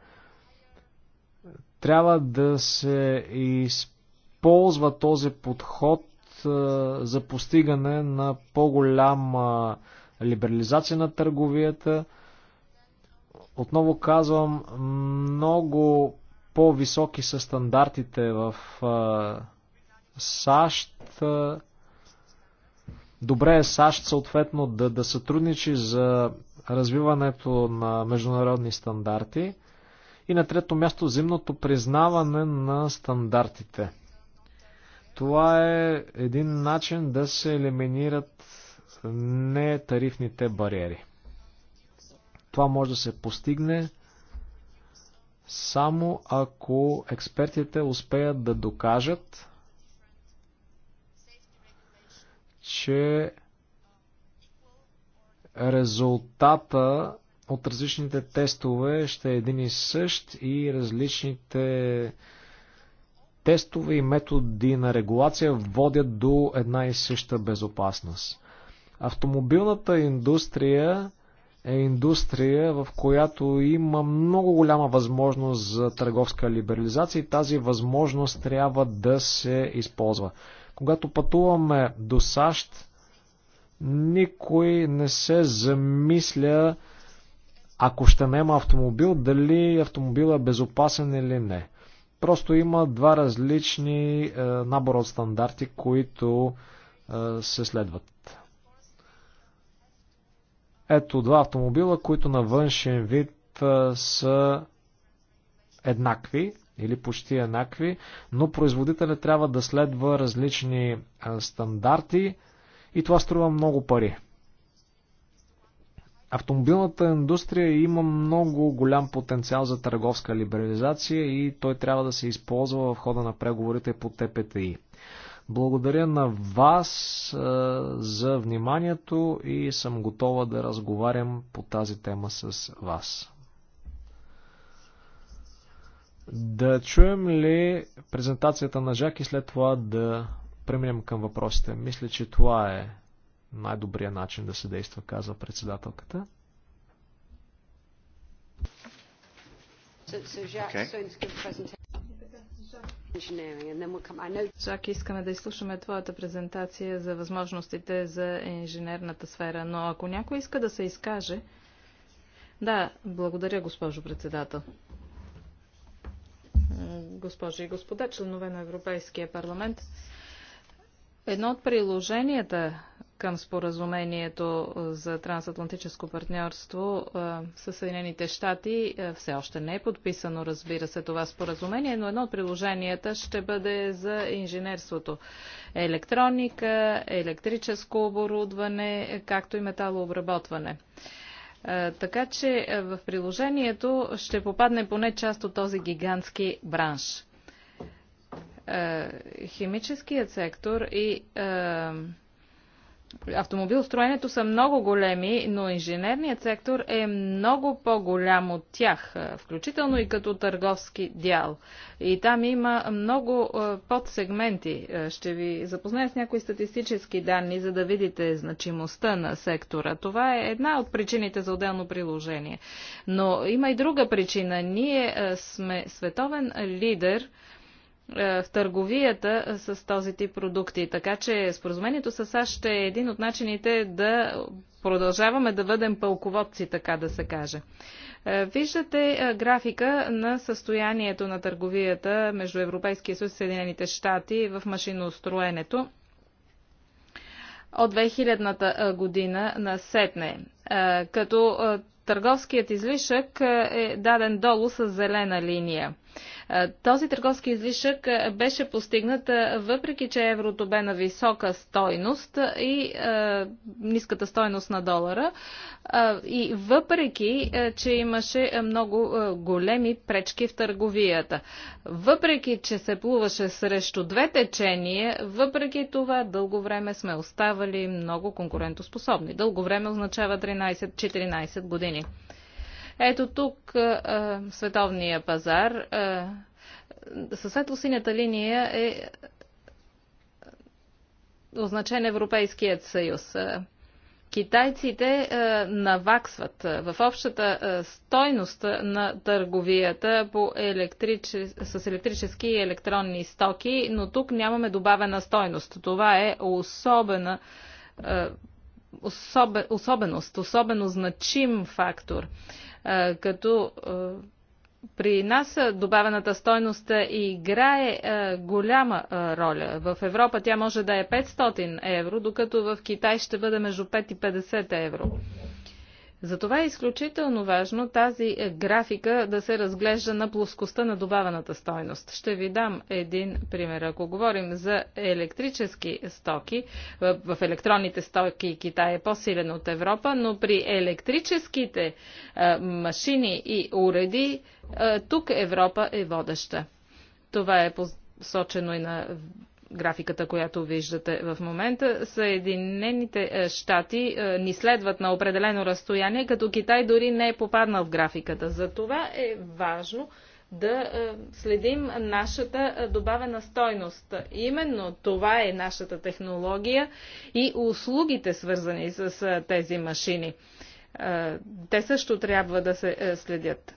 Трябва да се използва този подход за постигане на по-голяма либерализация на търговията. Отново казвам, много по-високи са стандартите в САЩ. Добре е САЩ съответно да, да сътрудничи за развиването на международни стандарти. И на трето място зимното признаване на стандартите. Това е един начин да се елиминират нетарифните бариери. Това може да се постигне само ако експертите успеят да докажат, че резултата от различните тестове ще е един и същ и различните тестове и методи на регулация водят до една и съща безопасност. Автомобилната индустрия е индустрия, в която има много голяма възможност за търговска либерализация и тази възможност трябва да се използва. Когато пътуваме до САЩ, никой не се замисля, ако ще нема автомобил, дали автомобил е безопасен или не. Просто има два различни е, набора от стандарти, които е, се следват. Ето два автомобила, които на външен вид са еднакви или почти еднакви, но производителят трябва да следва различни стандарти и това струва много пари. Автомобилната индустрия има много голям потенциал за търговска либерализация и той трябва да се използва в хода на преговорите по ТПТИ. Благодаря на вас за вниманието и съм готова да разговарям по тази тема с вас. Да чуем ли презентацията на Жак и след това да преминем към въпросите. Мисля, че това е най-добрият начин да се действа, казва председателката. Okay. Жак, искаме да изслушаме твоята презентация за възможностите за инженерната сфера, но ако някой иска да се изкаже... Да, благодаря, госпожо председател. Госпожи и господа, членове на Европейския парламент, едно от приложенията към споразумението за трансатлантическо партньорство с Съединените щати. Все още не е подписано, разбира се, това споразумение, но едно от приложенията ще бъде за инженерството. Електроника, електрическо оборудване, както и металообработване. Така че в приложението ще попадне поне част от този гигантски бранш. Химическият сектор и автомобилстроенето са много големи, но инженерният сектор е много по-голям от тях, включително и като търговски дял. И там има много подсегменти. Ще ви запозная с някои статистически данни, за да видите значимостта на сектора. Това е една от причините за отделно приложение. Но има и друга причина. Ние сме световен лидер е, в търговията е, с този тип продукти. Така че споразумението с САЩ ще е един от начините да продължаваме да бъдем пълководци, така да се каже. Е, виждате графика на състоянието на търговията между Европейския съюз и Съединените щати в машиностроенето от 2000-та година на Сетне, като търговският излишък е даден долу с зелена линия. Е, този търговски излишък е, беше постигнат е, въпреки, че еврото бе на висока стойност и ниската стойност на долара и въпреки, че имаше много големи пречки в търговията. Въпреки, че се плуваше срещу две течения, въпреки това дълго време сме оставали много конкурентоспособни. Дълго време означава 13-14 години. Ето тук световния пазар. Със светло-синята линия е означен Европейският съюз. Китайците наваксват в общата стойност на търговията по електрич... с електрически и електронни стоки, но тук нямаме добавена стойност. Това е особена особеност, особено значим фактор като при нас добавената стойност играе голяма роля. В Европа тя може да е 500 евро, докато в Китай ще бъде между 5 и 50 евро. Затова е изключително важно тази е, графика да се разглежда на плоскостта на добавената стойност. Ще ви дам един пример. Ако говорим за електрически стоки, в електронните стоки Китай е по-силен от Европа, но при електрическите е, машини и уреди е, тук Европа е водеща. Това е посочено и на графиката, която виждате в момента. Съединените е, щати е, ни следват на определено разстояние, като Китай дори не е попаднал в графиката. За това е важно да е, следим нашата добавена стойност. Именно това е нашата технология и услугите, свързани с тези машини. Те също трябва да се следят.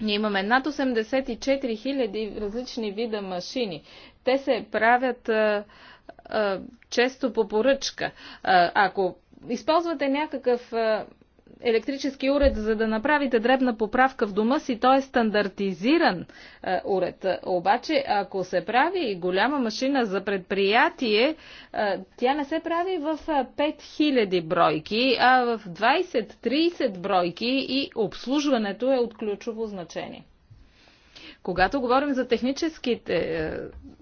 Ние имаме над 84 000 различни вида машини. Те се правят а, а, често по поръчка. А, ако използвате някакъв а, електрически уред, за да направите дребна поправка в дома си, той е стандартизиран е, уред. Обаче, ако се прави голяма машина за предприятие, е, тя не се прави в 5000 е, бройки, а в 20-30 бройки и обслужването е от ключово значение. Когато говорим за техническите е,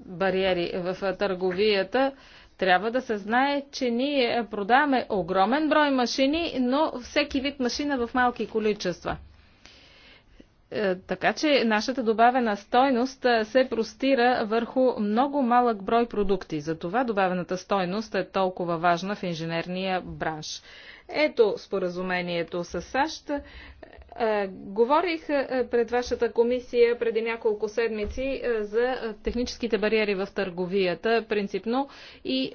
бариери в е, търговията, трябва да се знае, че ние продаваме огромен брой машини, но всеки вид машина в малки количества. Е, така че нашата добавена стойност е, се простира върху много малък брой продукти. Затова добавената стойност е толкова важна в инженерния бранш. Ето споразумението с САЩ. Е, говорих е, пред вашата комисия преди няколко седмици е, за техническите бариери в търговията, принципно, и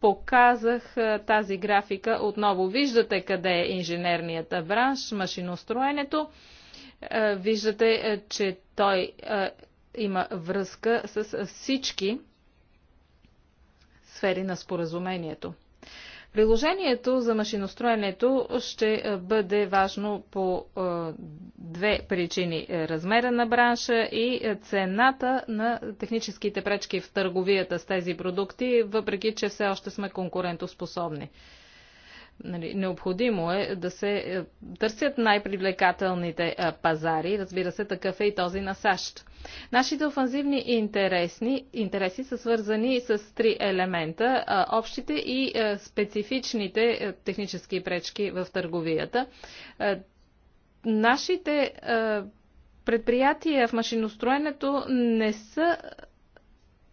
показах тази графика отново. Виждате къде е инженерният бранш, машиностроенето. Виждате, че той има връзка с всички сфери на споразумението. Приложението за машиностроенето ще е, бъде важно по е, две причини. Размера на бранша и е, цената на техническите пречки в търговията с тези продукти, въпреки че все още сме конкурентоспособни. Нали, необходимо е да се търсят най-привлекателните пазари. Разбира се, такъв е и този на САЩ. Нашите офанзивни интересни, интереси са свързани с три елемента – общите и специфичните технически пречки в търговията. Нашите предприятия в машиностроенето не са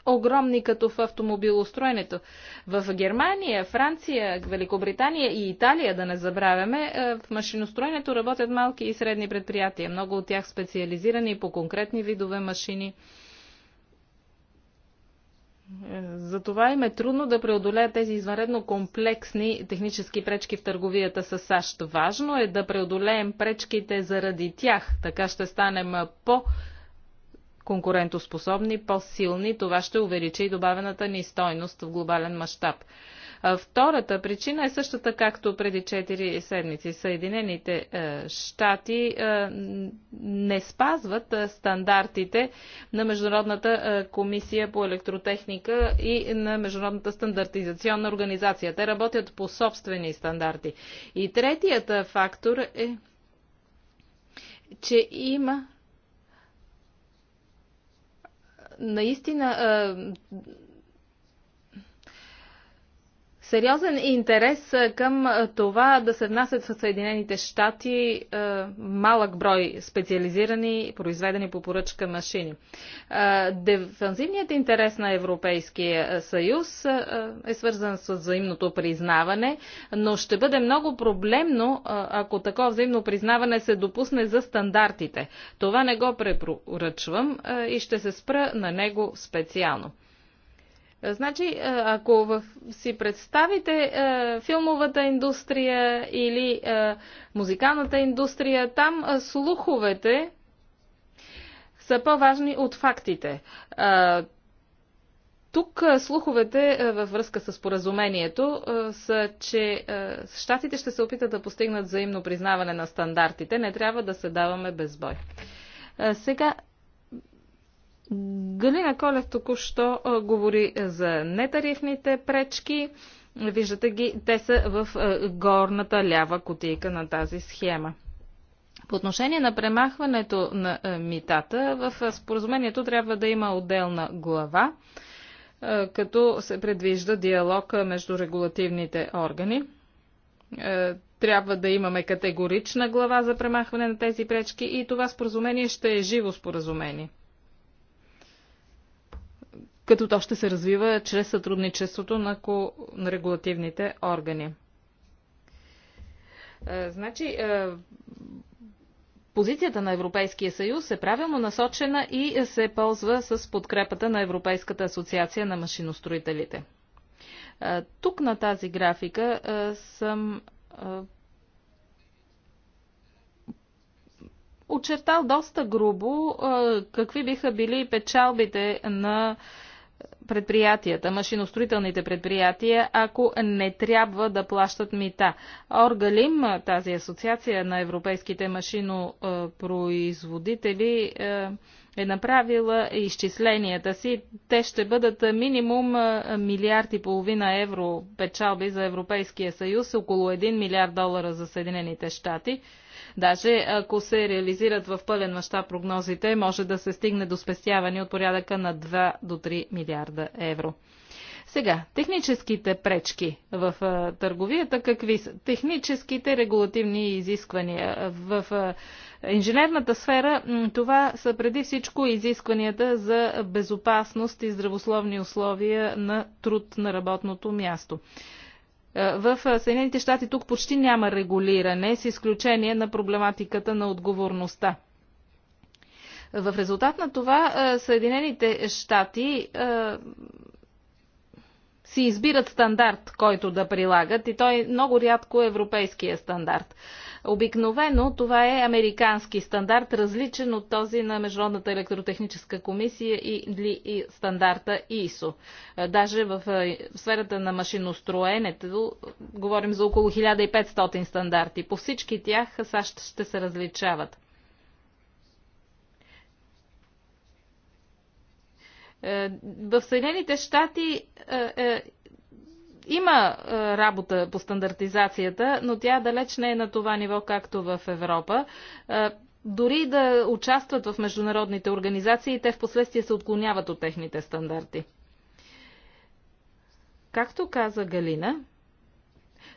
огромни като в автомобилостроенето. В Германия, Франция, Великобритания и Италия, да не забравяме, е, в машиностроенето работят малки и средни предприятия. Много от тях специализирани по конкретни видове машини. Е, затова им е трудно да преодолеят тези извънредно комплексни технически пречки в търговията с САЩ. Важно е да преодолеем пречките заради тях. Така ще станем по- конкурентоспособни, по-силни, това ще увеличи и добавената ни стойност в глобален мащаб. Втората причина е същата както преди 4 седмици. Съединените е, щати е, не спазват е, стандартите на Международната комисия по електротехника и на Международната стандартизационна организация. Те работят по собствени стандарти. И третият фактор е, че има наистина сериозен интерес към това да се внасят в Съединените щати малък брой специализирани, произведени по поръчка машини. Дефанзивният интерес на Европейския съюз е свързан с взаимното признаване, но ще бъде много проблемно, ако такова взаимно признаване се допусне за стандартите. Това не го препоръчвам и ще се спра на него специално. Е, значи, е, ако в, си представите е, филмовата индустрия или е, музикалната индустрия, там е, слуховете са по-важни от фактите. Е, тук е, слуховете във връзка с поразумението са, че щатите ще се опитат да постигнат взаимно признаване на стандартите. Не трябва да се даваме без бой. Сега Галина Колев току-що говори за нетарифните пречки. Виждате ги, те са в горната лява котийка на тази схема. По отношение на премахването на митата, в споразумението трябва да има отделна глава, като се предвижда диалог между регулативните органи. Трябва да имаме категорична глава за премахване на тези пречки и това споразумение ще е живо споразумение като то ще се развива чрез сътрудничеството на, ко... на регулативните органи. Е, значи, е, позицията на Европейския съюз е правилно насочена и се ползва с подкрепата на Европейската асоциация на машиностроителите. Е, тук на тази графика съм очертал доста грубо какви биха били печалбите на предприятията, машиностроителните предприятия, ако не трябва да плащат мита. Оргалим, тази асоциация на европейските машинопроизводители, е, е направила изчисленията си. Те ще бъдат минимум е, милиард и половина евро печалби за Европейския съюз, около 1 милиард долара за Съединените щати. Даже ако се реализират в пълен мащаб прогнозите, може да се стигне до спестяване от порядъка на 2 до 3 милиарда евро. Сега, техническите пречки в а, търговията какви са? Техническите регулативни изисквания. В а, инженерната сфера това са преди всичко изискванията за безопасност и здравословни условия на труд на работното място. Е, в е, Съединените щати тук почти няма регулиране, с изключение на проблематиката на отговорността. В резултат на това е, Съединените щати си избират стандарт, който да прилагат и той много рядко е европейския стандарт. Обикновено това е американски стандарт, различен от този на Международната електротехническа комисия или и стандарта ИСО. Е, даже е, в сферата на машиностроенето говорим за около 1500 стандарти. По всички тях е, САЩ ще се различават. Е, в Съединените щати е, е, има работа по стандартизацията, но тя далеч не е на това ниво, както в Европа. Дори да участват в международните организации, те в последствие се отклоняват от техните стандарти. Както каза Галина,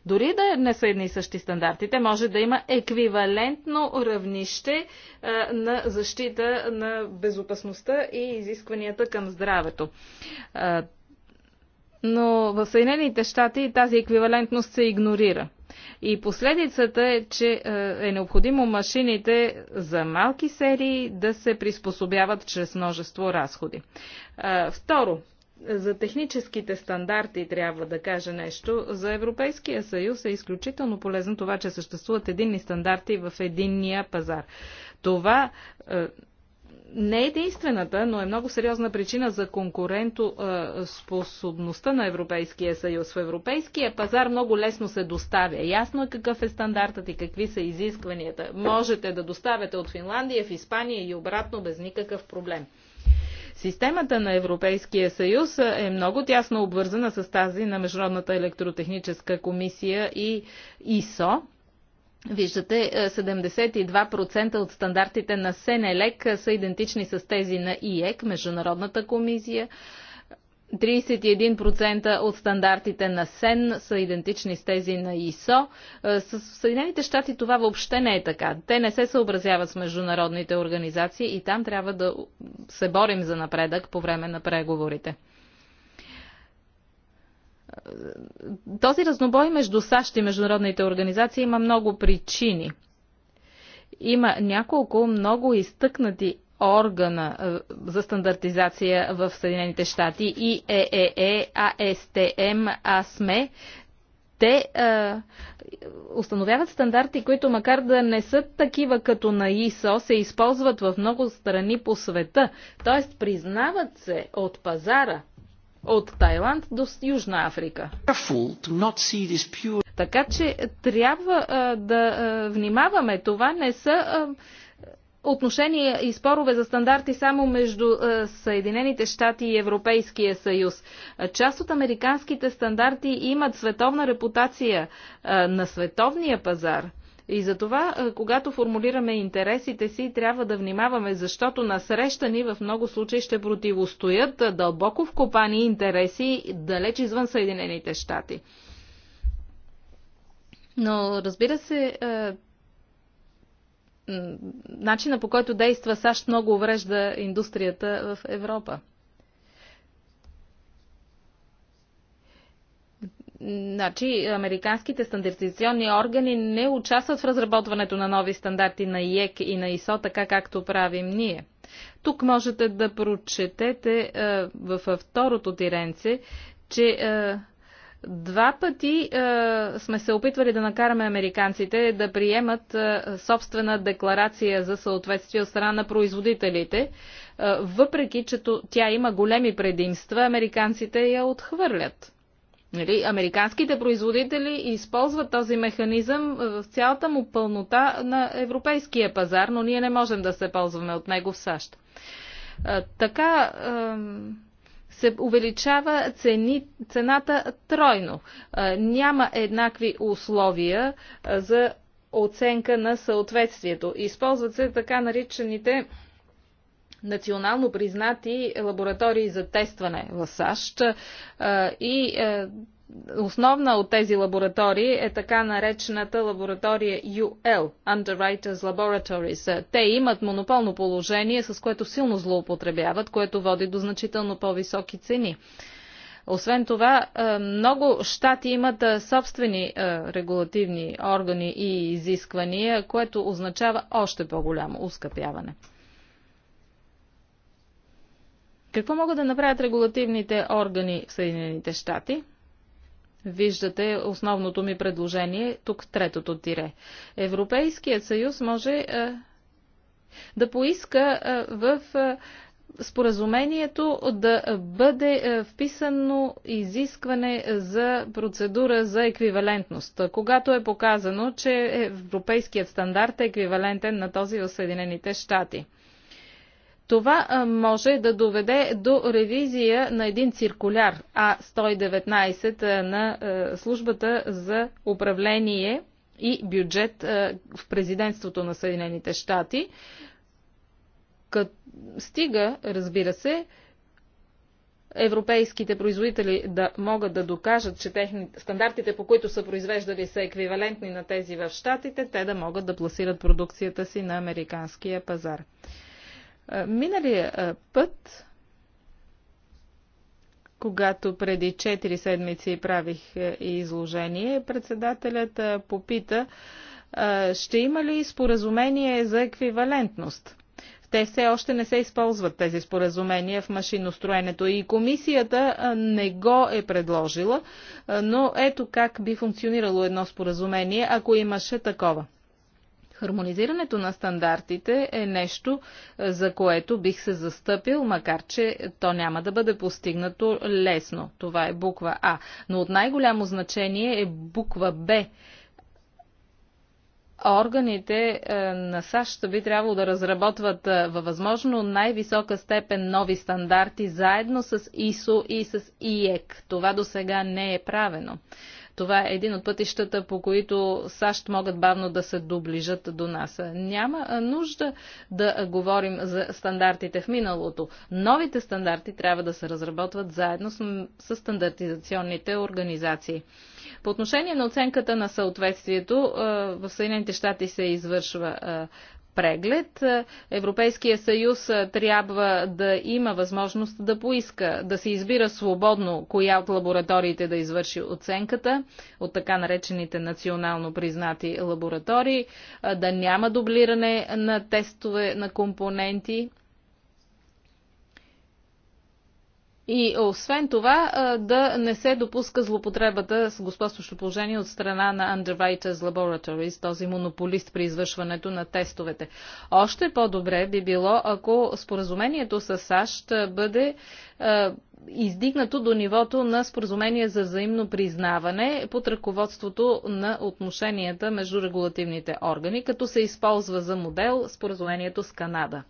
дори да не са едни и същи стандартите, може да има еквивалентно равнище на защита на безопасността и изискванията към здравето. Но в Съединените щати тази еквивалентност се игнорира. И последицата е, че е необходимо машините за малки серии да се приспособяват чрез множество разходи. Второ, за техническите стандарти трябва да кажа нещо. За Европейския съюз е изключително полезно това, че съществуват единни стандарти в единния пазар. Това е, не е единствената, но е много сериозна причина за конкурентоспособността е, на Европейския съюз. В Европейския пазар много лесно се доставя. Ясно е какъв е стандартът и какви са изискванията. Можете да доставяте от Финландия в Испания и обратно без никакъв проблем. Системата на Европейския съюз е много тясно обвързана с тази на Международната електротехническа комисия и ИСО. Виждате, 72% е, от стандартите на Сенелек е, са идентични с тези на ИЕК, Международната комисия 31% от стандартите на СЕН са идентични с тези на ИСО. Е, с Съединените щати това въобще не е така. Те не се съобразяват с международните организации и там трябва да се борим за напредък по време на преговорите. Е, този разнобой между САЩ и международните организации има много причини. Има няколко много изтъкнати органа за стандартизация в Съединените щати и ЕЕЕ, АСТМ, АСМЕ, те е, установяват стандарти, които макар да не са такива като на ИСО, се използват в много страни по света. Тоест признават се от пазара от Тайланд до Южна Африка. Така че трябва е, да е, внимаваме. Това не са. Е, отношения и спорове за стандарти само между е, Съединените щати и Европейския съюз. Част от американските стандарти имат световна репутация е, на световния пазар. И затова, е, когато формулираме интересите си, трябва да внимаваме, защото на среща ни в много случаи ще противостоят дълбоко вкопани интереси далеч извън Съединените щати. Но, разбира се, начина по който действа САЩ много уврежда индустрията в Европа. Значи, американските стандартизационни органи не участват в разработването на нови стандарти на ИЕК и на ИСО, така както правим ние. Тук можете да прочетете във е, второто тиренце, че е, Два пъти е, сме се опитвали да накараме американците да приемат е, собствена декларация за съответствие от страна на производителите. Е, въпреки, че тя има големи предимства, американците я отхвърлят. Нали, американските производители използват този механизъм в цялата му пълнота на европейския пазар, но ние не можем да се ползваме от него в САЩ. Е, така се увеличава цени, цената тройно. Няма еднакви условия за оценка на съответствието. Използват се така наричаните национално признати лаборатории за тестване в САЩ и Основна от тези лаборатории е така наречената лаборатория UL, Underwriters Laboratories. Те имат монополно положение, с което силно злоупотребяват, което води до значително по-високи цени. Освен това, е, много щати имат е, собствени е, регулативни органи и изисквания, което означава още по-голямо ускъпяване. Какво могат да направят регулативните органи в Съединените щати? Виждате основното ми предложение, тук третото тире. Европейският съюз може е, да поиска е, в е, споразумението да бъде вписано изискване за процедура за еквивалентност, когато е показано, че европейският стандарт е еквивалентен на този в Съединените щати. Това може да доведе до ревизия на един циркуляр А119 на службата за управление и бюджет в президентството на Съединените щати. Стига, разбира се, европейските производители да могат да докажат, че техни... стандартите, по които са произвеждали, са еквивалентни на тези в Штатите, те да могат да пласират продукцията си на американския пазар. Миналия път, когато преди 4 седмици правих е, изложение, председателят попита, ще има ли споразумение за еквивалентност? Те все още не се използват тези споразумения в машиностроенето и комисията не го е предложила, но ето как би функционирало едно споразумение, ако имаше такова. Хармонизирането на стандартите е нещо, е, за което бих се застъпил, макар че то няма да бъде постигнато лесно. Това е буква А. Но от най-голямо значение е буква Б. Органите е, на САЩ би трябвало да разработват е, във възможно най-висока степен нови стандарти заедно с ИСО и с ИЕК. Това до сега не е правено. Това е един от пътищата, по които САЩ могат бавно да се доближат до нас. Няма нужда да говорим за стандартите в миналото. Новите стандарти трябва да се разработват заедно с, стандартизационните организации. По отношение на оценката на съответствието, в Съединените щати се извършва преглед. Европейския съюз трябва да има възможност да поиска, да се избира свободно коя от лабораториите да извърши оценката, от така наречените национално признати лаборатории, да няма дублиране на тестове на компоненти И освен това да не се допуска злопотребата с господстващо положение от страна на Underwriters Laboratories, този монополист при извършването на тестовете. Още по-добре би било, ако споразумението с САЩ бъде издигнато до нивото на споразумение за взаимно признаване под ръководството на отношенията между регулативните органи, като се използва за модел споразумението с Канада.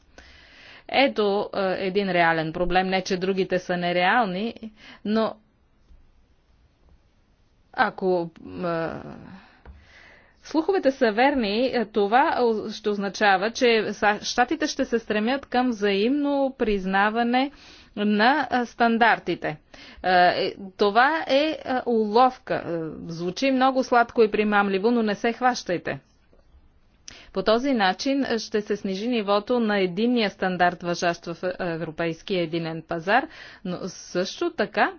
Ето е, един реален проблем, не че другите са нереални, но ако е, слуховете са верни, е, това ще означава, че щатите ще се стремят към взаимно признаване на стандартите. Това е уловка. Звучи много сладко и примамливо, но не се хващайте. По този начин ще се снижи нивото на единния стандарт, въжащ в европейския единен пазар, но също така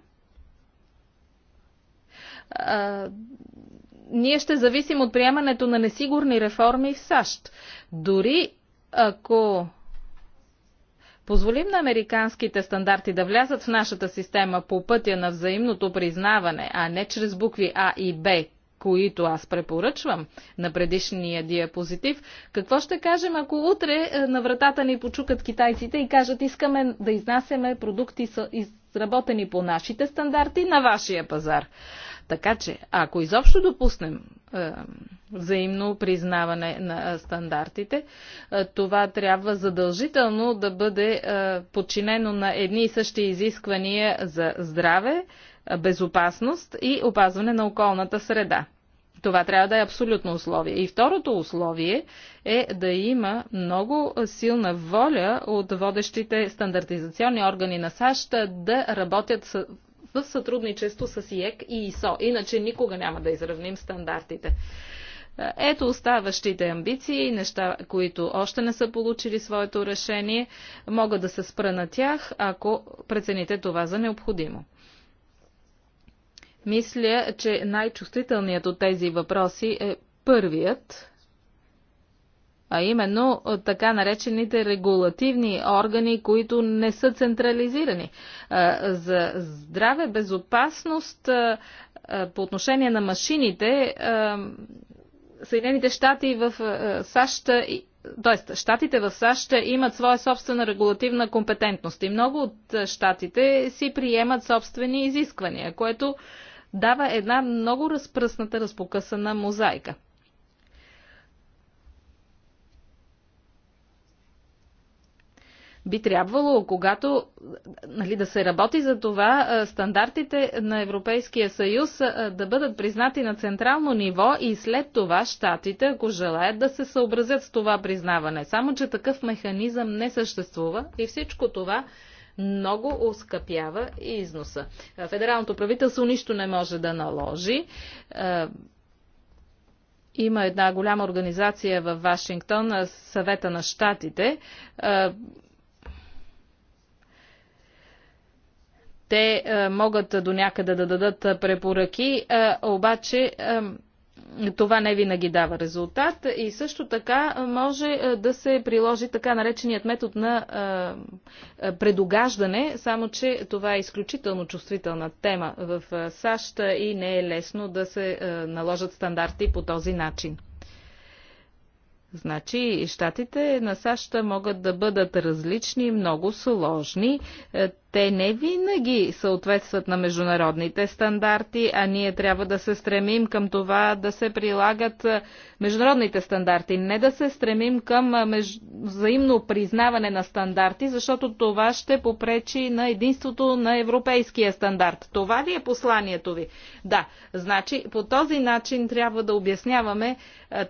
а, ние ще зависим от приемането на несигурни реформи в САЩ. Дори ако позволим на американските стандарти да влязат в нашата система по пътя на взаимното признаване, а не чрез букви А и Б, които аз препоръчвам на предишния диапозитив. Какво ще кажем, ако утре е, на вратата ни почукат китайците и кажат искаме да изнасяме продукти изработени по нашите стандарти на вашия пазар? Така че, ако изобщо допуснем е, взаимно признаване на е, стандартите, е, това трябва задължително да бъде е, подчинено на едни и същи изисквания за здраве, безопасност и опазване на околната среда. Това трябва да е абсолютно условие. И второто условие е да има много силна воля от водещите стандартизационни органи на САЩ да работят с в сътрудничество с ИЕК и ИСО. Иначе никога няма да изравним стандартите. Ето оставащите амбиции, неща, които още не са получили своето решение. Мога да се спра на тях, ако прецените това за необходимо. Мисля, че най-чувствителният от тези въпроси е първият, а именно така наречените регулативни органи, които не са централизирани. За здраве, безопасност по отношение на машините, Съединените щати в САЩ т.е. щатите в САЩ имат своя собствена регулативна компетентност и много от щатите си приемат собствени изисквания, което дава една много разпръсната, разпокъсана мозайка. би трябвало, когато нали, да се работи за това, стандартите на Европейския съюз да бъдат признати на централно ниво и след това щатите, ако желаят да се съобразят с това признаване. Само, че такъв механизъм не съществува и всичко това много оскъпява и износа. Федералното правителство нищо не може да наложи. Е, има една голяма организация в Вашингтон, е, съвета на щатите. Е, те могат до някъде да дадат препоръки, обаче това не винаги дава резултат и също така може да се приложи така нареченият метод на предогаждане, само че това е изключително чувствителна тема в САЩ и не е лесно да се наложат стандарти по този начин. Значи, щатите на САЩ могат да бъдат различни, много сложни те не винаги съответстват на международните стандарти, а ние трябва да се стремим към това да се прилагат международните стандарти, не да се стремим към меж... взаимно признаване на стандарти, защото това ще попречи на единството на европейския стандарт. Това ли е посланието ви? Да, значи по този начин трябва да обясняваме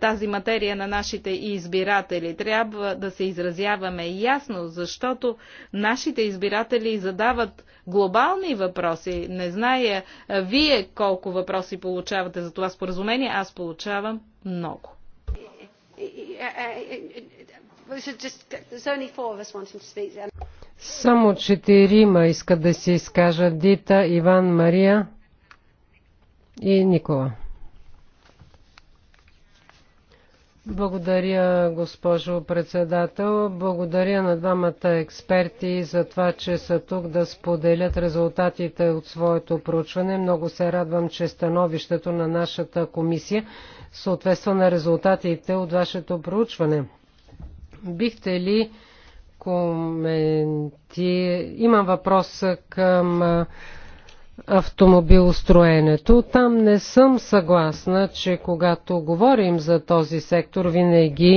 тази материя на нашите избиратели. Трябва да се изразяваме ясно, защото нашите избиратели за задават глобални въпроси. Не зная вие колко въпроси получавате за това споразумение, аз получавам много. Само четирима искат да се изкажат Дита, Иван, Мария и Никола. Благодаря, госпожо председател. Благодаря на двамата експерти за това, че са тук да споделят резултатите от своето проучване. Много се радвам, че становището на нашата комисия съответства на резултатите от вашето проучване. Бихте ли коменти... Имам въпрос към автомобилостроенето. Там не съм съгласна, че когато говорим за този сектор, винаги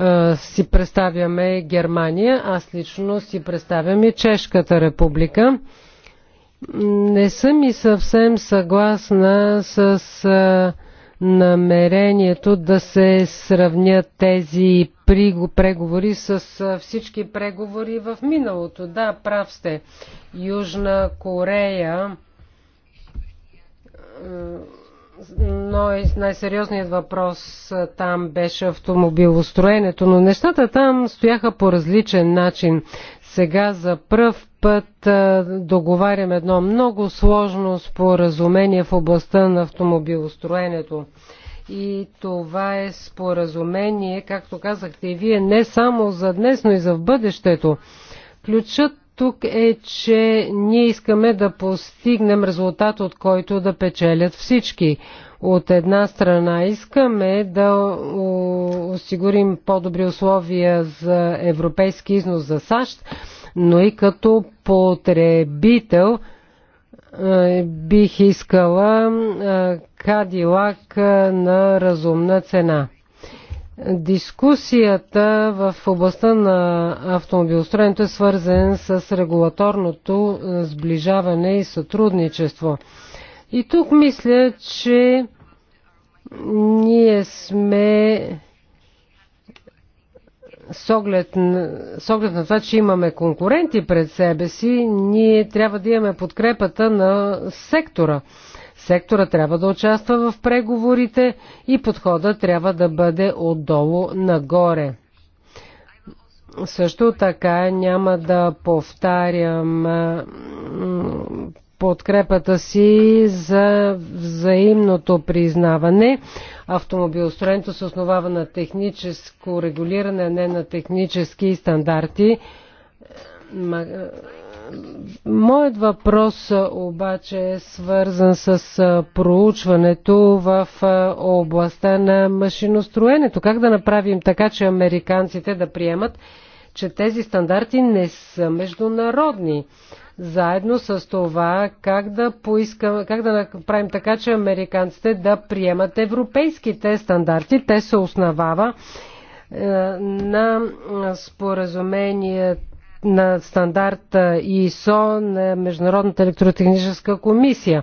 е, си представяме Германия. Аз лично си представям и Чешката република. Не съм и съвсем съгласна с. Е, намерението да се сравнят тези преговори с всички преговори в миналото. Да, прав сте. Южна Корея но най-сериозният въпрос там беше автомобилостроенето, но нещата там стояха по различен начин. Сега за пръв път договарям едно много сложно споразумение в областта на автомобилостроенето. И това е споразумение, както казахте и вие, не само за днес, но и за в бъдещето. Ключът тук е, че ние искаме да постигнем резултат, от който да печелят всички. От една страна искаме да осигурим по-добри условия за европейски износ за САЩ, но и като потребител е, бих искала е, кадилак е, на разумна цена. Дискусията в областта на автомобилостроенето е свързан с регулаторното сближаване и сътрудничество – и тук мисля, че ние сме с оглед, на, с оглед на това, че имаме конкуренти пред себе си, ние трябва да имаме подкрепата на сектора. Сектора трябва да участва в преговорите и подхода трябва да бъде отдолу нагоре. Също така няма да повтарям подкрепата си за взаимното признаване. Автомобилостроенето се основава на техническо регулиране, а не на технически стандарти. Е, моят въпрос е, обаче е свързан с е, проучването в областта на машиностроенето. Как да направим така, че американците да приемат, че тези стандарти не са международни? Заедно с това, как да, поискам, как да направим така, че американците да приемат европейските стандарти. Те се основава е, на споразумение на стандарта е, ИСО на Международната електротехническа комисия.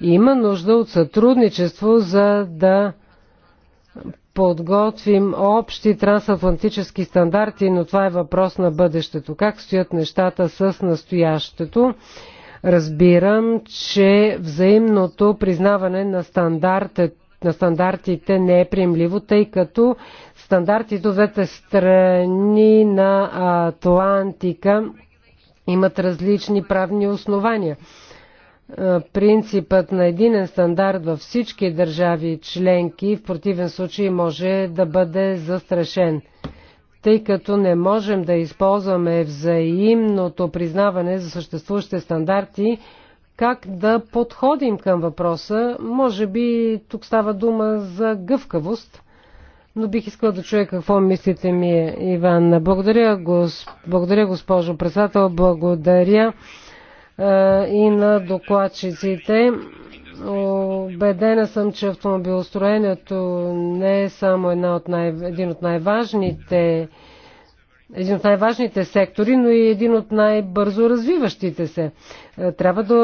Има нужда от сътрудничество, за да подготвим общи трансатлантически стандарти, но това е въпрос на бъдещето. Как стоят нещата с настоящето? Разбирам, че взаимното признаване на стандартите на стандартите не е приемливо, тъй като стандартите от двете страни на Атлантика имат различни правни основания. Е, принципът на единен стандарт във всички държави членки, в противен случай може да бъде застрашен, тъй като не можем да използваме взаимното признаване за съществуващите стандарти, как да подходим към въпроса. Може би тук става дума за гъвкавост, но бих искал да чуя какво мислите ми, Иван. Благодаря, госп... благодаря госпожо председател, благодаря е, и на докладчиците. Обедена съм, че автомобилостроенето не е само една от най, един от най-важните един от най-важните сектори, но и един от най-бързо развиващите се. Е, трябва да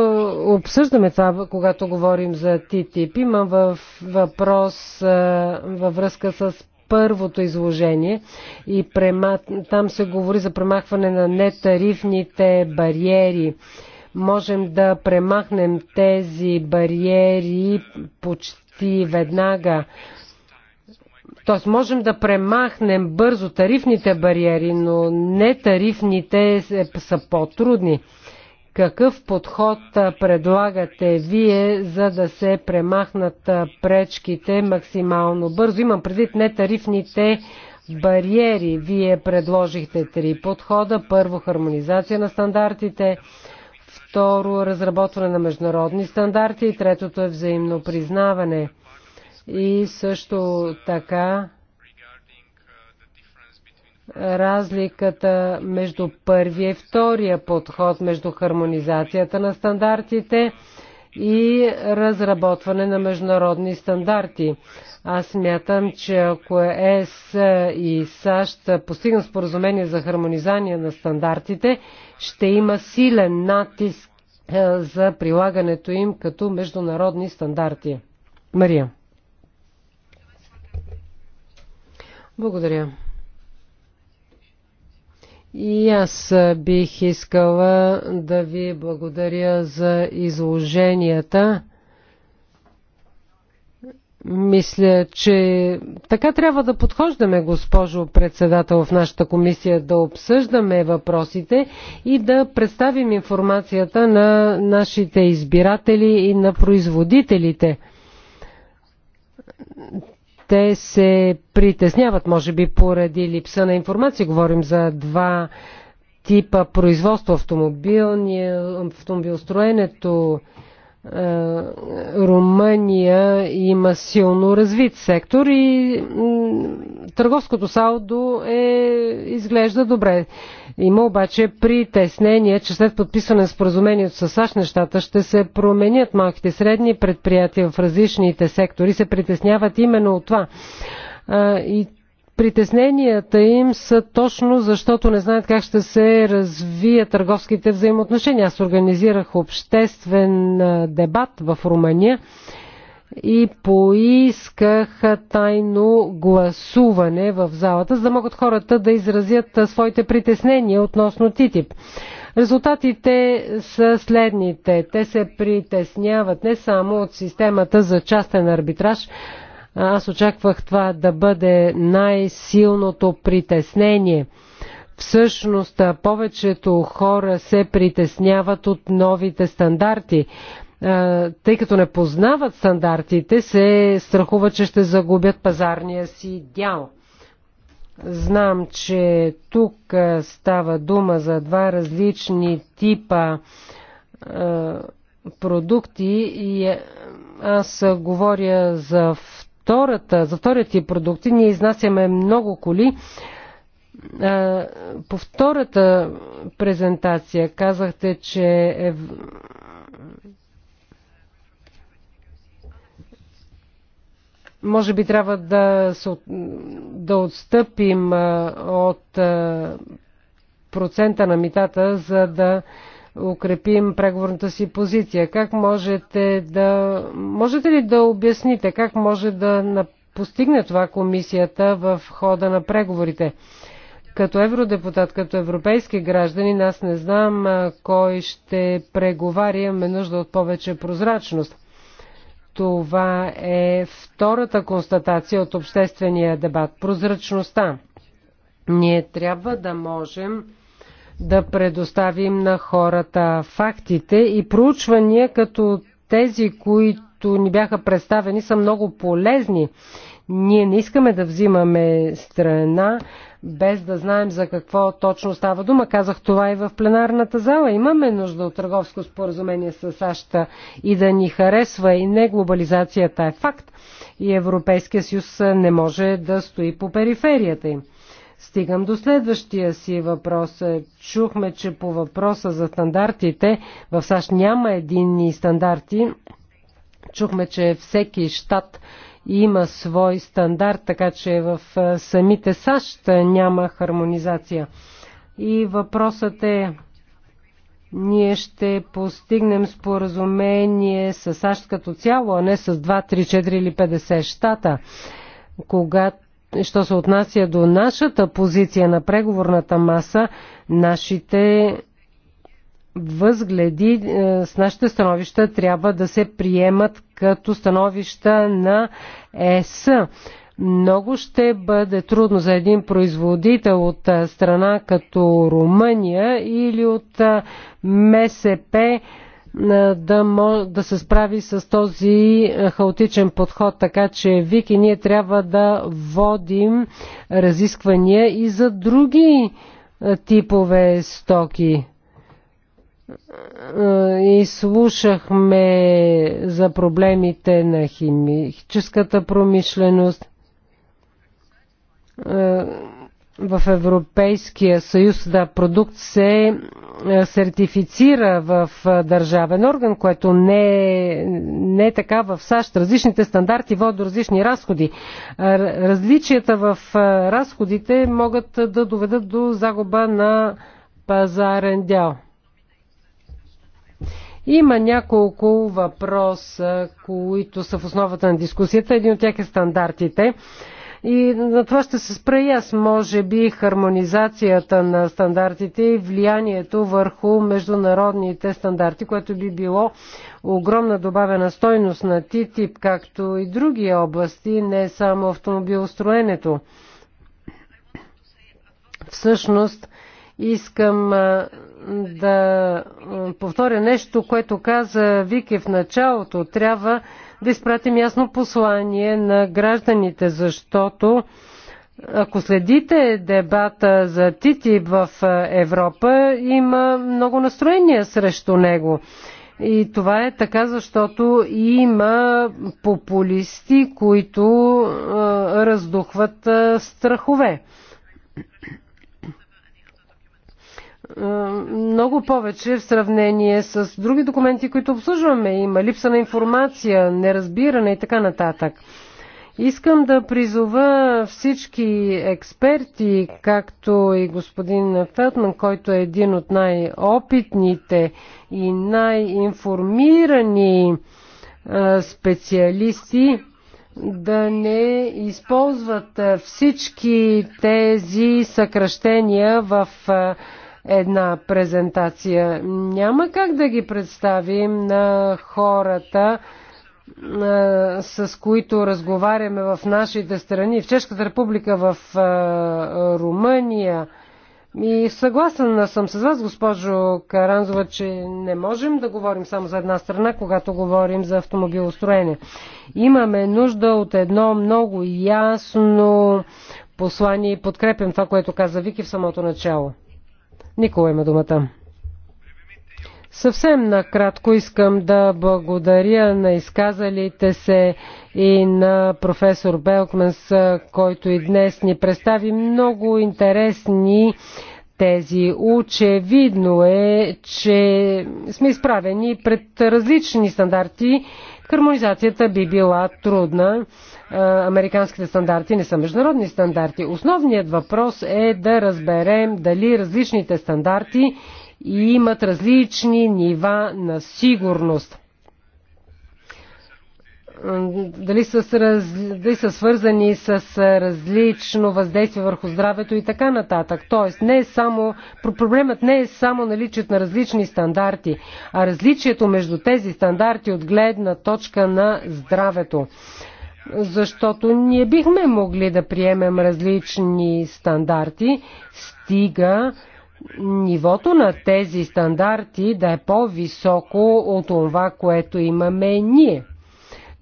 обсъждаме това, когато говорим за ТТИП. Имам в въпрос е, във връзка с първото изложение и према... там се говори за премахване на нетарифните бариери можем да премахнем тези бариери почти веднага. Тоест можем да премахнем бързо тарифните бариери, но не тарифните е, са по-трудни. Какъв подход предлагате вие, за да се премахнат пречките максимално бързо? Имам предвид нетарифните бариери. Вие предложихте три подхода. Първо хармонизация на стандартите второ разработване на международни стандарти и третото е взаимно признаване. И също така разликата между първия и втория подход между хармонизацията на стандартите и разработване на международни стандарти. Аз смятам, че ако ЕС и САЩ постигнат споразумение за хармонизание на стандартите, ще има силен натиск е, за прилагането им като международни стандарти. Мария. Благодаря. И аз бих искала да ви благодаря за изложенията. Мисля, че така трябва да подхождаме, госпожо председател, в нашата комисия, да обсъждаме въпросите и да представим информацията на нашите избиратели и на производителите те се притесняват, може би, поради липса на информация. Говорим за два типа производство, автомобилния, автомобилстроенето. Е, Румъния има силно развит сектор и търговското салдо е, изглежда добре. Има обаче притеснение, че след подписване на споразумението с САЩ нещата ще се променят. Малките средни предприятия в различните сектори се притесняват именно от това. И Притесненията им са точно защото не знаят как ще се развият търговските взаимоотношения. Аз организирах обществен дебат в Румъния и поискаха тайно гласуване в залата, за да могат хората да изразят своите притеснения относно ТИТИП. Резултатите са следните. Те се притесняват не само от системата за частен арбитраж, аз очаквах това да бъде най-силното притеснение. Всъщност повечето хора се притесняват от новите стандарти. Е, тъй като не познават стандартите, се страхуват, че ще загубят пазарния си дял. Знам, че тук е, става дума за два различни типа е, продукти и аз говоря за втората, за втория тип продукти. Ние изнасяме много коли. По втората презентация казахте, че Може би трябва да, да отстъпим от процента на митата, за да укрепим преговорната си позиция. Как можете да... Можете ли да обясните как може да постигне това комисията в хода на преговорите? Като евродепутат, като европейски граждани, аз не знам кой ще преговаря, ме нужда от повече прозрачност. Това е втората констатация от обществения дебат. Прозрачността. Ние трябва да можем да предоставим на хората фактите и проучвания като тези, които ни бяха представени, са много полезни. Ние не искаме да взимаме страна, без да знаем за какво точно става дума. Казах това и е в пленарната зала. Имаме нужда от търговско споразумение с САЩ и да ни харесва и не глобализацията е факт и Европейския съюз не може да стои по периферията им. Стигам до следващия си въпрос. Чухме, че по въпроса за стандартите в САЩ няма единни стандарти. Чухме, че всеки щат има свой стандарт, така че в самите САЩ няма хармонизация. И въпросът е, ние ще постигнем споразумение с САЩ като цяло, а не с 2, 3, 4 или 50 щата. Когато Що се отнася до нашата позиция на преговорната маса, нашите възгледи е, с нашите становища трябва да се приемат като становища на ЕС. Много ще бъде трудно за един производител от е, страна като Румъния или от е, МСП да, мож, да се справи с този хаотичен подход. Така че, Вики, ние трябва да водим разисквания и за други типове стоки. Е, и слушахме за проблемите на химическата промишленост. Е, в Европейския съюз да продукт се е, сертифицира в държавен орган, което не е, не е така в САЩ. Различните стандарти водят до различни разходи. Различията в разходите могат да доведат до загуба на пазарен дял. Има няколко въпроса, които са в основата на дискусията. Един от тях е стандартите. И на това ще се спра и аз. Може би хармонизацията на стандартите и влиянието върху международните стандарти, което би било огромна добавена стойност на ТИТИП, както и други области, не само автомобилостроенето. Всъщност, Искам да повторя нещо, което каза Вики в началото. Трябва да изпратим ясно послание на гражданите, защото ако следите дебата за ТИТИБ в Европа, има много настроения срещу него. И това е така, защото има популисти, които раздухват страхове. Е, много повече в сравнение с други документи, които обслужваме. Има липса на информация, неразбиране и така нататък. Искам да призова всички експерти, както и господин Фелтман, който е един от най-опитните и най-информирани е, специалисти, да не използват всички тези съкръщения в е, една презентация. Няма как да ги представим на хората, с които разговаряме в нашите страни, в Чешката република, в Румъния. И съгласен съм с вас, госпожо Каранзова, че не можем да говорим само за една страна, когато говорим за автомобилостроение. Имаме нужда от едно много ясно послание и подкрепям това, което каза Вики в самото начало. Никола има думата. Съвсем накратко искам да благодаря на изказалите се и на професор Белкманс, който и днес ни представи много интересни тези. Очевидно е, че сме изправени пред различни стандарти. Хармонизацията би била трудна. Е, американските стандарти не са международни стандарти. Основният въпрос е да разберем дали различните стандарти имат различни нива на сигурност. Дали са, раз... дали са свързани с различно въздействие върху здравето и така нататък. Тоест, не е само, проблемът не е само наличието на различни стандарти, а различието между тези стандарти от гледна точка на здравето защото ние бихме могли да приемем различни стандарти, стига нивото на тези стандарти да е по-високо от това, което имаме ние.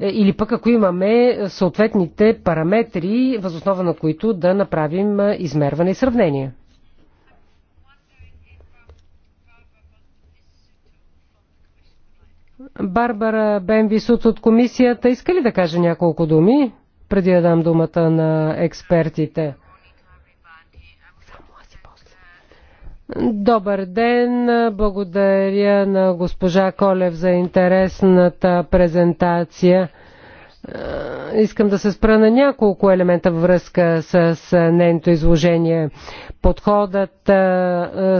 Е, или пък ако имаме съответните параметри, възоснова на които да направим е, измерване и сравнение. Барбара Бенвисут от комисията иска ли да каже няколко думи, преди да дам думата на експертите? Добър ден! Благодаря на госпожа Колев за интересната презентация. Е, искам да се спра на няколко елемента във връзка с нейното изложение. Подходът е, е,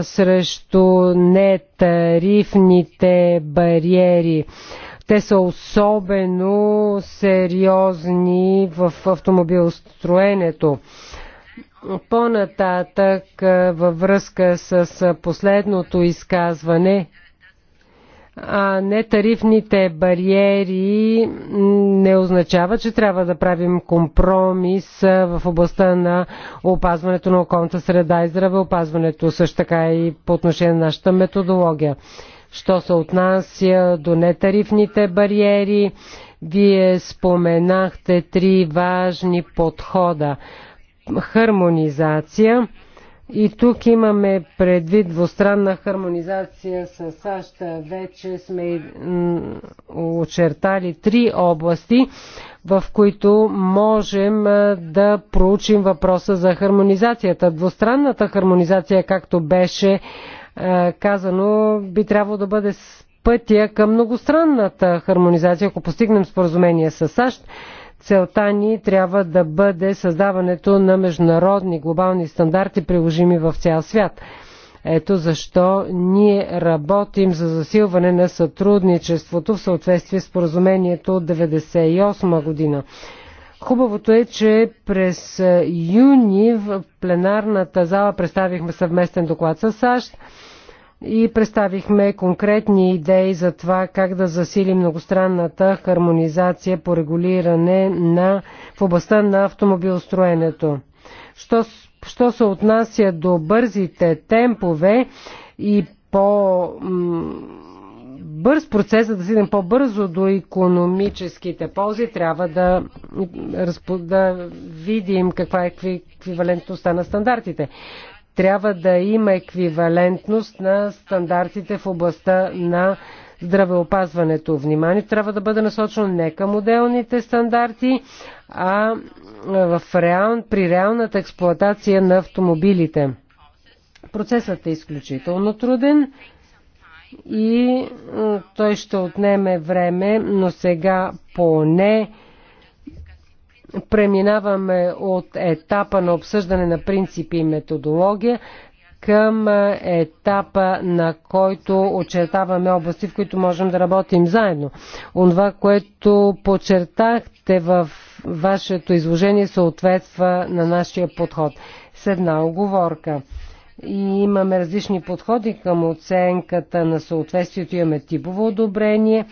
срещу нетарифните бариери. Те са особено сериозни в автомобилостроенето. По-нататък във връзка с последното изказване а нетарифните бариери не означава, че трябва да правим компромис в областта на опазването на околната среда и здравеопазването, също така и по отношение на нашата методология. Що се отнася до нетарифните бариери, вие споменахте три важни подхода. Хармонизация – и тук имаме предвид двустранна хармонизация с САЩ. Вече сме очертали три области, в които можем да проучим въпроса за хармонизацията. Двустранната хармонизация, както беше казано, би трябвало да бъде пътя към многостранната хармонизация, ако постигнем споразумение с САЩ Целта ни трябва да бъде създаването на международни глобални стандарти, приложими в цял свят. Ето защо ние работим за засилване на сътрудничеството в съответствие с поразумението от 1998 година. Хубавото е, че през юни в пленарната зала представихме съвместен доклад с САЩ и представихме конкретни идеи за това как да засилим многостранната хармонизация по регулиране на, в областта на автомобилостроенето. Що, що се отнася до бързите темпове и по бърз процес, да стигнем по-бързо до економическите ползи, трябва да, да видим каква е еквивалентността на стандартите трябва да има еквивалентност на стандартите в областта на здравеопазването. Внимание трябва да бъде насочено не към отделните стандарти, а в реал, при реалната експлоатация на автомобилите. Процесът е изключително труден и той ще отнеме време, но сега поне преминаваме от етапа на обсъждане на принципи и методология към етапа, на който очертаваме области, в които можем да работим заедно. Онова, което подчертахте в вашето изложение, съответства на нашия подход. С една оговорка. И имаме различни подходи към оценката на съответствието. Имаме типово одобрение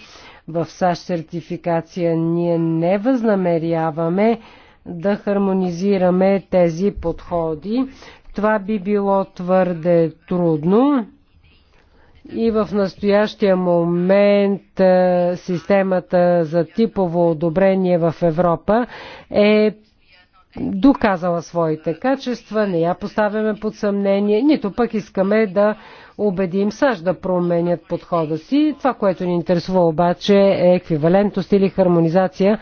в САЩ сертификация. Ние не възнамеряваме да хармонизираме тези подходи. Това би било твърде трудно. И в настоящия момент е, системата за типово одобрение в Европа е доказала своите качества, не я поставяме под съмнение, нито пък искаме да убедим САЩ да променят подхода си. Това, което ни интересува обаче е еквивалентност или хармонизация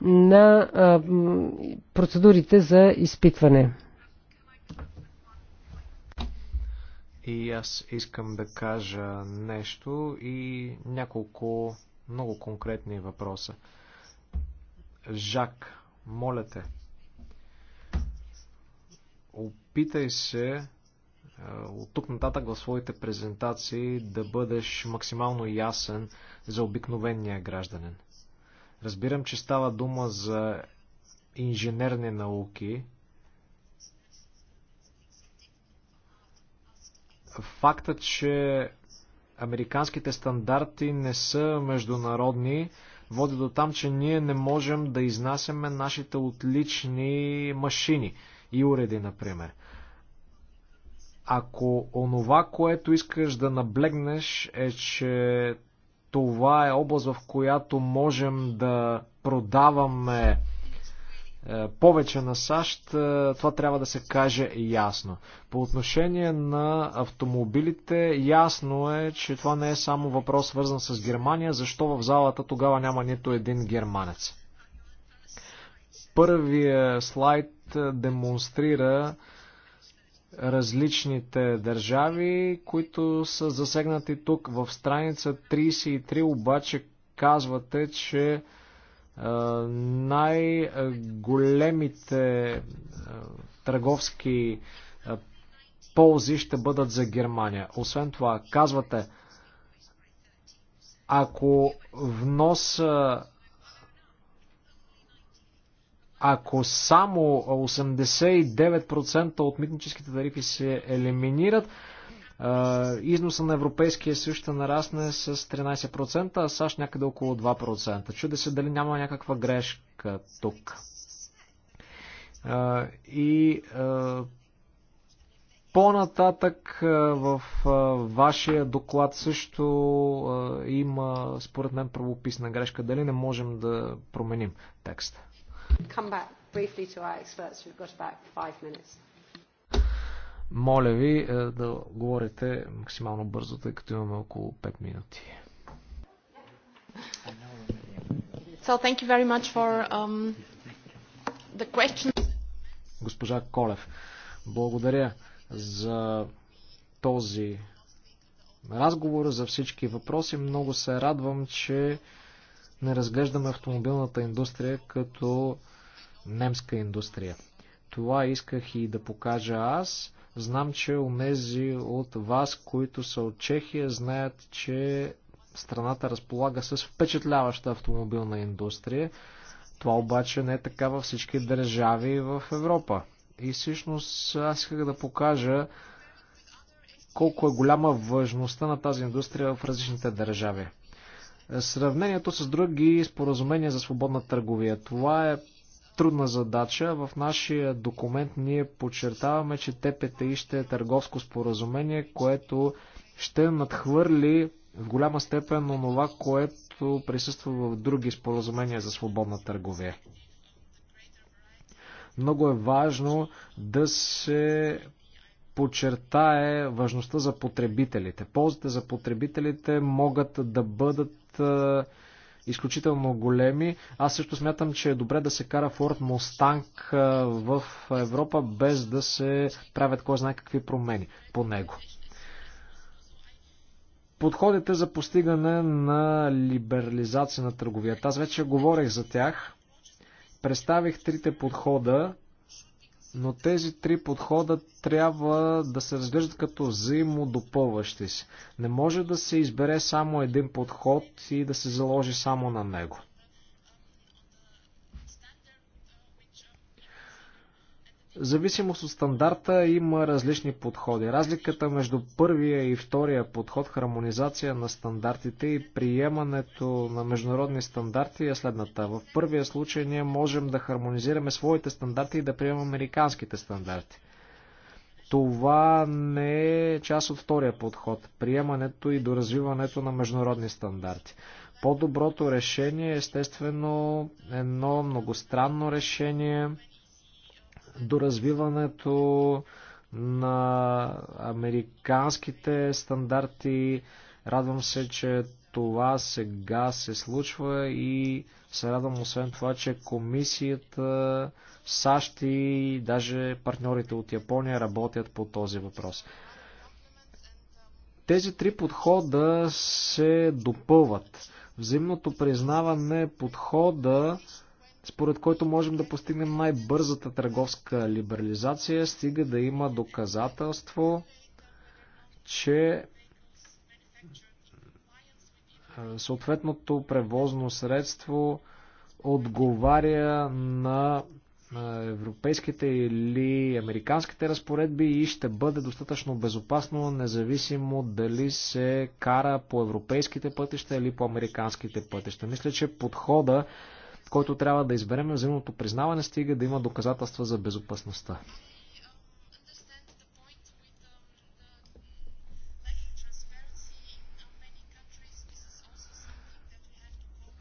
на процедурите за изпитване. И аз искам да кажа нещо и няколко много конкретни въпроса. Жак, моля те, опитай се е, от тук нататък в своите презентации да бъдеш максимално ясен за обикновения гражданин. Разбирам, че става дума за инженерни науки. Фактът, че американските стандарти не са международни, води до там, че ние не можем да изнасяме нашите отлични машини и уреди, например. Ако онова, което искаш да наблегнеш е, че това е област, в която можем да продаваме е, повече на САЩ, е, това трябва да се каже ясно. По отношение на автомобилите, ясно е, че това не е само въпрос свързан с Германия, защо в залата тогава няма нито един германец. Първият слайд е, демонстрира различните държави, които са засегнати тук. В страница 33 обаче казвате, че е, най-големите е, търговски е, ползи ще бъдат за Германия. Освен това, казвате, ако внос ако само 89% от митническите тарифи се елиминират, износа на Европейския съюз ще нарасне с 13%, а САЩ някъде около 2%. Чуде се дали няма някаква грешка тук. И по-нататък в вашия доклад също има, според мен, правописна грешка. Дали не можем да променим текста? Come back briefly to our experts. We've got about five minutes. Моля ви е, да говорите максимално бързо, тъй като имаме около 5 минути. So thank you very much for um, the questions. Госпожа Колев, благодаря за този разговор, за всички въпроси. Много се радвам, че uh, не разглеждаме автомобилната индустрия като немска индустрия. Това исках и да покажа аз. Знам, че унези от вас, които са от Чехия, знаят, че страната разполага с впечатляваща автомобилна индустрия. Това обаче не е така във всички държави в Европа. И всъщност аз исках да покажа колко е голяма важността на тази индустрия в различните държави. Сравнението с други споразумения за свободна търговия. Това е трудна задача. В нашия документ ние подчертаваме, че ТПТИ ще е търговско споразумение, което ще надхвърли в голяма степен онова, което присъства в други споразумения за свободна търговия. Много е важно да се подчертае важността за потребителите. Ползите за потребителите могат да бъдат изключително големи. Аз също смятам, че е добре да се кара Форд Мустанг в Европа, без да се правят кой знае какви промени по него. Подходите за постигане на либерализация на търговията. Аз вече говорих за тях. Представих трите подхода, но тези три подхода трябва да се разглеждат като взаимодопълващи се. Не може да се избере само един подход и да се заложи само на него. зависимост от стандарта има различни подходи. Разликата между първия и втория подход, хармонизация на стандартите и приемането на международни стандарти е следната. В първия случай ние можем да хармонизираме своите стандарти и да приемем американските стандарти. Това не е част от втория подход, приемането и доразвиването на международни стандарти. По-доброто решение е естествено едно многостранно решение – до развиването на американските стандарти. Радвам се, че това сега се случва и се радвам освен това, че комисията, САЩ и даже партньорите от Япония работят по този въпрос. Тези три подхода се допълват. Взаимното признаване подхода, според който можем да постигнем най-бързата търговска либерализация, стига да има доказателство, че съответното превозно средство отговаря на европейските или американските разпоредби и ще бъде достатъчно безопасно, независимо дали се кара по европейските пътища или по американските пътища. Мисля, че подхода който трябва да изберем взаимното признаване, стига да има доказателства за безопасността.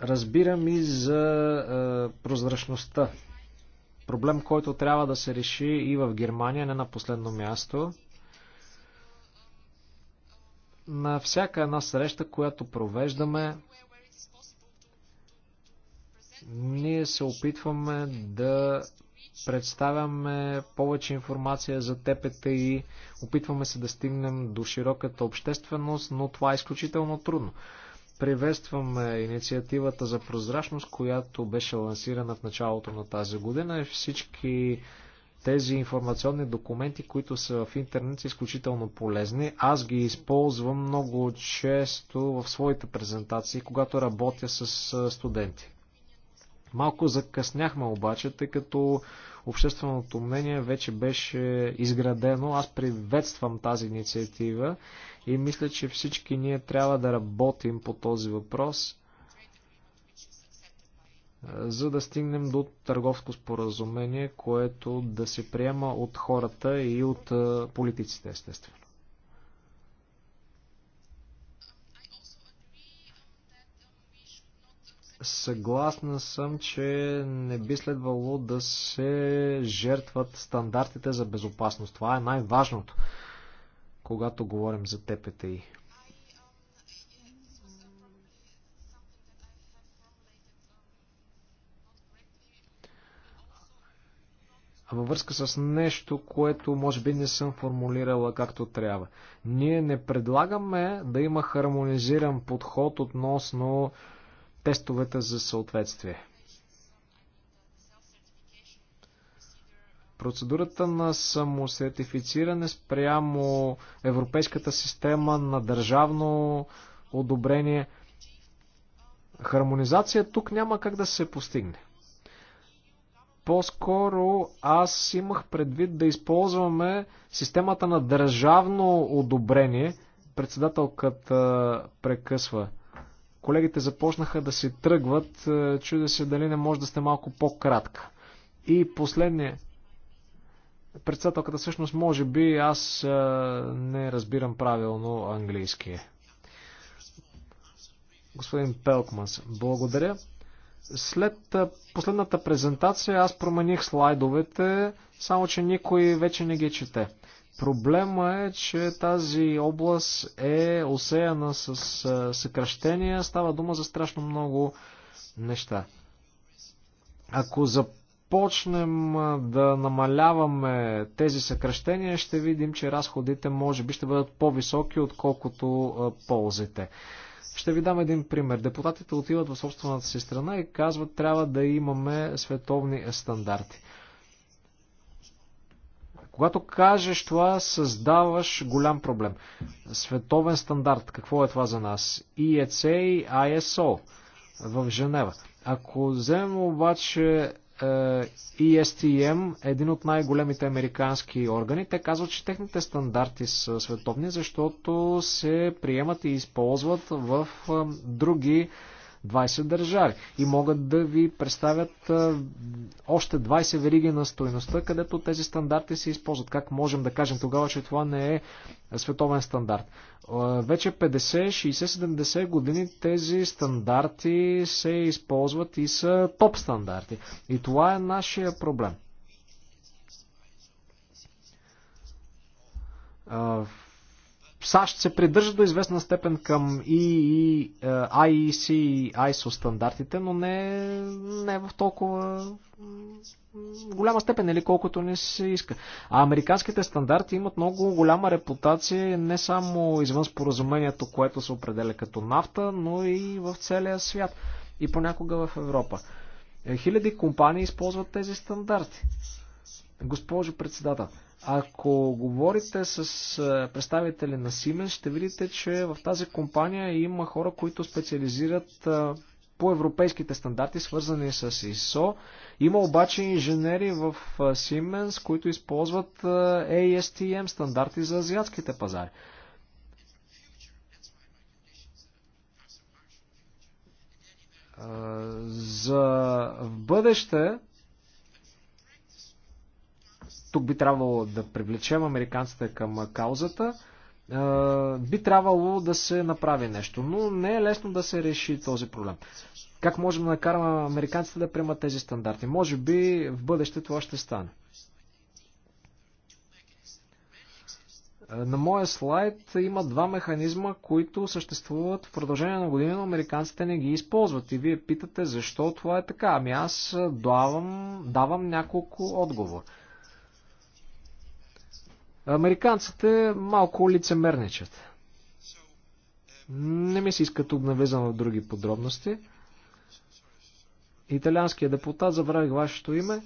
Разбирам и за е, прозрачността. Проблем, който трябва да се реши и в Германия, не на последно място. На всяка една среща, която провеждаме, ние се опитваме да представяме повече информация за и опитваме се да стигнем до широката общественост, но това е изключително трудно. Приветстваме инициативата за прозрачност, която беше лансирана в началото на тази година и всички тези информационни документи, които са в интернет, са изключително полезни. Аз ги използвам много често в своите презентации, когато работя с студенти. Малко закъсняхме обаче, тъй като общественото мнение вече беше изградено. Аз приветствам тази инициатива и мисля, че всички ние трябва да работим по този въпрос, за да стигнем до търговско споразумение, което да се приема от хората и от политиците, естествено. Съгласна съм, че не би следвало да се жертват стандартите за безопасност. Това е най-важното, когато говорим за ТПТИ. във връзка с нещо, което може би не съм формулирала както трябва. Ние не предлагаме да има хармонизиран подход относно тестовете за съответствие. Процедурата на самосертифициране спрямо Европейската система на държавно одобрение. Хармонизация тук няма как да се постигне. По-скоро аз имах предвид да използваме системата на държавно одобрение. Председателката прекъсва колегите започнаха да си тръгват. Е, Чудя се дали не може да сте малко по-кратка. И последния. Председателката всъщност може би аз е, не разбирам правилно английски. Господин Пелкманс, благодаря. След е, последната презентация аз промених слайдовете, само че никой вече не ги чете. Проблема е, че тази област е осеяна с съкръщения. Става дума за страшно много неща. Ако започнем да намаляваме тези съкръщения, ще видим, че разходите може би ще бъдат по-високи, отколкото ползите. Ще ви дам един пример. Депутатите отиват в собствената си страна и казват, трябва да имаме световни стандарти. Когато кажеш това, създаваш голям проблем. Световен стандарт, какво е това за нас? IEC и ISO е е в Женева. Ако вземем обаче ESTM, е, един от най-големите американски органи, те казват, че техните стандарти са световни, защото се приемат и използват в други 20 държави. И могат да ви представят още 20 вериги на стоеността, където тези стандарти се използват. Как можем да кажем тогава, че това не е световен стандарт? Вече 50, 60, 70 години тези стандарти се използват и са топ стандарти. И това е нашия проблем. САЩ се придържа до известна степен към и, IEC и е, ISO e e стандартите, но не, не в толкова голяма степен или нали, колкото не се иска. А американските стандарти имат много голяма репутация не само извън споразумението, което се определя като нафта, но и в целия свят и понякога в Европа. Е, хиляди компании използват тези стандарти. Госпожо председател, ако говорите с е, представители на Siemens, ще видите, че в тази компания има хора, които специализират е, по европейските стандарти, свързани с ISO. Има обаче инженери в е, Siemens, които използват ASTM стандарти за азиатските пазари. За в бъдеще тук би трябвало да привлечем американците към каузата. Е, би трябвало да се направи нещо, но не е лесно да се реши този проблем. Как можем да накараме американците да приемат тези стандарти? Може би в бъдеще това ще стане. Е, на моя слайд има два механизма, които съществуват в продължение на години, но американците не ги използват. И вие питате защо това е така. Ами аз давам, давам няколко отговора. Американците малко лицемерничат. Не ми се иска тук навлизам в други подробности. Италианският депутат, забравих вашето име,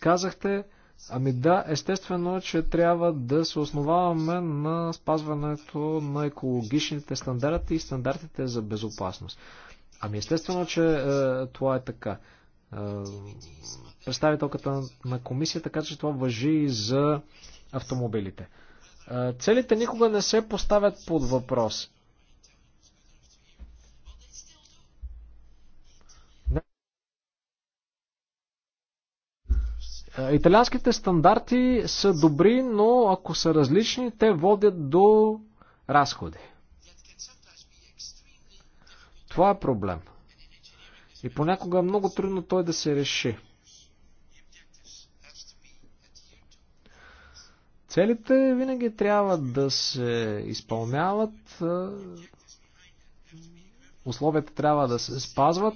казахте, ами да, естествено, че трябва да се основаваме на спазването на екологичните стандарти и стандартите за безопасност. Ами естествено, че е, това е така. Е, представителката на комисията, така че това въжи и за автомобилите. Целите никога не се поставят под въпрос. Италианските стандарти са добри, но ако са различни, те водят до разходи. Това е проблем. И понякога е много трудно той да се реши. Целите винаги трябва да се изпълняват, условията трябва да се спазват.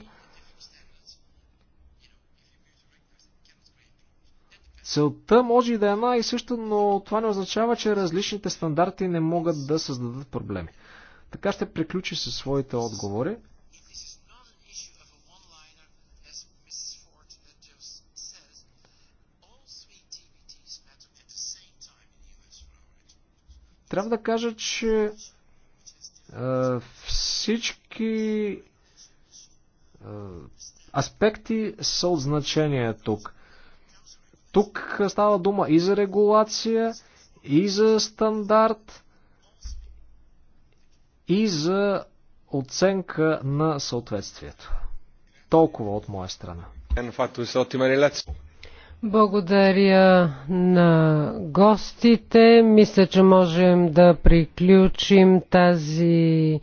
Целта може и да е една и също, но това не означава, че различните стандарти не могат да създадат проблеми. Така ще приключи със своите отговори. Трябва да кажа, че всички аспекти са от значение тук. Тук става дума и за регулация, и за стандарт, и за оценка на съответствието. Толкова от моя страна. Благодаря на гостите. Мисля, че можем да приключим тази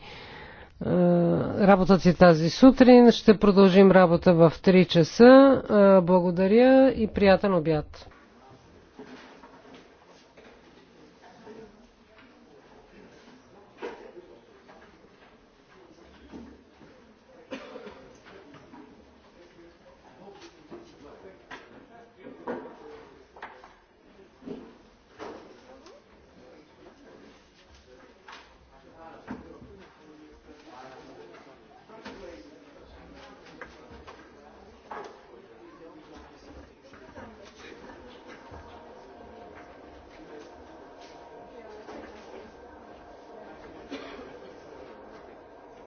работа си тази сутрин. Ще продължим работа в 3 часа. Благодаря и приятен обяд.